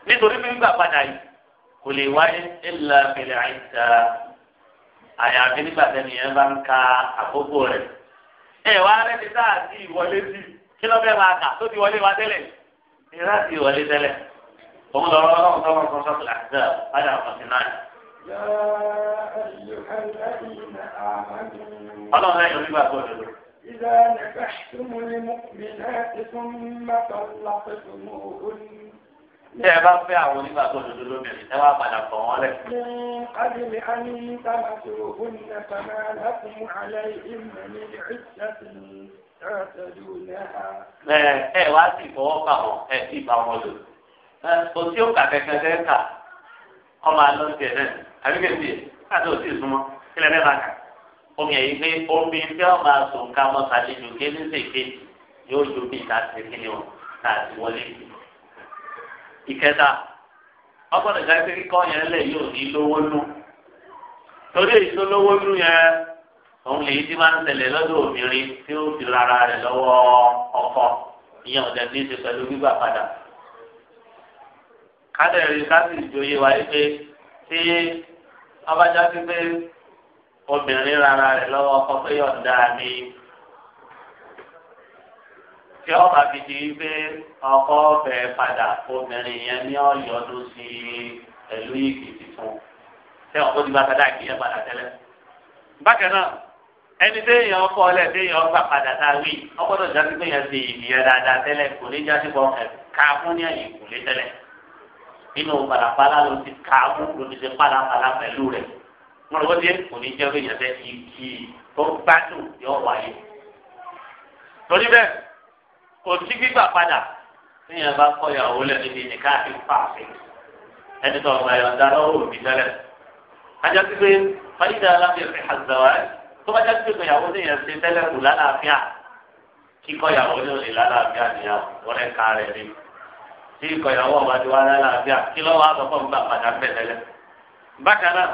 nítorí pé gbà padà yìí kò lè wáyé illa fil idda àyàfi nígbà tẹ́ni yẹn bá ń ka àkókò rẹ̀. ẹ wá rẹ́ni tá a ti wọlé sí kí ló fẹ́ máa kà tó ti wọlé wa tẹ́lẹ̀ ìrà ti wọlé tẹ́lẹ̀ òun lọ́rọ́ ọlọ́run tó wọ́n sọ sọ́kùlà ọlọ́run ẹ̀yọ́ nígbà tó o lè lò. إذا نكحتم المؤمنات ثم طلقتموهن Ṣé ẹ bá fẹ́ àwọn onígbà tó dodo lóbìnrin ẹ wá padà kọ̀ wọ́n lẹ̀. Ní Adìmí Ani Tàmásù Òhùnà Tàmá Lákùnmù Alẹ́ Ìmọ̀ ní Ìṣẹ́sì Ìrọ̀tẹ̀lú Lẹ́hà. Ẹ ẹ wá sí ìfọwọ́ kà wọ́n ẹ sì bá wọn lò. Kò sí òkà kẹ̀kẹ́ kẹ́kà ọmọ alọ́ọ̀tì ẹ̀ náà àbíkẹ́ sí ẹ̀ káàtó sí ìsúnmọ́ kílẹ̀ náà bá kà omi ẹ̀yìn pé omi fẹ́ ọ̀ma sùn ká mọ́ sàlejò kéde sèké yóò ju bí ìta ti kéde o ká ti wọlé. ìkẹta ọgbọ́dọ̀ ká pé kíkọ́ yẹn lẹ̀ yóò ní lówó nú torí èyí tó lówó nú yẹn òun lèyí tí máa ń tẹ̀lé lọ́dọ̀ obìnrin tí ó fi rárá rẹ̀ lọ́wọ́ ọkọ ìyẹn ọ̀dẹ̀ ní í ṣe pẹ̀lú gbígbà padà. kádẹ̀rí ká sì wáyé pé tí abájá ti pé obìnrin rárá rẹ̀ lọ́wọ́ ọkọ pé yọ̀ǹda mi tí ọ bá fi di wípé ọkọ bẹ̀ padà obìnrin yẹn ní ọ̀yọ́dún sí pẹ̀lú ìgbì tuntun tẹ́ ọkọ ti bá padà kí ẹ padà tẹ́lẹ̀. bákan náà ẹni téèyàn kọ ọ lẹ téèyàn gbà padà tá a wí ọgbọdọ jáde pé yẹn ti ìyẹn dáadáa tẹ́lẹ̀ kò ní jáde bọ ẹ fún ní àyè kò lé tẹ́lẹ̀ nínú pàlàpàlà ló ti ká fún ló ti ṣe pàlàpàlà pẹ̀lú wọn lọ dé kò ní jẹ́ pé yẹn fẹ́ ìkì tó ń gbádùn yọ wáyé. torí bẹ́ẹ̀ kò sí gbígbà padà níyẹn bá kọ́ ìyàwó lẹ́nu ní nìkan àti pàṣẹ ẹni tó ọmọ ẹ̀yọ̀ǹda lọ́wọ́ òbí tẹ́lẹ̀. ajá sí pé fàyídà alábẹ̀rẹ̀ àzàwá tó bá já sí pé ìyàwó níyẹn ṣe tẹ́lẹ̀ kù lálàáfíà kíkọ́ ìyàwó ní òní lálàáfíà nìyà wọlé ká rẹ̀ rí tí ìkọ̀ ìyàwó ọ̀bàdìwá lálàáfíà kí lọ́wọ́ àtọ́kọ̀ ń gbà padà bẹ̀ tẹ́lẹ̀. bákan náà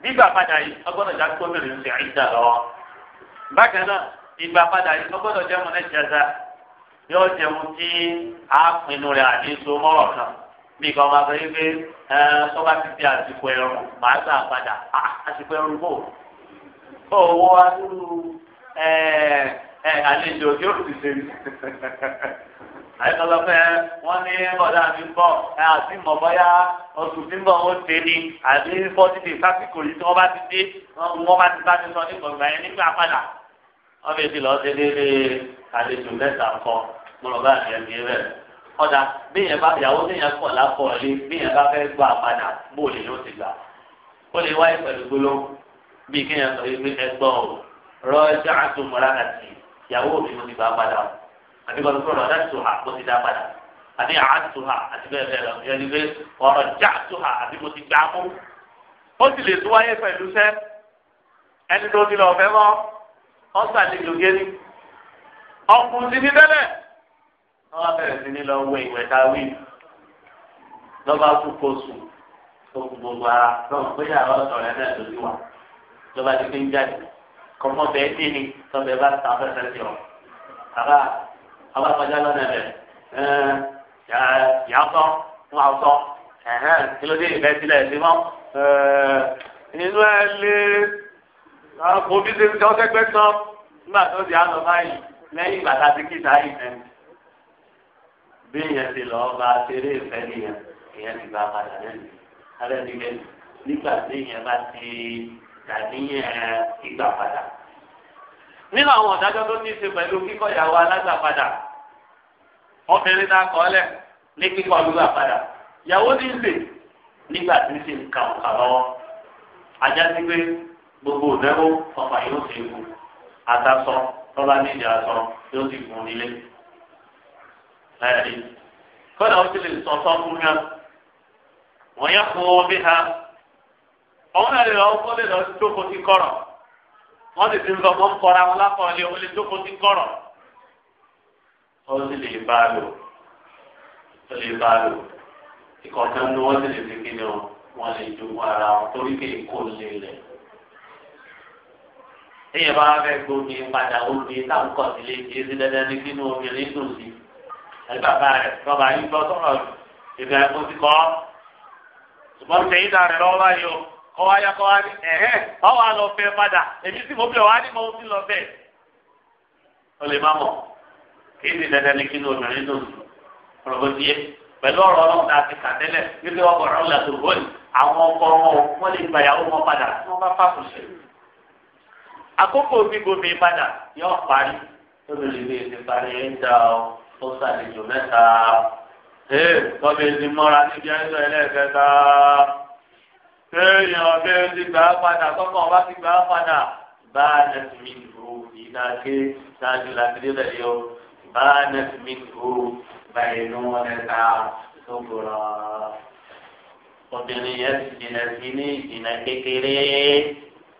gbígbà padà yìí ọgbọ́dọ̀ já kóbìnrin ń fi àìsà lọ. bákan náà ìgbà padà yìí ọgbọ́dọ̀ jẹ́ mọ́lẹ́ jẹ́sà yóò jẹun tí a pinnu rẹ̀ àní so mọ́rọ̀ kan bí kan máa sọ pé ẹ tó bá ti di àsìkò ẹ̀rùn màá sà padà àsìkò ẹ̀rùn bò ó wọ́ adúrú ẹ ẹ àlejò yóò ti ṣe *laughs* àyíkọ́lọ́ fẹ́ wọ́n ní bọ̀dá mi ń bọ̀ ẹ àti mọ̀ bọ́yá oṣù tí ń bọ̀ ó dé ni àbí fọ́tí dè sásìkò yìí tí wọ́n bá ti dé wọ́n bá ti bá mi sọ ní gbọ̀ngàn yẹn nígbà padà wọ́n fi ti lọ́ọ́ ṣe déédéé àlejò mẹ́ta kọ́ mọ̀lọ́bá yẹn ní rẹ̀ kọ́dà bí yẹn bá ìyàwó bí yẹn kọ̀ lápọ̀ lé bí yẹn bá fẹ́ gbà padà bó lè yóò ti gbà ó lè wáyé pẹ̀lú gbólóhùn bí kéèyàn sọ yìí pé ẹgbọ́n o rọ́ọ̀jà àtúmọ̀lá àti ìyàwó mi mo ti gbà padà àbí kọ́ lóko rọ̀ ẹ̀sùn hà kó ti dá padà àbí àásùn hà àti bẹ́ẹ̀ bẹ́ẹ̀ lọ yẹn ni pé ọ̀rọ̀ já sùn hà àbí mo ti gbà mú. ó sì lè tún wáyé pẹ̀lú sẹ́ ẹni tó ti lọ fẹ́ mọ́ ọ̀sàlejò gẹ́ni ọkùnrin ti ní tẹ́lẹ̀ wọ́n bẹ̀rẹ̀ sí ní lọ wẹ ìwẹ̀ ta wí lọ́ba kú kó sùn tó gbogbo ara náà pé àwọn ọ̀rẹ́ náà ló ti wà lọ́ba ti fi ń jáde kọ́mọ́ bẹ́ẹ̀ dé ni tọ́bẹ̀ abáfájá lọ́nà rẹ̀ yà sọ ń wà sọ kí ló dé ìfẹ́ sílẹ̀ sí mọ́ inú ẹ lé àkóbí ṣe ń jọ sẹ́gbẹ́ tán nígbà tó di àná báyìí lẹ́yìn ìgbà tá a ti kí sáyìn fẹ́ bí ìyẹn ti lọ́ọ́ bá ṣeré ìfẹ́ nìyẹn ìyẹn ti bá padà lẹ́nu alẹ́ nígbà tí ìyẹn bá ti dàníyàn ìgbà padà nínú àwọn ọ̀dájọ́ tó ní í ṣe pẹ̀lú kíkọ́ ìyàwó alágbàpadà obìnrin náà kọ́ lẹ̀ ní kíkọ́ olúgbàpadà ìyàwó ní ìlè nígbà tí ń ṣe nǹkan ọ̀kà lọ́wọ́ ajá sí pé gbogbo òdẹ́wó ọ̀fà yóò ṣe kú àtàsọ tọ́lá nídìí aṣọ yóò sì kún nílé. kọ́dà ó ti lè sọ sọ fún yàn wọ́n yẹ kó bí ha ọ̀hún náà lè lọ kó lè lọ sí tókò sí kọ́rọ̀ wọ́n sì ti ń sọ fún kọ́ra wọn lápọ̀lẹ́ olè tó kó sí kọ̀rọ̀ ó sì lè bá a lò ó lè bá a lò ìkọ̀tà ni wọ́n sì lè fi kí ni o wọ́n lè ju ara wọn torí pé kò lè rẹ̀. Ẹyẹ bá fẹ́ gbomi padà omi táwọn kọ̀ sílé kìí sí dandan ní kí ni obìnrin dùn sí. Àti bàbá rẹ̀ bàbá yìí gbọ́ sọ̀rọ̀ ìgbà ẹ̀kọ́ ti kọ́. Ṣùgbọ́n tẹ̀yìn dà lọ́wọ́ báyìí o ọwọ́ ayakọ̀ wa ní ẹ̀hẹ́ ọwọ́ àlọ́ fẹ́ padà èmi sì mo bẹ̀ wá ní mo ti lọ bẹ́ẹ̀. ó lè má mọ̀ kí ni dandan ni kí ni obìnrin ló rọ̀bọ̀ díẹ̀ pẹ̀lú ọ̀rọ̀ ọlọ́run náà ti kà tẹ́lẹ̀ wípé ọkọ̀ ọ̀rọ̀ là tó wọ́n àwọn ọkọ wọn wọ́n lè gba ìyàwó wọn padà tí wọ́n bá fàkùn sí. àkókò gbígbó mi padà yóò parí lórí ilé ti parí ẹ̀ńdà ó sàlejò mẹ́ta. ee tọ́bi ti mọ́ra níbi ẹ̀ńdà kéèyàn ọbẹ̀ ti gbà á padà tọ́kọ̀ ọba ti gbà á padà bá a nà sí mi nìkú ìdá ké sáájú láti dé bẹ̀rẹ̀ o bá a nà mi nìkú báyìí ní wọn lè ta tó gbòòrò obìnrin yẹn ti dìnnà sí ní ìdìnnà kékeré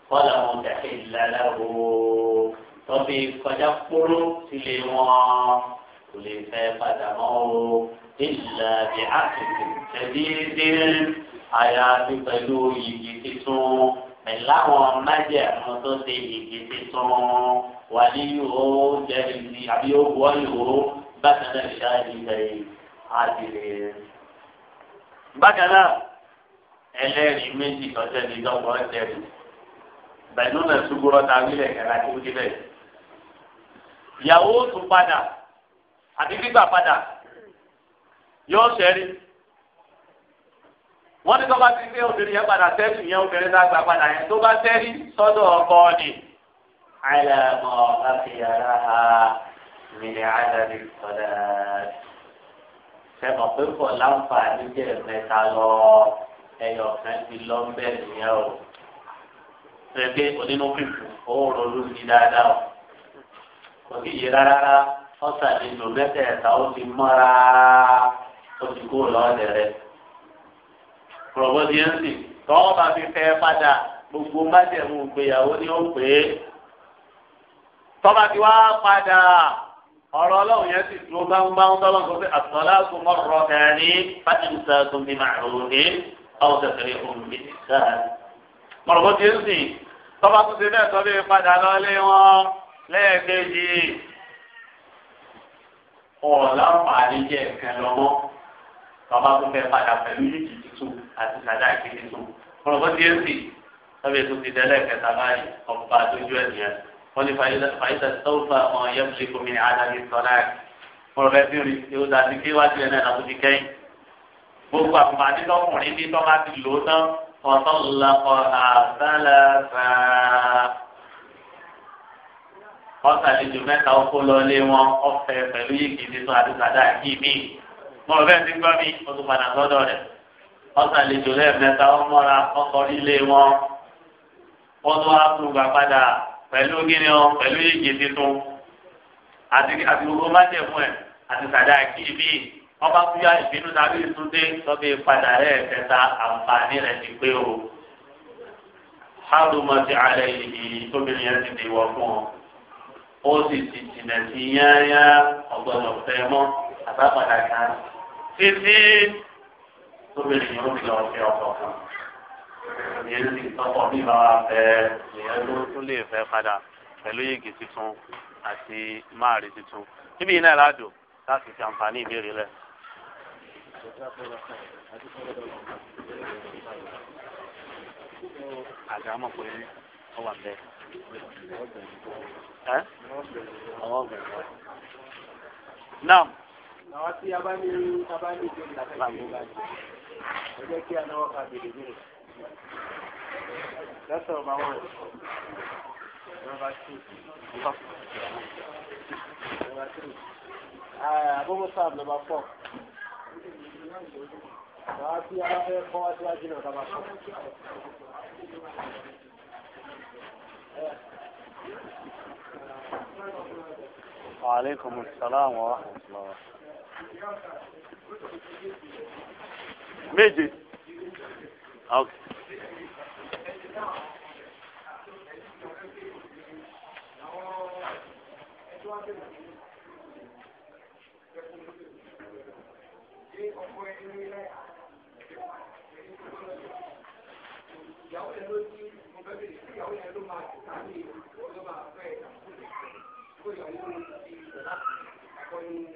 kọ́lá mo tẹ̀sí ìlànà o tọ́bi kọjá kpóró sílé wọn kò lè fẹ́ padà mọ́ o ìlà bí a àyàfi pẹ̀lú yìgì tuntun pẹ̀láwọn májẹ̀mú tó ṣe yìgì tuntun wà ní yòó jẹ́rìí ní àbí yóò wọ́ yòó bákan náà ṣáàjì lẹ́yìn àdìrẹ́. bákan náà ẹlẹ́rìí méjì tọ́jú ẹni dọ́gbọ́n ẹlẹ́rìí pẹ̀lú náà ṣùgbọ́n ta wílẹ̀ kẹ́lá tó dé ìyàwó tún padà àbí gbígbà padà yóò ṣẹ́rí wọ́n ní tọ́ba ti gbé obìnrin yẹn padà sẹ́sù yẹn obìnrin náà gbà padà yẹn tó bá sẹ́rí sọ́dọ̀ ọkọ ni. àìlàmọ̀ àfihàrá ha mìíràn àdàbí kọ́lá. sẹ́mọ̀ pé kò láǹfààní jẹ́ mẹ́ta lọ ẹyọ kan ti lọ bẹ́ẹ̀ nìyẹn o. pẹ̀lú onínú fífò owó ronú ní dáadáa o. kò sí yé rárá ọ̀sán nínú mẹ́tẹ̀ẹ̀ta ó ti mọ́ ó ti kó lọ́ọ̀dẹ̀ rẹ̀ rọ̀bọ̀dìyẹ́nsì tọ́wọ́ bá fi fẹ́ padà gbogbo májẹ̀mú ìgbéyàwó ni ó pè é tọ́ba ti wá padà ọ̀rọ̀ ọlọ́run yẹn sì dúró gbáhùngbáhùn tọ́lọ́ tó fi àtọ́láàtò mọ́rọ̀ kẹrin fásitì tó fi máa rò ní ọ̀hún tẹ̀sẹ̀rẹ̀ òun bí sáà. rọ̀bọ̀dìyẹ́nsì tọ́ba tó ti bẹ́ẹ̀ tọ́ bí padà lọ́lé wọn lẹ́ẹ̀kejì ọ̀làǹfààní jẹ́ ẹ̀kẹ́ lọ́wọ́ bàbá tó fẹ́ padà pẹ̀lú yìí tuntun àti sàdá ìké tuntun kọlọ́kọ́ díẹ̀ sí sábẹ́ tó ti dẹ́lẹ̀ kẹta báyìí ọba àdójú ẹ̀nìyẹn wọ́n ní fàyíṣà sọ́fà ọmọ yẹn fi gómi ní adájú sọ́lá ẹ̀ kọlọ́kọ́ bí rí ewu dàbí kí wájú ẹ̀ náà làwọn ti kẹ́yìn gbogbo àpàdé lọ́kùnrin ní tọ́ bá ti lò ó tán ọ̀tọ́ lọ́kọ̀ àbálàfà ọ̀sàlejò mẹ́ta ó kó lọ mọ̀ bẹ́ẹ̀ ti gbọ́ mi o tún padà sọ́dọ̀ rẹ̀ ọ̀sán àlejò lẹ́ẹ̀mẹ́ta ó mọ́ra ọkọ̀ líle wọn wọ́n tún wá tún gbà padà pẹ̀lú gíní ọ pẹ̀lú yéèjì tuntun àti àti gbogbo májẹ̀mú ẹ̀ àti sàdáàkì bíi wọ́n bá fúyà ìbínú tàbí ìtúndé lọ́bí padà lẹ́ẹ̀kẹta àǹfààní rẹ̀ ti pé o. hárùmọ̀tì alẹ́ yìí tóbìnrin yẹn ti dìwọ̀ fún ọ ó sì ti jìnà sí yányá ọ̀gbọ́dọ̀ fẹ́ mọ́ àbápadà kan títí tóbìnrin yóò fi lọ fi ọkọ kan ìyẹn sì tọkọ mi máa fẹ ìyẹn tó tún lè fẹ padà pẹ̀lú yìgì tuntun àti máàrí tuntun níbi iná ìlàdùn láti fi àǹfààní ìbéèrè lẹ. àgàmọ̀ pé ọ wà bẹ́ẹ̀. ẹ́ ọ̀gbìn. náà àwọn tí a bá ní a bá ní ìbéèrè àtàkùn ìgbà kí a náwó ká bèrè bèrè. That's all my words. Number two. Number three. Uh, Abu Musab, number four. Wàá tí a bá fẹ́ kọ́ wá síwájú náà dábàá kọ́. وعليكم السلام ورحمة الله méje ok. ìyàwó yẹn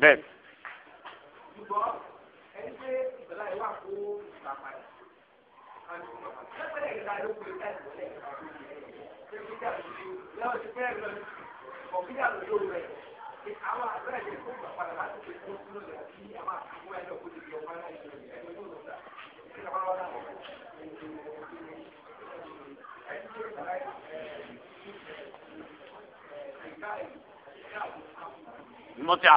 bẹ́ẹ̀. Mọ̀tíà.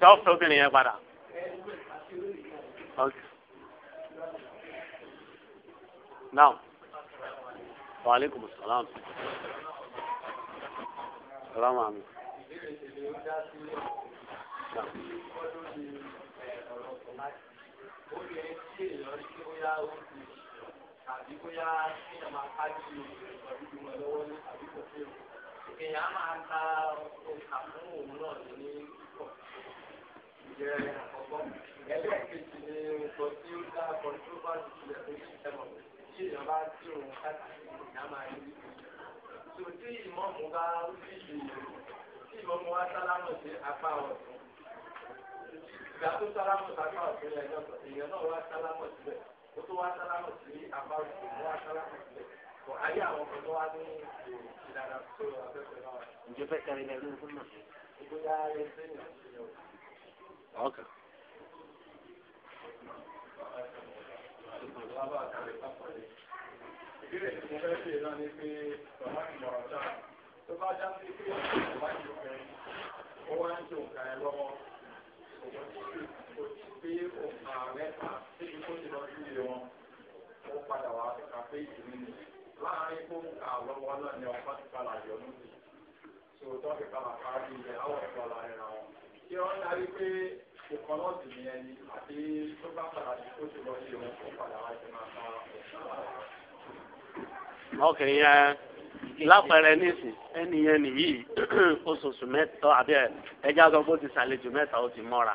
sọ́ọ̀fù obìnrin yẹn padà. Now, wa aleykum salaam. Salaam ami. Now àbí bóyá kéèyàn máa kájú ìgbàlú ju wọn lọ́wọ́ ní àbí kò fún un kéèyàn á máa ta ọkà fún òun náà ní kíkọ̀ ìjẹ́ àkọ́kọ́ ẹlẹ́ẹ̀kejì ni nǹkan tí ó dá kọ́ńtróbàtì sílẹ̀ fún ìṣẹ́mọ̀ tí èèyàn bá tí òun káàkiri ìyá máa rí i tí ìmọ̀mù bá rí i tí ìmọ̀mù wá sálámù sí apá ọ̀tún ìgbà tó sálámù sí apá ọ̀tún ó tó wá sálámù sí àbáwí ó wá sálámù sí kò ayé àwọn ọmọ tó wá ní ìlànà tó abẹ́fẹ́ náà. ǹjẹ́ fẹ́ kárí ní ẹlẹ́yìn fún mi. ìgbéyà rẹ̀ sẹ́yìn àti ìyàwó. ọkà. ìbéèrè tí mo fẹ́ ṣe náà ni pé bàbá mi mọ̀ràn dáa tó bá já sí pé bàbá mi ò fẹ́ ó wá ń jòǹkà ẹ lọ́wọ́ òun ti pé òǹkà mẹ́ta síbi tó ti lọ sí ilé wọn ó padà wá síta pé ìdílé ni láàárín kó ń kà lọ́wọ́ náà ni ọ̀pá ti padà yọ lóde tí o tọ́ fi padà parí ilẹ̀ áwọ̀ ẹ̀kọ́ láàárín ra wọn. kí wọ́n darí pé òkan náà sì ní ẹni àti tó bá padà sí tó ti lọ sí ilé wọn ó padà wá sí máa bá ọkùnrin yẹn lápẹẹrẹ nísìn ẹnìyẹn nìyí *clears throat* oṣooṣù mẹ́ta àbí ẹjá sọ pé ó ti ṣàlejò mẹ́ta ó ti mọ́ra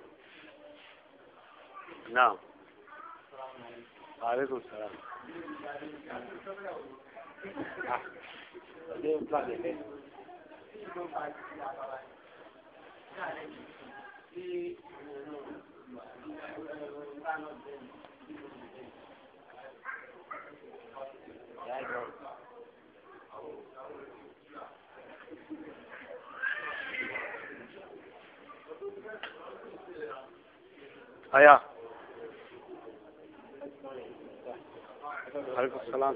naam aleykum salaam. Aya. عليكم السلام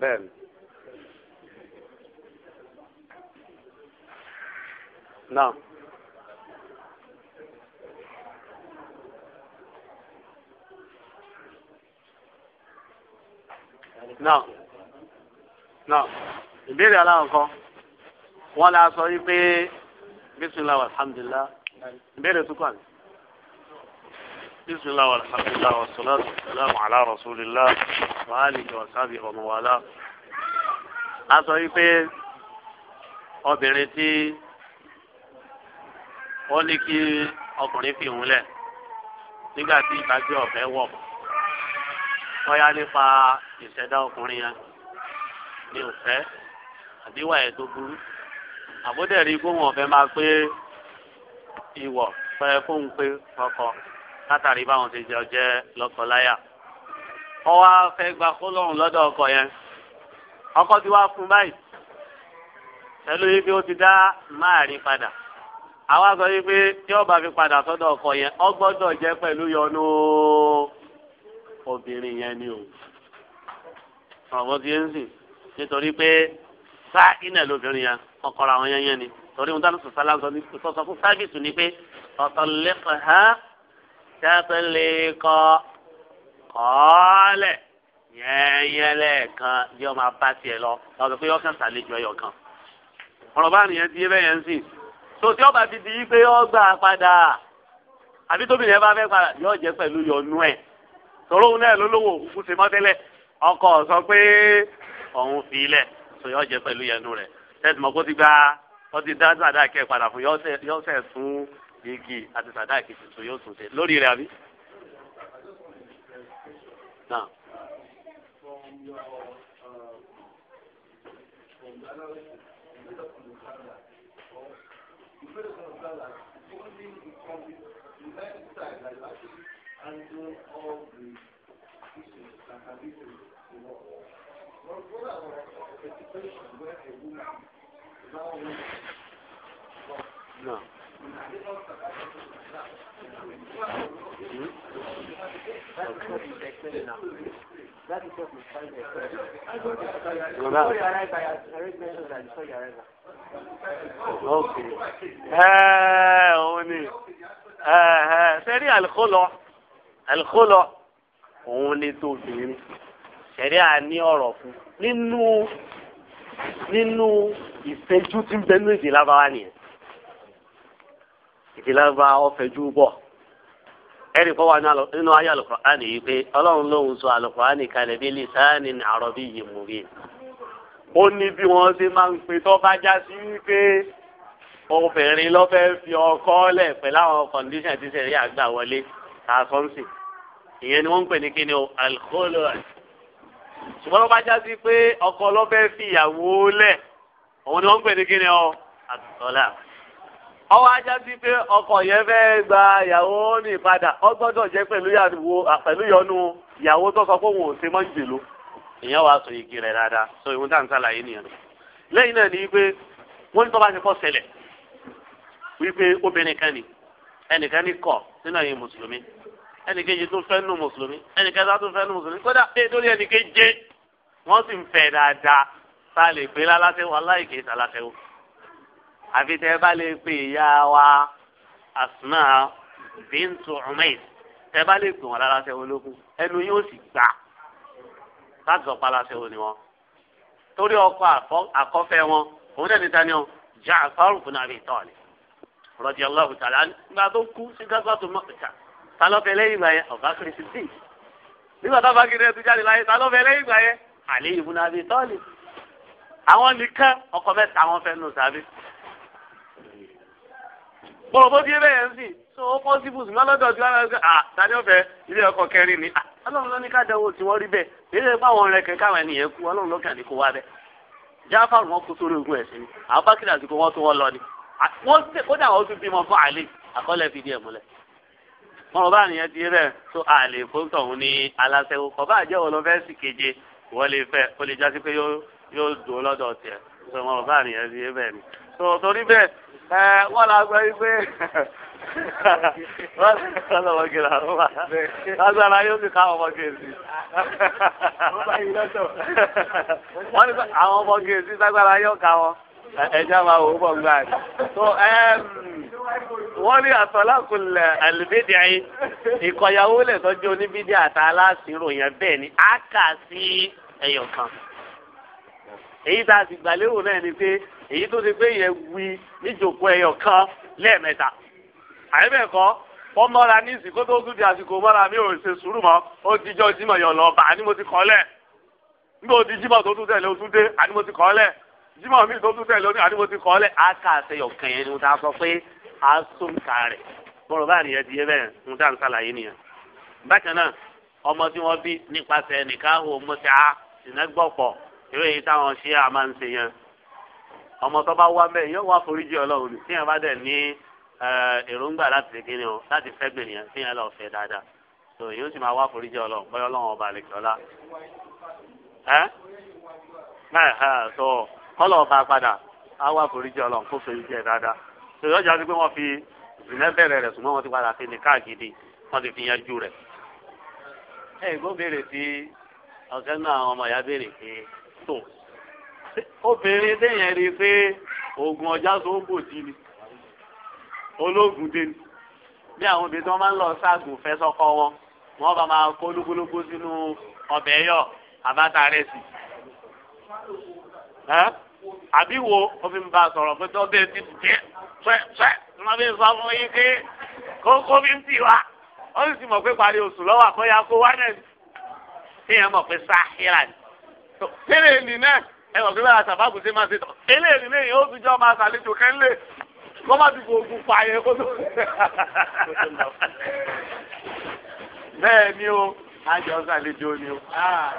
بل نعم náà náà ìbéèrè aláwọ̀kọ́ wọ́n lè sọ yí pé bisimilah alhamdulilah ìbéèrè tó kọ́ àná. بسم الله والحمد لله والصلاة والسلام على رسول الله وآله وصحبه ومن والاه. A sọ wípé obìnrin tí ó ní kí ọkùnrin fi òun lẹ̀ nígbà tí ìbájú ọ̀fẹ́ wọ̀ mọ́ bóyá nípa ìṣẹ̀dá ọkùnrin yẹn ní òfẹ́ àdéhùn ẹ̀ tó burú àbódẹ̀rí gbóhùn ọ̀fẹ́ máa pé ìwọ̀ pẹ́ fóun pé ọkọ látàrí báwọn ti jẹ ọjẹ́ lọ́kọláyà wọ́n wá fẹ́ gba kólọ́hùn lọ́dọ̀ ọkọ yẹn ọkọ ti wá fún báyìí pẹ̀lú yìí pé ó ti dá máàrin padà àwa sọ yìí pé tí ọba fi padà sọ́dọ̀ ọkọ yẹn ó gbọ́dọ̀ jẹ́ pẹ̀lú yọnu obìnrin yẹn ni o àwọn tí ń sìn nítorí pé sá iná lóbìnrin yẹn ọkọ̀ra àwọn yẹn yẹn ni torí wọn dáná sọ̀sọ́ lásán ní sọ̀sọ́ fún sábìsì ni pé ọ̀tọ̀ lẹ́kọ̀ọ́ ha tẹ́tẹ́ lè kọ́ kọ́ọ́lẹ̀ yẹ́nyẹ́ lẹ́ẹ̀kan bí ọmọ abá tiẹ̀ lọ lọ́dọ̀ pé ọkàn sàlejò ẹyọ kan ọ̀rọ̀ bá nìyẹn ti yé bẹ́ẹ̀ yẹn ń sìn tó tí ọba ti di yí pé ọgbà padà àbí tóbi yẹn bá fẹ́ padà yóò jẹ́ pẹ̀lú yọnu ẹ̀ sọ̀rọ̀ òun náà lólówó òkú ṣe mọ́tẹ́lẹ̀ ọkọ sọ pé òun fi ilẹ̀ sọ yọ jẹ pẹ̀lú yẹnu rẹ̀ tẹ́tí mọ́ kó ti gba ó ti dá sàdáàkẹ́ padà fún yọ sẹ̀ sún igi àti sàdáàkẹ́ tuntun yóò tún ṣe lórí rẹ̀ àbí. Thank you. handle all the issues that have the world. But alikolo òun lè tó obìnrin ṣẹ̀rí àní ọ̀rọ̀ fún nínú nínú ìfẹ́jú tí ń bẹ nínú ìdílé abáwá nìyẹn ìdílé abáwá ọ̀fẹ́jú bọ̀ ẹ̀rí kọ́ wa nínú ayé alukur'ani yìí pé ọlọ́run lòun sọ alukur'ani kalẹ̀ bí lisani àròbí yìí mú rí ó ní bí wọ́n ṣe máa ń pè tó bá já sí wípé obìnrin ló fi ọkọ lẹ̀ pẹ̀lú àwọn kọ̀ǹdíṣàn tí sẹ̀rí àgbà wọlé àsọ̀nsìn ìyẹn ni wọ́n ń pè ní kíni o alikóòlù rẹ̀ ṣùgbọ́n wọ́n bá já sí pé ọkọ lọ́fẹ́ fi ìyàwó lẹ̀ òun ni wọ́n ń pè ní kíni o àtọ̀là ọwọ́ ajá sí pé ọkọ yẹn fẹ́ gba ìyàwó ní padà ó gbọ́dọ̀ jẹ́ pẹ̀lú yọnu ìyàwó tó sọ pé òun ò ṣe mọ́ ń jèlò ìyẹn wàá sọ igi rẹ̀ dáadáa sọ ìwọ́n tá à ń sàlàyé nìyẹn lẹ́yìn náà ni pé wọ́n ní tó ti kọ́ ṣẹlẹ̀ wípé obìnrin kan ni ẹnìkan ní kọ́ nínú ẹ̀yin mùsùlùmí ẹnìkejì tó fẹ́ nù mùsùlùmí ẹnìkẹta tó fẹ́ nù mùsùlùmí kódà pé lórí ẹnìkeje wọ́n sì ń fẹ́ dáadáa tá a lè pè lálásẹ́ wọn aláìkè sàlásẹ́ o àfi tẹ́ ẹ bá lè pè ìyá wa Asma bíntu Umayr tẹ́ ẹ bá lè pè wọn lálásẹ́ wọn lókun ẹnu yóò sì gbà láti ọ̀pá lásẹ́ wọn ni wọn torí ọkọ àkọ́fẹ́ wọn òun náà níta ni ọ Ja'far ibn Abi Talib rọ̀jì aláwọ̀ tàlá nígbà tó kú sí gágbá tó mọ̀ọ́kà ta ló fẹ́ lẹ́yìn ìgbà yẹn ọ̀gá kìrìsì dì nígbà tó bá kiri ẹtù jáde láyé ta ló fẹ́ lẹ́yìn ìgbà yẹn àlẹ́ ìbùn àbí tọ́lì àwọn nìkan ọkọ mẹ́ta wọn fẹ́ nù sábẹ́ bọ̀rọ̀ bó ti bẹ́ẹ̀ ń sìn so ó pọ́ síbùs ní ọlọ́dọ̀ tí wọ́n fẹ́ à tani ọ̀fẹ́ ilé ọkọ̀ kẹrin ni ọlọ́run ló ní ká dánwò tí wọ́n rí bẹ́ẹ̀ nílẹ̀ fáwọn rẹ̀ kẹ́kẹ́ àwọn ènìyàn kú ọlọ́run ló wọ́n tẹ kódà wọ́n tún bímọ fún àlè àkọọ́lẹ̀ fìdí ẹ̀ múlẹ̀. wọn bá nìyẹn ti rẹ̀ tó àlè fún tọ̀hún ní aláṣẹ́wó kọ̀ọ̀bá àjẹ́ wọn lọ fẹ́ sì keje wọ́n lè fẹ́ ó lè jásí pé yóò dùn lọ́dọ̀ tiẹ̀ tó wọn bá nìyẹn ti bẹ́ẹ̀ ni. tó torí bẹ́ẹ̀ ẹ wọ́n la gbọ́ pé *laughs* wọ́n lọ́wọ́ gèrè àrùn ká ọmọ gèèsì. *laughs* wọ́n ní àwọn ọmọ gèèsì lágbára yóò ká wọn. ẹja máa wò ó bọ̀ gbà ní. so wọ́n ní àtọ́lákùnlẹ̀ àlùbídìí ayé lè tọ́jú oníbídìí yẹn ni á kà sí ẹyọ kan. èyí tá a sì gbàlérò náà ni pé èyí tó ti pé yẹn wí níjòkó ẹyọ kan lẹ́ẹ̀mẹ́ta. wọ́n mọ́ra ní ìsìnkú tó àsìkò mọ́ra mi ò ṣe sùúrù mọ́ ó dijọ́ yọ̀ mo ti kọ́ lẹ̀ nígbà ó tó jimá mi tó tún tẹ̀lé oní àdúgbò ti kọ́ ọ́ lẹ̀ á kà sẹ́yọ̀ kẹ̀yẹ́ ni mo ta sọ pé á sóǹkà rẹ̀ bọ́rọ̀ bá nìyẹn ti yé bẹ́ẹ̀ mo ta ń sàlàyé nìyẹn. bákan náà ọmọ tí wọ́n bí nípasẹ̀ nìkan ò mú ta ìnẹ́gbọ̀pọ̀ eré yìí táwọn ṣe à máa ń ṣe yẹn. ọmọ tó bá wá mẹ́ẹ̀ yóò wá foríjì ọlọ́run ní tíyẹn bá dẹ̀ ní èròǹgbà láti kí ni o láti fẹ́ gbè tíyẹn lọ fẹ́ dáadáa so yóò sì máa wá foríjì ọlọ́run bọ́yọ́ ọlọ́run ọba àlejò ọlá. ẹ́ ẹ́ so kọ́lọ̀ ọba padà á foríjì ọlọ́run kó fèrè jẹ dáadáa tòyọ́ jà sí pé wọ́n fi ìrìnà bẹ̀rẹ̀ rẹ̀ ṣùgbọ́n wọ́n ti padà fi ní káàkiri wọ́n ti fi yanjú rẹ̀. ẹ ìgbó béèrè sí ọ̀kẹ́ náà àwọn ọmọ ìyá béèrè pé tó obìnrin téèyàn rí i pé oògùn ọjà tó ń bò sí ni ológun dé ni bí àwọn obìnrin tí wọ́n máa ń lọ ṣáàgùn fẹ́ sọ́kọ wọn bá máa kó lúkúlúkú sínú ọbẹ̀ yọ̀ àbátà rẹ̀ sí àbí wo òfin bá a sọ̀rọ̀ pé tó bẹ́ẹ̀ ti tẹ́ pẹ́pẹ́ ní wọ́n fi sọ fún yín pé kókó fi ń tì wá ó sì ti mọ̀ pé parí oṣù lọ́wọ́ àkọ́yà kó wá náà ṣé yẹn mọ̀ pé sáhírà ni. tẹ́lẹ̀ èlì náà ẹ mọ̀ pé báyà sàbáàbù ṣe máa ṣe tán tẹ́lẹ̀ èlì náà yẹn ó fi jọ́ máa ṣàlejò kẹ́lẹ́ kó má ti fò ogun pààyàn kó tó. bẹ́ẹ̀ ni o àjọ ṣàlejò ni o. Ah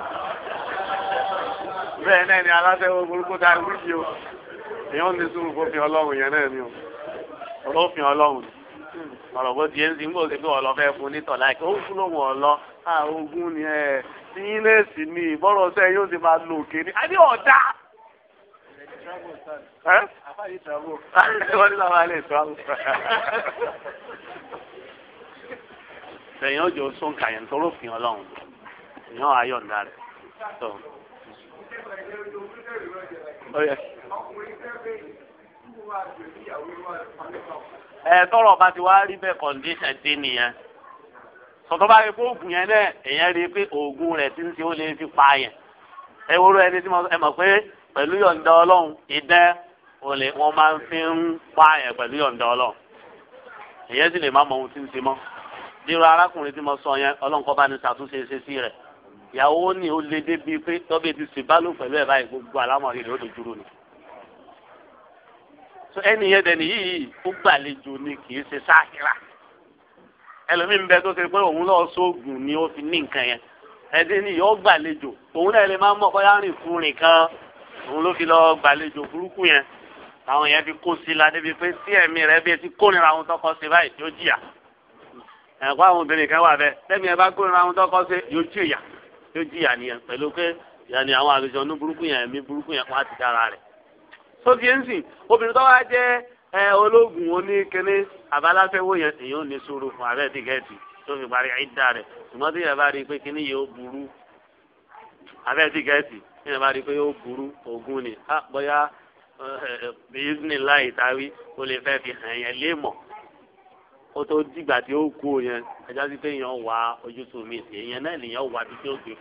bẹ́ẹ̀ náà ni aláṣẹ́wọ́ burúkú tá a wí yìí o èèyàn ní sùúrù fófin ọlọ́run yẹn náà ni o olófin ọlọ́run ọ̀rọ̀ bó ti ń sin bó ti fi ọ̀lọ́ fẹ́ fún nítọ̀ láìpẹ́ ó fún lóhùn ọ̀lọ́ ogun ni ẹ̀ yín lè sì ní ìbọ̀rọ̀ sẹ́ yóò ti máa lò òkè ni àbí ọ̀dà. wọ́n ní bàbá lè tó tó lófin ọlọ́run èèyàn ayọ̀ ń darẹ̀. Oh, ẹ tọrọ bá ti wá rí bẹ́ẹ̀ kọndíṣàn dé nìyẹn sọtọ bá rí pé oògùn yẹn náà èèyàn rí pé oògùn rẹ̀ ti ń ṣe ó lè fi pa yẹn ẹ wúrọ ẹni tí ẹ mọ̀ pé pẹ̀lú yọ̀ǹda Ọlọ́run idán olè wọn máa ń fi ń pa yẹn pẹ̀lú yọ̀ǹda Ọlọ́run èèyàn sì lè má mọ̀ ohun tí ń ṣe mọ́ bí irú arákùnrin tí mo sọ yẹn Ọlọ́run kọ́ bá ní ṣàtúnṣe ṣe sí rẹ̀ ìyàwó ni ó lé débi pé tọ́bí ti sì bá lò pẹ̀lú ẹ̀ báyìí gbogbo àlámọ̀rí rẹ̀ ó lè dúró ni. so ẹni yẹn dẹni yìí ó gbàlejò ni kì í ṣe sáàkìrà ẹlòmíì ń bẹ tó ṣe pé òun náà sóògùn ni ó fi ní nǹkan yẹn ẹdín ni yóò gbàlejò òun náà lè máa mọ̀ bóyá rìn fún rìn kan òun ló fi lọ gbàlejò burúkú yẹn àwọn yẹn fi kó sí la débi pé tí ẹ̀mí rẹ̀ bí ti kórìíra àwọn tọkọ sí báyìí yóò jìyà ẹ̀kọ́ àwọn obìnrin kan wà bẹ́ẹ̀ tẹ́mi ẹ bá kórìíra àwọn tọkọ sí yóò jìyà yóò jìyà nìyẹn pẹ̀lú pé yàní àwọn àlejò ọdún burúkú yẹn ẹ̀mí burúkú yẹn wá ti dára rẹ̀. sóbi ẹ̀ǹsìn obìnrin tó wá jẹ́ ẹ ológun oníkẹ́ni àbáláfẹ́wò yẹn èyí ò ní sùúrù fún abẹ́ tíkẹ́ẹ̀tì tó fi parí ìdá rẹ̀ ṣùgbọ́n tí yẹn bá rí i pé kíní yẹn ó burú abẹ́ tíkẹ́ẹ̀tì tí yẹn bá rí i pé ó burú ògùn ni ah, bóyá bíyìsínì láì táwí ó lè fẹ́ fi hàn yẹn lé mọ̀ ó tó dìgbà tí ó kú yẹn ẹja sí pé èèyàn wá ojútùú mi sí èèyàn náà lèèyàn wá bí tí ó gbé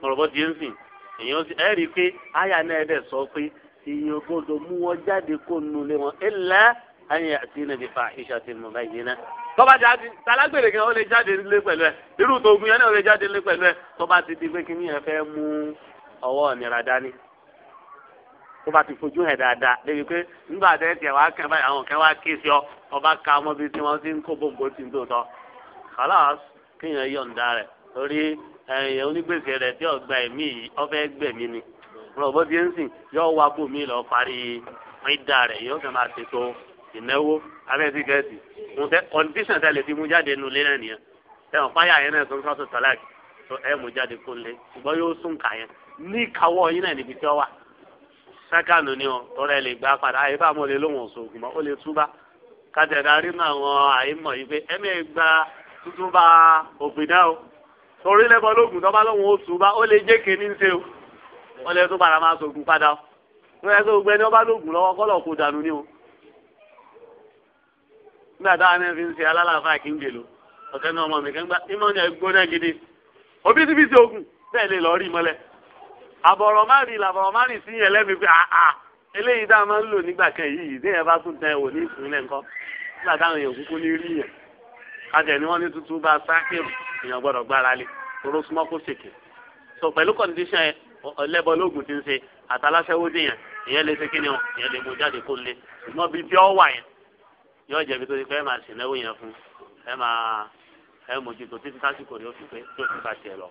mọ̀rọ̀bọ́ di ń sìn èèyàn sì ẹ́ rí i pé àyà náà ẹ̀ dẹ̀ sọ pé èèyàn gbọ́dọ̀ mú wọn jáde kó nu lé wọn ilẹ̀ ayé àti nàbí fa iṣẹ́ àti mọ̀ báyìí yẹn náà. tọ́ba jáde talágbèrè kan ó lè jáde lé pẹ̀lú ẹ̀ irú tòògùn yẹn náà ó lè jáde lé pẹ̀lú ẹ̀ tọ́ba ti di pé kí ni ẹ fẹ́ mú ọwọ́ ìnira dání tó bá ti fojú hàn dáadáa débi pé nígbà tẹ tiẹ̀ wá kẹ́ báyìí àwọn kẹ́ wá ké sí ọ ọba ká ọmọ bíi tí wọ́n ti ń kó bòǹbò tí ń tó tọ́ kàlás kéèyàn yọ̀ǹda rẹ̀ torí ẹ̀yìn onígbèsè rẹ̀ tí ọ̀gbà ẹ̀mí yìí ọ̀fẹ́ gbẹ̀mí ni rọ̀bọ́ ti ń sìn yọ wá bò mí lọ parí ìdá rẹ̀ yóò fẹ́ máa ṣètò ìnáwó abẹ́sí gẹ̀ẹ́sì mo fẹ́ condition tẹ́ lè fi mú jáde nu lé náà nìyẹn ẹ̀wọ̀n fáyà yẹn náà tó ń sọ́tò tọ́lá ẹ̀ mú jáde kó lé ṣùgbọ́n yóò sún kà yẹn ní ìkáwọ́ yín náà níbi tí ó wà sákànù ni ọ tọrẹ lè gbà padà àyè bá mo lè lóhùn òṣògùn mọ ó lè túbà kàtẹ́dà rí mọ àwọn àyèmọ̀ yìí pé ẹ̀mí gba tútúbà òfin náà o torí lẹ́bọ̀ lóògùn tó bá lóhùn òṣùbà ó lè jẹ́ kéní ń ṣe o ó lè tún padà máa ṣògùn padà o ó yẹ kó gbẹ ní ọba lóògùn lọ́wọ́ kọ́lọ̀ kó dànù ni o nígbà táwọn ẹni fi ń ṣe alálàáfà kí ń gbèlò ọ̀sẹ̀ náà ọmọ mi kẹ́ ń gbà ìmọ̀ ní ẹgbóná àbọ̀rọ̀ má rí làbọ̀rọ̀ má rí sí yẹn lẹ́mi pé àà ah, ah, eléyìí tá a máa ń lò nígbà kan yìí tí yẹn bá tún tẹ òní ìpínlẹ̀ ńkọ́ nígbà táwọn èèyàn kúkú ní rí yẹn àjẹ́ ni wọ́n ní tuntun bá sákìrù èèyàn gbọ́dọ̀ gbára lé toró súnmọ́ kó ṣèké so pẹ̀lú kọ́ndíṣàn lẹ́bọ̀ lóògùn ti ń ṣe àtàláṣẹ́wó dé yẹn ìyẹn lè ṣe kí ni o ìyẹn lè mú jáde kó lé ṣùgbọ́n bíi tí ó wà yẹn yóò jẹ̀bi tó ti pẹ́ máa ṣe náwó yẹn fún ẹ máa ẹ mójútó títí tásìkò rẹ̀ ó fi pé tó ti bá tiẹ̀ lọ.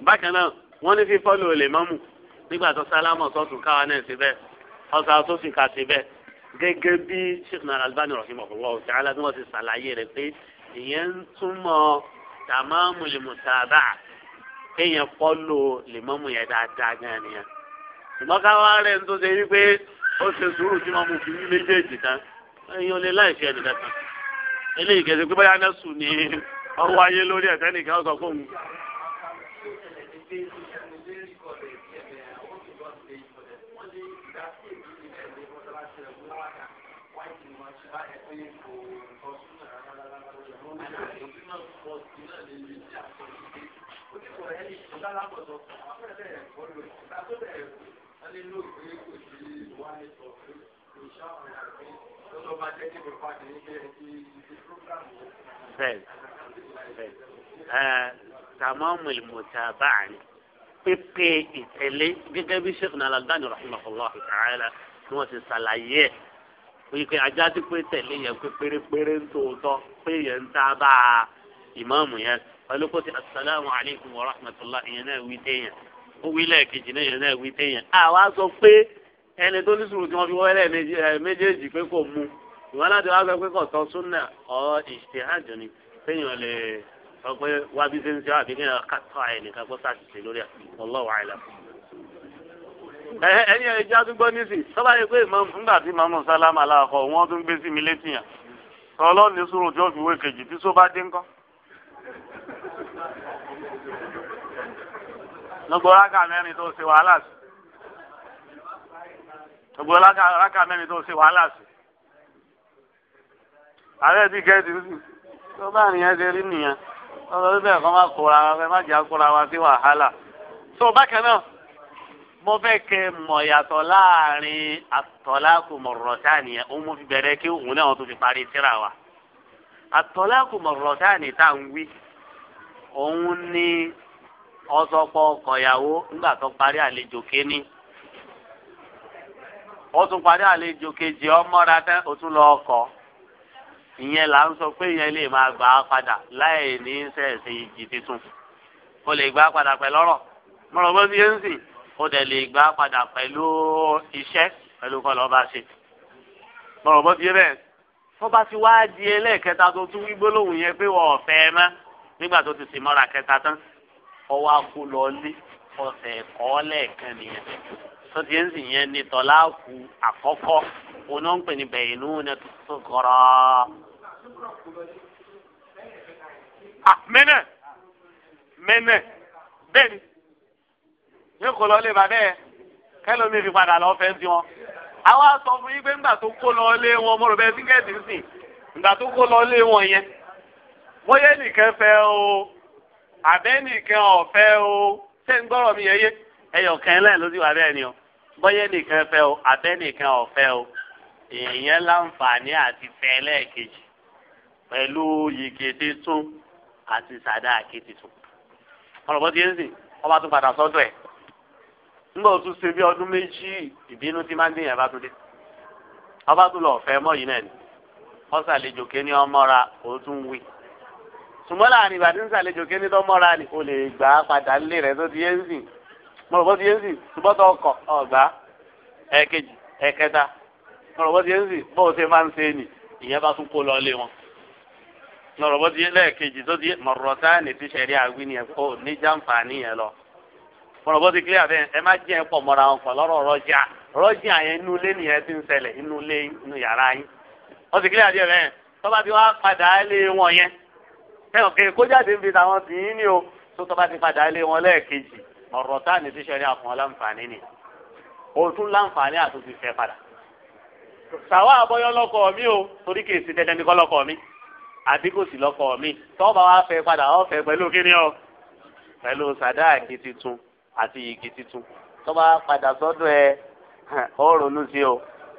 bákan náà wọ́n ní fífọ́ lò lè mọ́mù nígbà tó sálámọ̀ sọ́tún káwa náà ṣe bẹ́ẹ̀ ọ̀sà tó sì kà ṣe bẹ́ẹ̀ gẹ́gẹ́ bí sheikh nara albani rahimahullah ta'ala ni wọ́n ti ṣàlàyé rẹ̀ pé ìyẹn ń túmọ̀ tàmáàmù lèmùtàbà kéèyàn fọ́lò lè mọ́mù yẹn dáadáa gan nìyẹn ṣùgbọ́n káwa rẹ̀ ń tó ṣe wípé ó ṣe sùúrù tí mọ́mù fi ní méjèèjì tán ẹ̀yin ò lè láì fi ẹnì kankan eléyìí kẹsì pé báyà náà sùn ní ọwọ́ ayé lórí ẹ̀fẹ́ nìkan ọ̀sán fóun. bẹ́ẹ̀ bẹ́ẹ̀ tamamu mutaba'an pépé ìtẹ̀lé gẹ́gẹ́ bí sheikh Al-Albani rahimahullah ta'ala ni wọ́n ti ṣàlàyé ẹ̀ wípé ajá ti pé tẹ̀lé yẹn pé pérépéré ń tòótọ́ pé yẹn ń tábà ìmáàmù yẹn pẹ̀lú kó ti asalaamu aleykum wa rahmatulah ìyẹn náà wí téèyàn ó wí lẹ́ẹ̀kejì náà ìyẹn náà wí téèyàn. àwa sọ pé ẹni tó ní sùúrù tí wọ́n fi wọ́lẹ̀ méjèèjì pé kò mu ìwọ́n láti wá sọ pé kò tọ́ súnà ọ̀ ìṣèhájò ni téèyàn lè sọ pé wá bí ṣe ń ṣe àbí kéèyàn kàtọ́ àyẹ̀nìkan kó sàṣìṣe lórí àlọ́wọ̀ àìlà. ẹ̀yin ẹ̀jẹ̀ àdúgbò nísìn sọ́ba yẹ pé nígbà tí màmú sálámà aláàkọ́ wọ́n tún gbé sí mi létí yàn ọlọ́ọ̀ni sùúrù tí ó fi wé kejì tí só dé ńkọ́. gbogbo rákà mẹ́rin tó ṣe wàhálà sí gbogbo rákà mẹ́rin tó ṣe wàhálà sí. ààrẹ ti kẹ́ẹ̀tì tó bá nìyẹn ṣe rí nìyẹn ọlọ́dún bẹ́ẹ̀ kọ́ máa kóra wa fẹ́ má jà kóra wa sí wàhálà. tó bákan náà mo fẹ́ kẹ́ mọ̀ yàtọ̀ láàrin àtọ́lákù mọ̀rọ̀tà nìyẹn òun mo fi bẹ̀rẹ̀ kí òun náà tó fi parí síra wa. àtọ́lákù mọ̀rọ̀tà nì ń wí òun ni ọsọpọ ọkọyàwó nígbà tó parí àlejò kéní ó tún parí àlejò kejì ọmọra tán ó tún lọ ọkọ ìyẹn là ń sọ pé ìyẹn lè máa gbà á padà láì ní sẹẹsì ìjì tuntun ó lè gbà á padà pẹ̀lú ọ̀rọ̀ mọ̀rọ̀ bó ti yé ń sìn ó dẹ̀ lè gbà á padà pẹ̀lú iṣẹ́ pẹ̀lú kọ́ lọ́ọ́ bá ṣe mọ̀rọ̀ bó ti yé bẹ́ẹ̀ tó bá ti wá di ẹlẹ́ẹ̀kẹta tó tún wí gbólóhùn yẹn pé wọ́n ọ̀fẹ́ mọ́ nígbà tó ti sì mọ́ra kẹta tán ọwọ́ akú lọ ní ọ̀sẹ̀ ẹ̀kọ́ lẹ́ẹ̀kan nìyẹn tó ti ń sìn yẹn ní tọ́lá kú àkọ́kọ́ òun náà ń pè ní bẹ̀yìnú ní tuntun kọ́rọ́. Ah, mẹ́nẹ̀ mẹ́nẹ̀ bẹ́ẹ̀ni yóò kó lọ lé bàbá ẹ̀ kẹ́lómi fi padà lọ fẹ́ sí wọn. àwa sọ fún yín pé ńgbà tó kó lọ lé wọn mo rò bẹ́ẹ̀ sí kẹ́ẹ̀tì ń sìn ńgbà tó kó lọ lé wọn yẹn bóyá nìkan fẹ́ o àbẹ́nìkan ọ̀fẹ́ o ṣé ń gbọ́rọ̀ mi yẹyẹ ẹyọ kan lẹ́yìn ló ti wà bẹ́ẹ̀ ni o bọ́yẹ́ nìkan fẹ́ o àbẹ́nìkan ọ̀fẹ́ o èèyàn láǹfààní àti fẹ́ lẹ́ẹ̀kejì pẹ̀lú yìgèdè tún àti sàdá àkejì tún. ọ̀rọ̀ ti ń sìn ọba tún padà sọ́dọ̀ ẹ̀ nígbà tó ṣe bí ọdún méjì ìbínú ti máa ń dìyàn bá tún dé ọba tún lọ fẹ́ mọ́ yìí náà ni ọ̀sàlejò kéènì ọmọra òótún wí ṣùgbọ́n láàrin ìgbà tí ń sàlejò kí ni o lè gbà á padà lé rẹ̀ tó ti yé ń sìn mọ̀rọ̀ bó ti yé ń sìn ṣùgbọ́n tó ọkọ̀ ọ̀gbá ẹ̀ẹ̀kejì ẹ̀ẹ̀kẹta mọ̀rọ̀ bó ti yé ń sìn bó o ṣe máa ń ni nì ìyẹn bá tún kó lọ lé wọn mọ̀rọ̀ bó ti yé lẹ́ẹ̀kejì tó ti yé mọ̀rọ̀ sáàni ti ṣẹ̀rí àgbín ni ẹ̀kọ́ ní jàǹfààní yẹn lọ mọ̀rọ̀ bó ti kílíà bẹ́ẹ̀ ẹ má jẹ́ pọ̀ mọ́ra wọn pọ̀ lọ́rọ̀ rọ́jà rọ́jà yẹn inú lé wọn yẹn ẹ̀kẹ́ kó jáde ń fi tàwọn tì í ní o tó tọ́ bá ti padà ilé wọn lẹ́ẹ̀kejì ọ̀rọ̀ táàní tí sẹ́rí àfọ̀n láǹfààní ni òtún láǹfààní àtúntì fẹ́ padà. sàwọn àbọ̀yọ́ lọ́kọ̀ mi o torí kì í sí dandan ní kọ́ lọ́kọ̀ mi àbí kò sí lọ́kọ̀ mi tọ́ bá wá fẹ́ padà ọ́ fẹ́ pẹ̀lú kíni o pẹ̀lú sàdáàkì titun àti yìgì titun tọ́ padà sọ́dọ̀ ẹ ó ronú sí o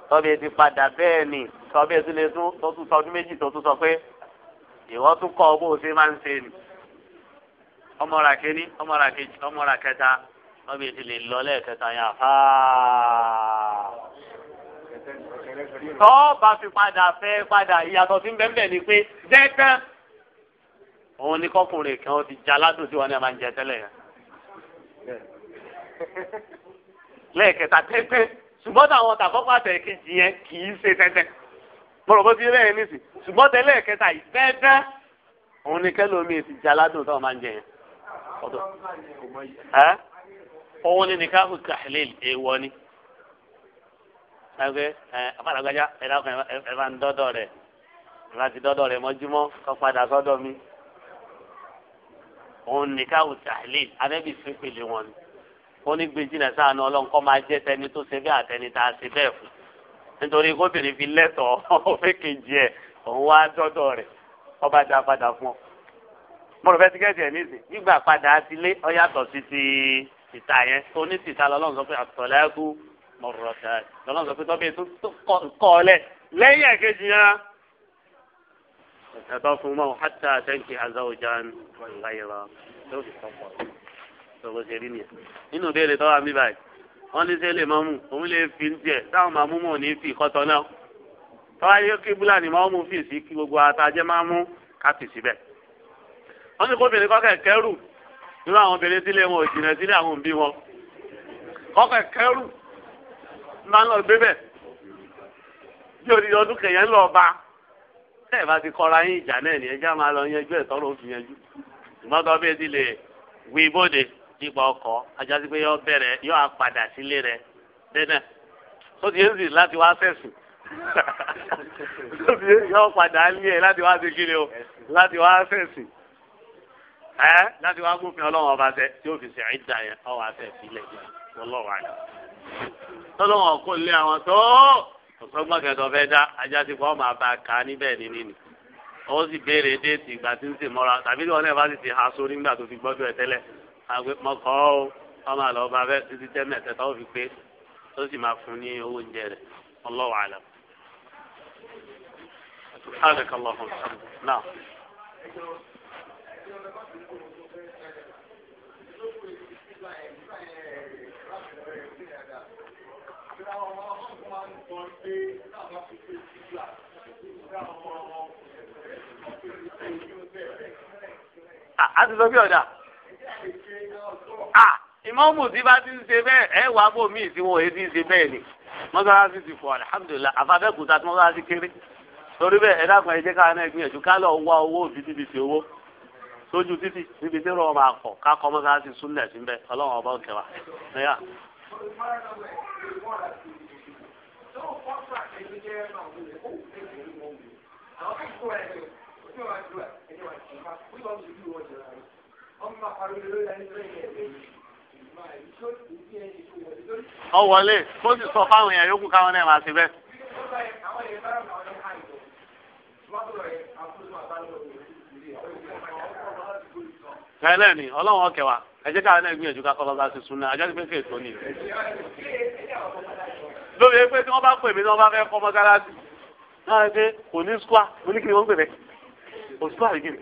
tọ́ ti padà bẹ́ẹ̀ ni tọ́ bí ẹ ti lè tún tọ́tún ìwọ́n tún kọ́ bó o ṣe máa ń ṣe nì ọmọra kínní ọmọra kejì ọmọra kẹta wọ́n bí ti lè lọ lẹ́ẹ̀kẹta yẹn àfá. tọ́ bá fi padà fẹ́ padà ìyàtọ̀ sí bẹ́ẹ̀ ni pé dẹ́gbẹ́ òun ni kọkùnrin kan ó ti já ládùn tí wọn ní a máa ń jẹ tẹ́lẹ̀ yẹn lẹ́ẹ̀kẹta tẹ́tẹ́ ṣùgbọ́n táwọn tàkọ́kọ́ àtẹ̀kejì yẹn kì í ṣe tẹ́tẹ́ mo rò bó ti rẹ̀ ní sí ṣùgbọ́n tẹ́lẹ̀ kẹta yìí fẹ́ẹ́fẹ́ òun ni kẹ́lómi ti jẹ aládùn tó máa ń jẹ yẹn. òun ni nìkan kò kàlẹ́ èèwọ̀ ni. ẹgbẹ́ ẹ afárágbájá ẹ dákun ẹ bá ń dọ́dọ̀ rẹ̀ ẹ bá ti dọ́dọ̀ rẹ̀ mọ́júmọ́ kọ́ padà sọ́dọ̀ mi. òun nìkan kò kàlẹ́ abẹ́bí fipele wọn ni. ó ní gbèjìnà sáà ní ọlọ́nkọ́ máa jẹ́ tẹni tó ṣe bẹ́ẹ̀ àtẹni tá a ṣe bẹ́ẹ̀ fún un nítorí kóbìnrin fi lẹ́tọ̀ọ́ *laughs* fẹ́ kejì ẹ̀ òun wá dọ́dọ̀ rẹ̀ ọba dá padà fún ọ. mo rò fẹ́ tíkẹ́ẹ̀tì ẹ̀ nísìn gbígbà padà ti lé ọ yàtọ̀ sí ti tìta yẹn tó ní tìta lọ́lọ́run sọ pé àtọ̀lẹ́kù mọ̀rọ̀ tẹ̀ lọ́lọ́run sọ pé tọ́bí ètò kọ́ ọ lẹ̀ lẹ́yìn ẹ̀kejì yẹn ẹ̀tọ́ fún mọ́ hátà àtẹ́ǹkì azáwòjàn láyìíràn tó fi sọ́kọ̀ tó ló ṣe rí nìyẹn nínú ìbéèrè tó wà mí báyìí wọ́n ní sẹ́lẹ̀ máa mú òun lè fi ń tiẹ̀ táwọn máa mú mọ̀ ní fi kọ́tọ̀ náà tọ́wá yẹ kí búlàní máa mú fi sí kí gbogbo àtàjẹ́ máa mú káfí síbẹ̀. wọ́n ní kóbìnrin kọ́kẹ́ kẹ́rù nínú àwọn obìnrin sílé wọn ò jìnà sílé àwọn òbí wọn kọ́kẹ́ kẹ́rù máa ń lọ gbé bẹ̀ bí òdi ọdún kẹyẹ ń lọ bá tẹ́ẹ̀ bá ti kọ́ra yín ìjà náà ní ẹjẹ́ máa lọ yanjú ẹ̀ tọ́rọ nípa ọkọ ajásí pé yọ bẹrẹ yọ sílé rẹ dẹ́nà ó ti láti wá *laughs* ó ti yọ padà lé láti wá sẹ́kí o láti wá sẹ̀sìn ẹ̀ láti wá gbófin ọlọ́run ọba tẹ tí ó fi ìdá yẹn ọwọ́ àná lé àwọn tó dá pé máa bá a kà á nínú sì béèrè déètì ìgbà tí tàbí tí wọn náà ha nígbà tó fi gbọ́dọ̀ ẹ̀ àgbẹ̀ mọ́kọ́ ó ọmọ àlọ́ ọba abẹ́ títí tẹ́ mẹ́tẹ́ta ó fi pé tó sì máa fún ní owó oúnjẹ rẹ̀ Allahu a'lam. سبحانك اللهم وبحمدك نعم àti sọ bí ọ̀dà ìmọ̀ọ́mù tí bá ti ń ṣe bẹ́ẹ̀ ẹ wàá bò míì tí wọn ò ti ń ṣe bẹ́ẹ̀ ni mọ́sálásí ti fọ alihamudulilayi àfàbẹ́kùtà tí mọ́sálásí kéré torí bẹ́ẹ̀ ẹ dákun ẹ jẹ́ ká náà gbìyànjú ká lọ wá owó bìtìbìtì owó sójú títì níbi tí rọ̀ máa kọ̀ ká kọ́ mọ́sálásí súnlẹ̀ sí bẹ́ẹ̀ ọlọ́run ọba òkè wa. Àwọn akẹ́kọ̀ọ́ ọ wọlé kó sì sọ fáwọn èèyàn yòókù káwọn náà máa ṣe bẹ́ẹ̀. tẹ́lẹ̀ ni ọlọ́run ọkẹ́ wa ẹ jẹ́ káwọn náà gbìyànjú ká kọ́lọ́ bá ṣe sùn náà ajá ti pé kí èso ni. lórí ẹgbẹ́ tí wọ́n bá pè mí tí wọ́n bá fẹ́ kọ́ mọ́sálásí náà ṣe kò ní skua mo ní kí ni wọ́n pè bẹ́ẹ̀ kò skua yìí kì ni.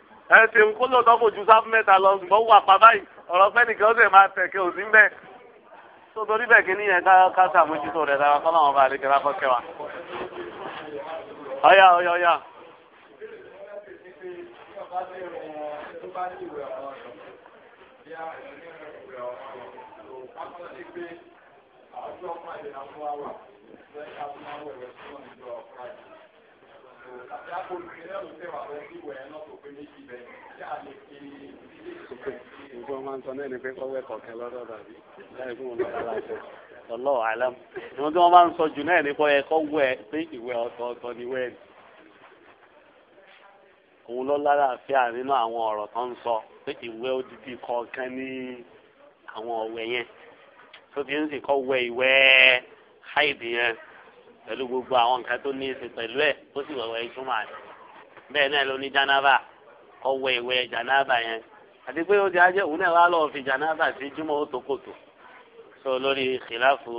ẹ ṣe ń kó lóòótọ́ kò ju sáfù mẹ́ta lọ ṣùgbọ́n wà pa báyìí ọ̀rọ̀ fẹ́nìkan ó sì máa tẹ̀kẹ́ òsì ń bẹ́ẹ̀ tó torí bẹ́ẹ̀ kí níyẹn ká ká sàmójútó rẹ̀ dára kọ́ làwọn bá àlejò lápọ̀ kẹwa. ọ̀yà ọ̀yà ọ̀yà. Thank you. Ìjọ máa ń tí wọ́n máa ń sọ jù náà ni kọ́ ẹ kọ́wé pé ìwé ọ̀tọ̀ọ̀tọ̀ ni wẹ́ẹ̀lì. Òun ló lára àfíà nínú àwọn ọ̀rọ̀ tó ń sọ pé ìwé odidi kọ̀ọ̀kan ní àwọn ọ̀wẹ̀ yẹn. Tó fi ń sì kọ́wé ìwé háìdì yẹn pẹ̀lú gbogbo àwọn nǹkan tó ní í ṣe pẹ̀lú ẹ̀ ó sì wẹ̀wẹ̀ ìjùmọ̀ àná bẹ́ẹ̀ náà ló ní jánábà ọwọ́ ìwẹ̀ jánábà yẹn àti pé ó ti ajẹ́ òun náà wá lọ́ọ́ fi jánábà sí jùmọ̀ ó tókòtò sọ lórí ìkìláfù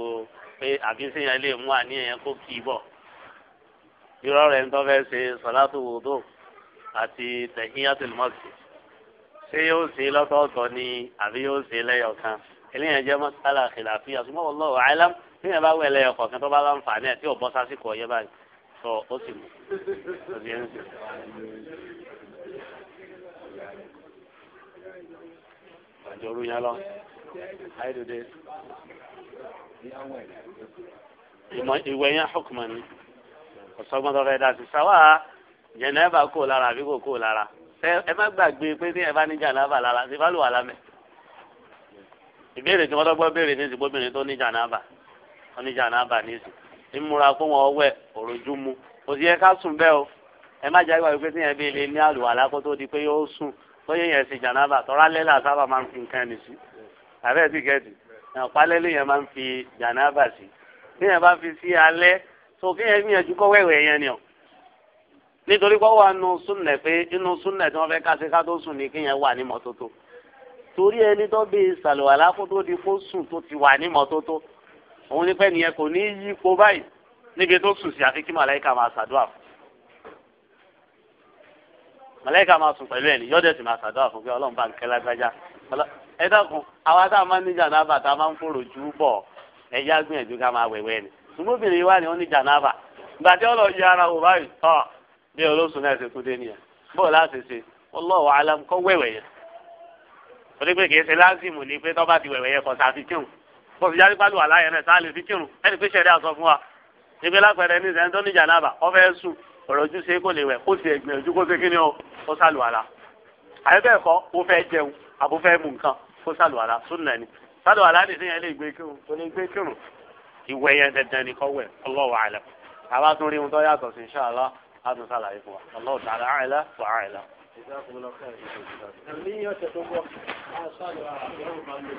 pé àbísíyàn lè mú àníyàn kó kì í bọ̀ irọ́ rẹ̀ ń tọ́ fẹ́ ṣe sọ̀látù wòdò àti tẹ̀híyàtul masjid ṣé yóò ṣe lọ́tọ̀ọ̀tọ̀ ni àbí yóò ṣe lẹ́yọ̀kan eléyàn jẹ́ mọ́sálà ìkìláfù yàtúmọ̀ wallahu a'lam tí yẹn bá wẹ̀ lẹ́yìn kan tó bá láǹfààní ẹ̀ tí ò bọ́ sásìkò ọyẹ́ báyìí sọ ó sì mú ó sì ń sìn. àjọ oru yẹn lọ ayédèdè ìwẹ̀ yẹn hukman ni ọ̀sọ́gbọ́n tó fẹ́ dá sí sáwà jẹ̀nẹ́bà kò lára àbí kò kò lára ẹ má gbàgbé pé tí ẹ bá ní jàǹdàbà lára ṣe bá ìbéèrè tí wọ́n lọ́gbọ́n béèrè ní ìsìnkú obìnrin tó ní jàǹdàbà wọn níjà náà bà ní ìsìn ìmúra fún wọn ọwẹ òròjú mu kò sí yẹ ká sùn bẹ́ẹ̀ o ẹ má jáwé wáyé pé tí yẹn bí ilé ní àlùwàlá kó tó di pé yóò sùn ó yẹ yẹn sí jànáàbà tọ́ra lẹ́là sábà máa ń fi nǹkan ẹni sí àbẹ́ẹ̀ sì kẹ́ẹ̀dì ọ̀pálẹ́lẹ́ yẹn máa ń fi jànáàbà sí kí yẹn bá fi sí alẹ́ tó kí yẹn gbìyànjú kọ́ wẹ̀wẹ̀ yẹn ni ọ̀ nítorí pé wà nù súnlẹ̀ pé inú súnlẹ̀ tí wọ́n fẹ́ ká ká tó sùn ni kí yẹn wà ní mọ́tótó torí ẹni tó bí sàlùwàlá kó tó di kó sùn tó ti wà ní mọ́tótó òun ní pẹ́ nìyẹn kò ní yí po báyìí níbi tó sùn sí àfi kí màláìka máa ṣàdúrà fún màláìka máa sùn pẹ̀lú ẹni yọ́dẹ̀ sì máa ṣàdúrà fún pé ọlọ́run bá ń kẹ́ lágbájá ẹ dákun àwa tá a máa ń ní jàǹdàbà tá a máa ń fòrò jù bọ̀ ẹ yá gbìyànjú ká máa wẹ̀wẹ̀ ni sùmọ́bìnrin wa ni wọ́n ní jàǹdàbà ìgbà tí ọlọ́ọ̀ yí ara wò báyìí tọ́ bí olóṣù náà ṣe kú dé nìyẹn bó láti ṣe Allahu alam kọ́ wẹ̀wẹ̀ yẹn torí pé kì í ṣe lásìmù ni pé tọ́ bá ti wẹ̀wẹ̀ yẹn kọ́ sáfi kíhùn mo fi jáde pálù àlàyé rẹ̀ sáà lè fi kírun ẹni pé sẹ̀rí àsọ fún wa ìgbé lápẹ̀rẹ̀ ní sẹ́ni tó ní jànáàbà ọ̀fẹ́ sùn ọ̀rọ̀ ojú ṣe kò lè wẹ̀ kó sì ẹ̀gbìn ojú kó ṣe kí ni ó kó sálù àlà àyẹ̀bẹ̀ ẹ̀kọ́ ó fẹ́ jẹun àbó fẹ́ mu nǹkan kó sálù àlà súnà ni sálù àlà nìyẹn yẹn lè gbé kírun kò lè gbé kírun ìwẹ̀ yẹn dandan ni kọ́ wẹ̀ Allahu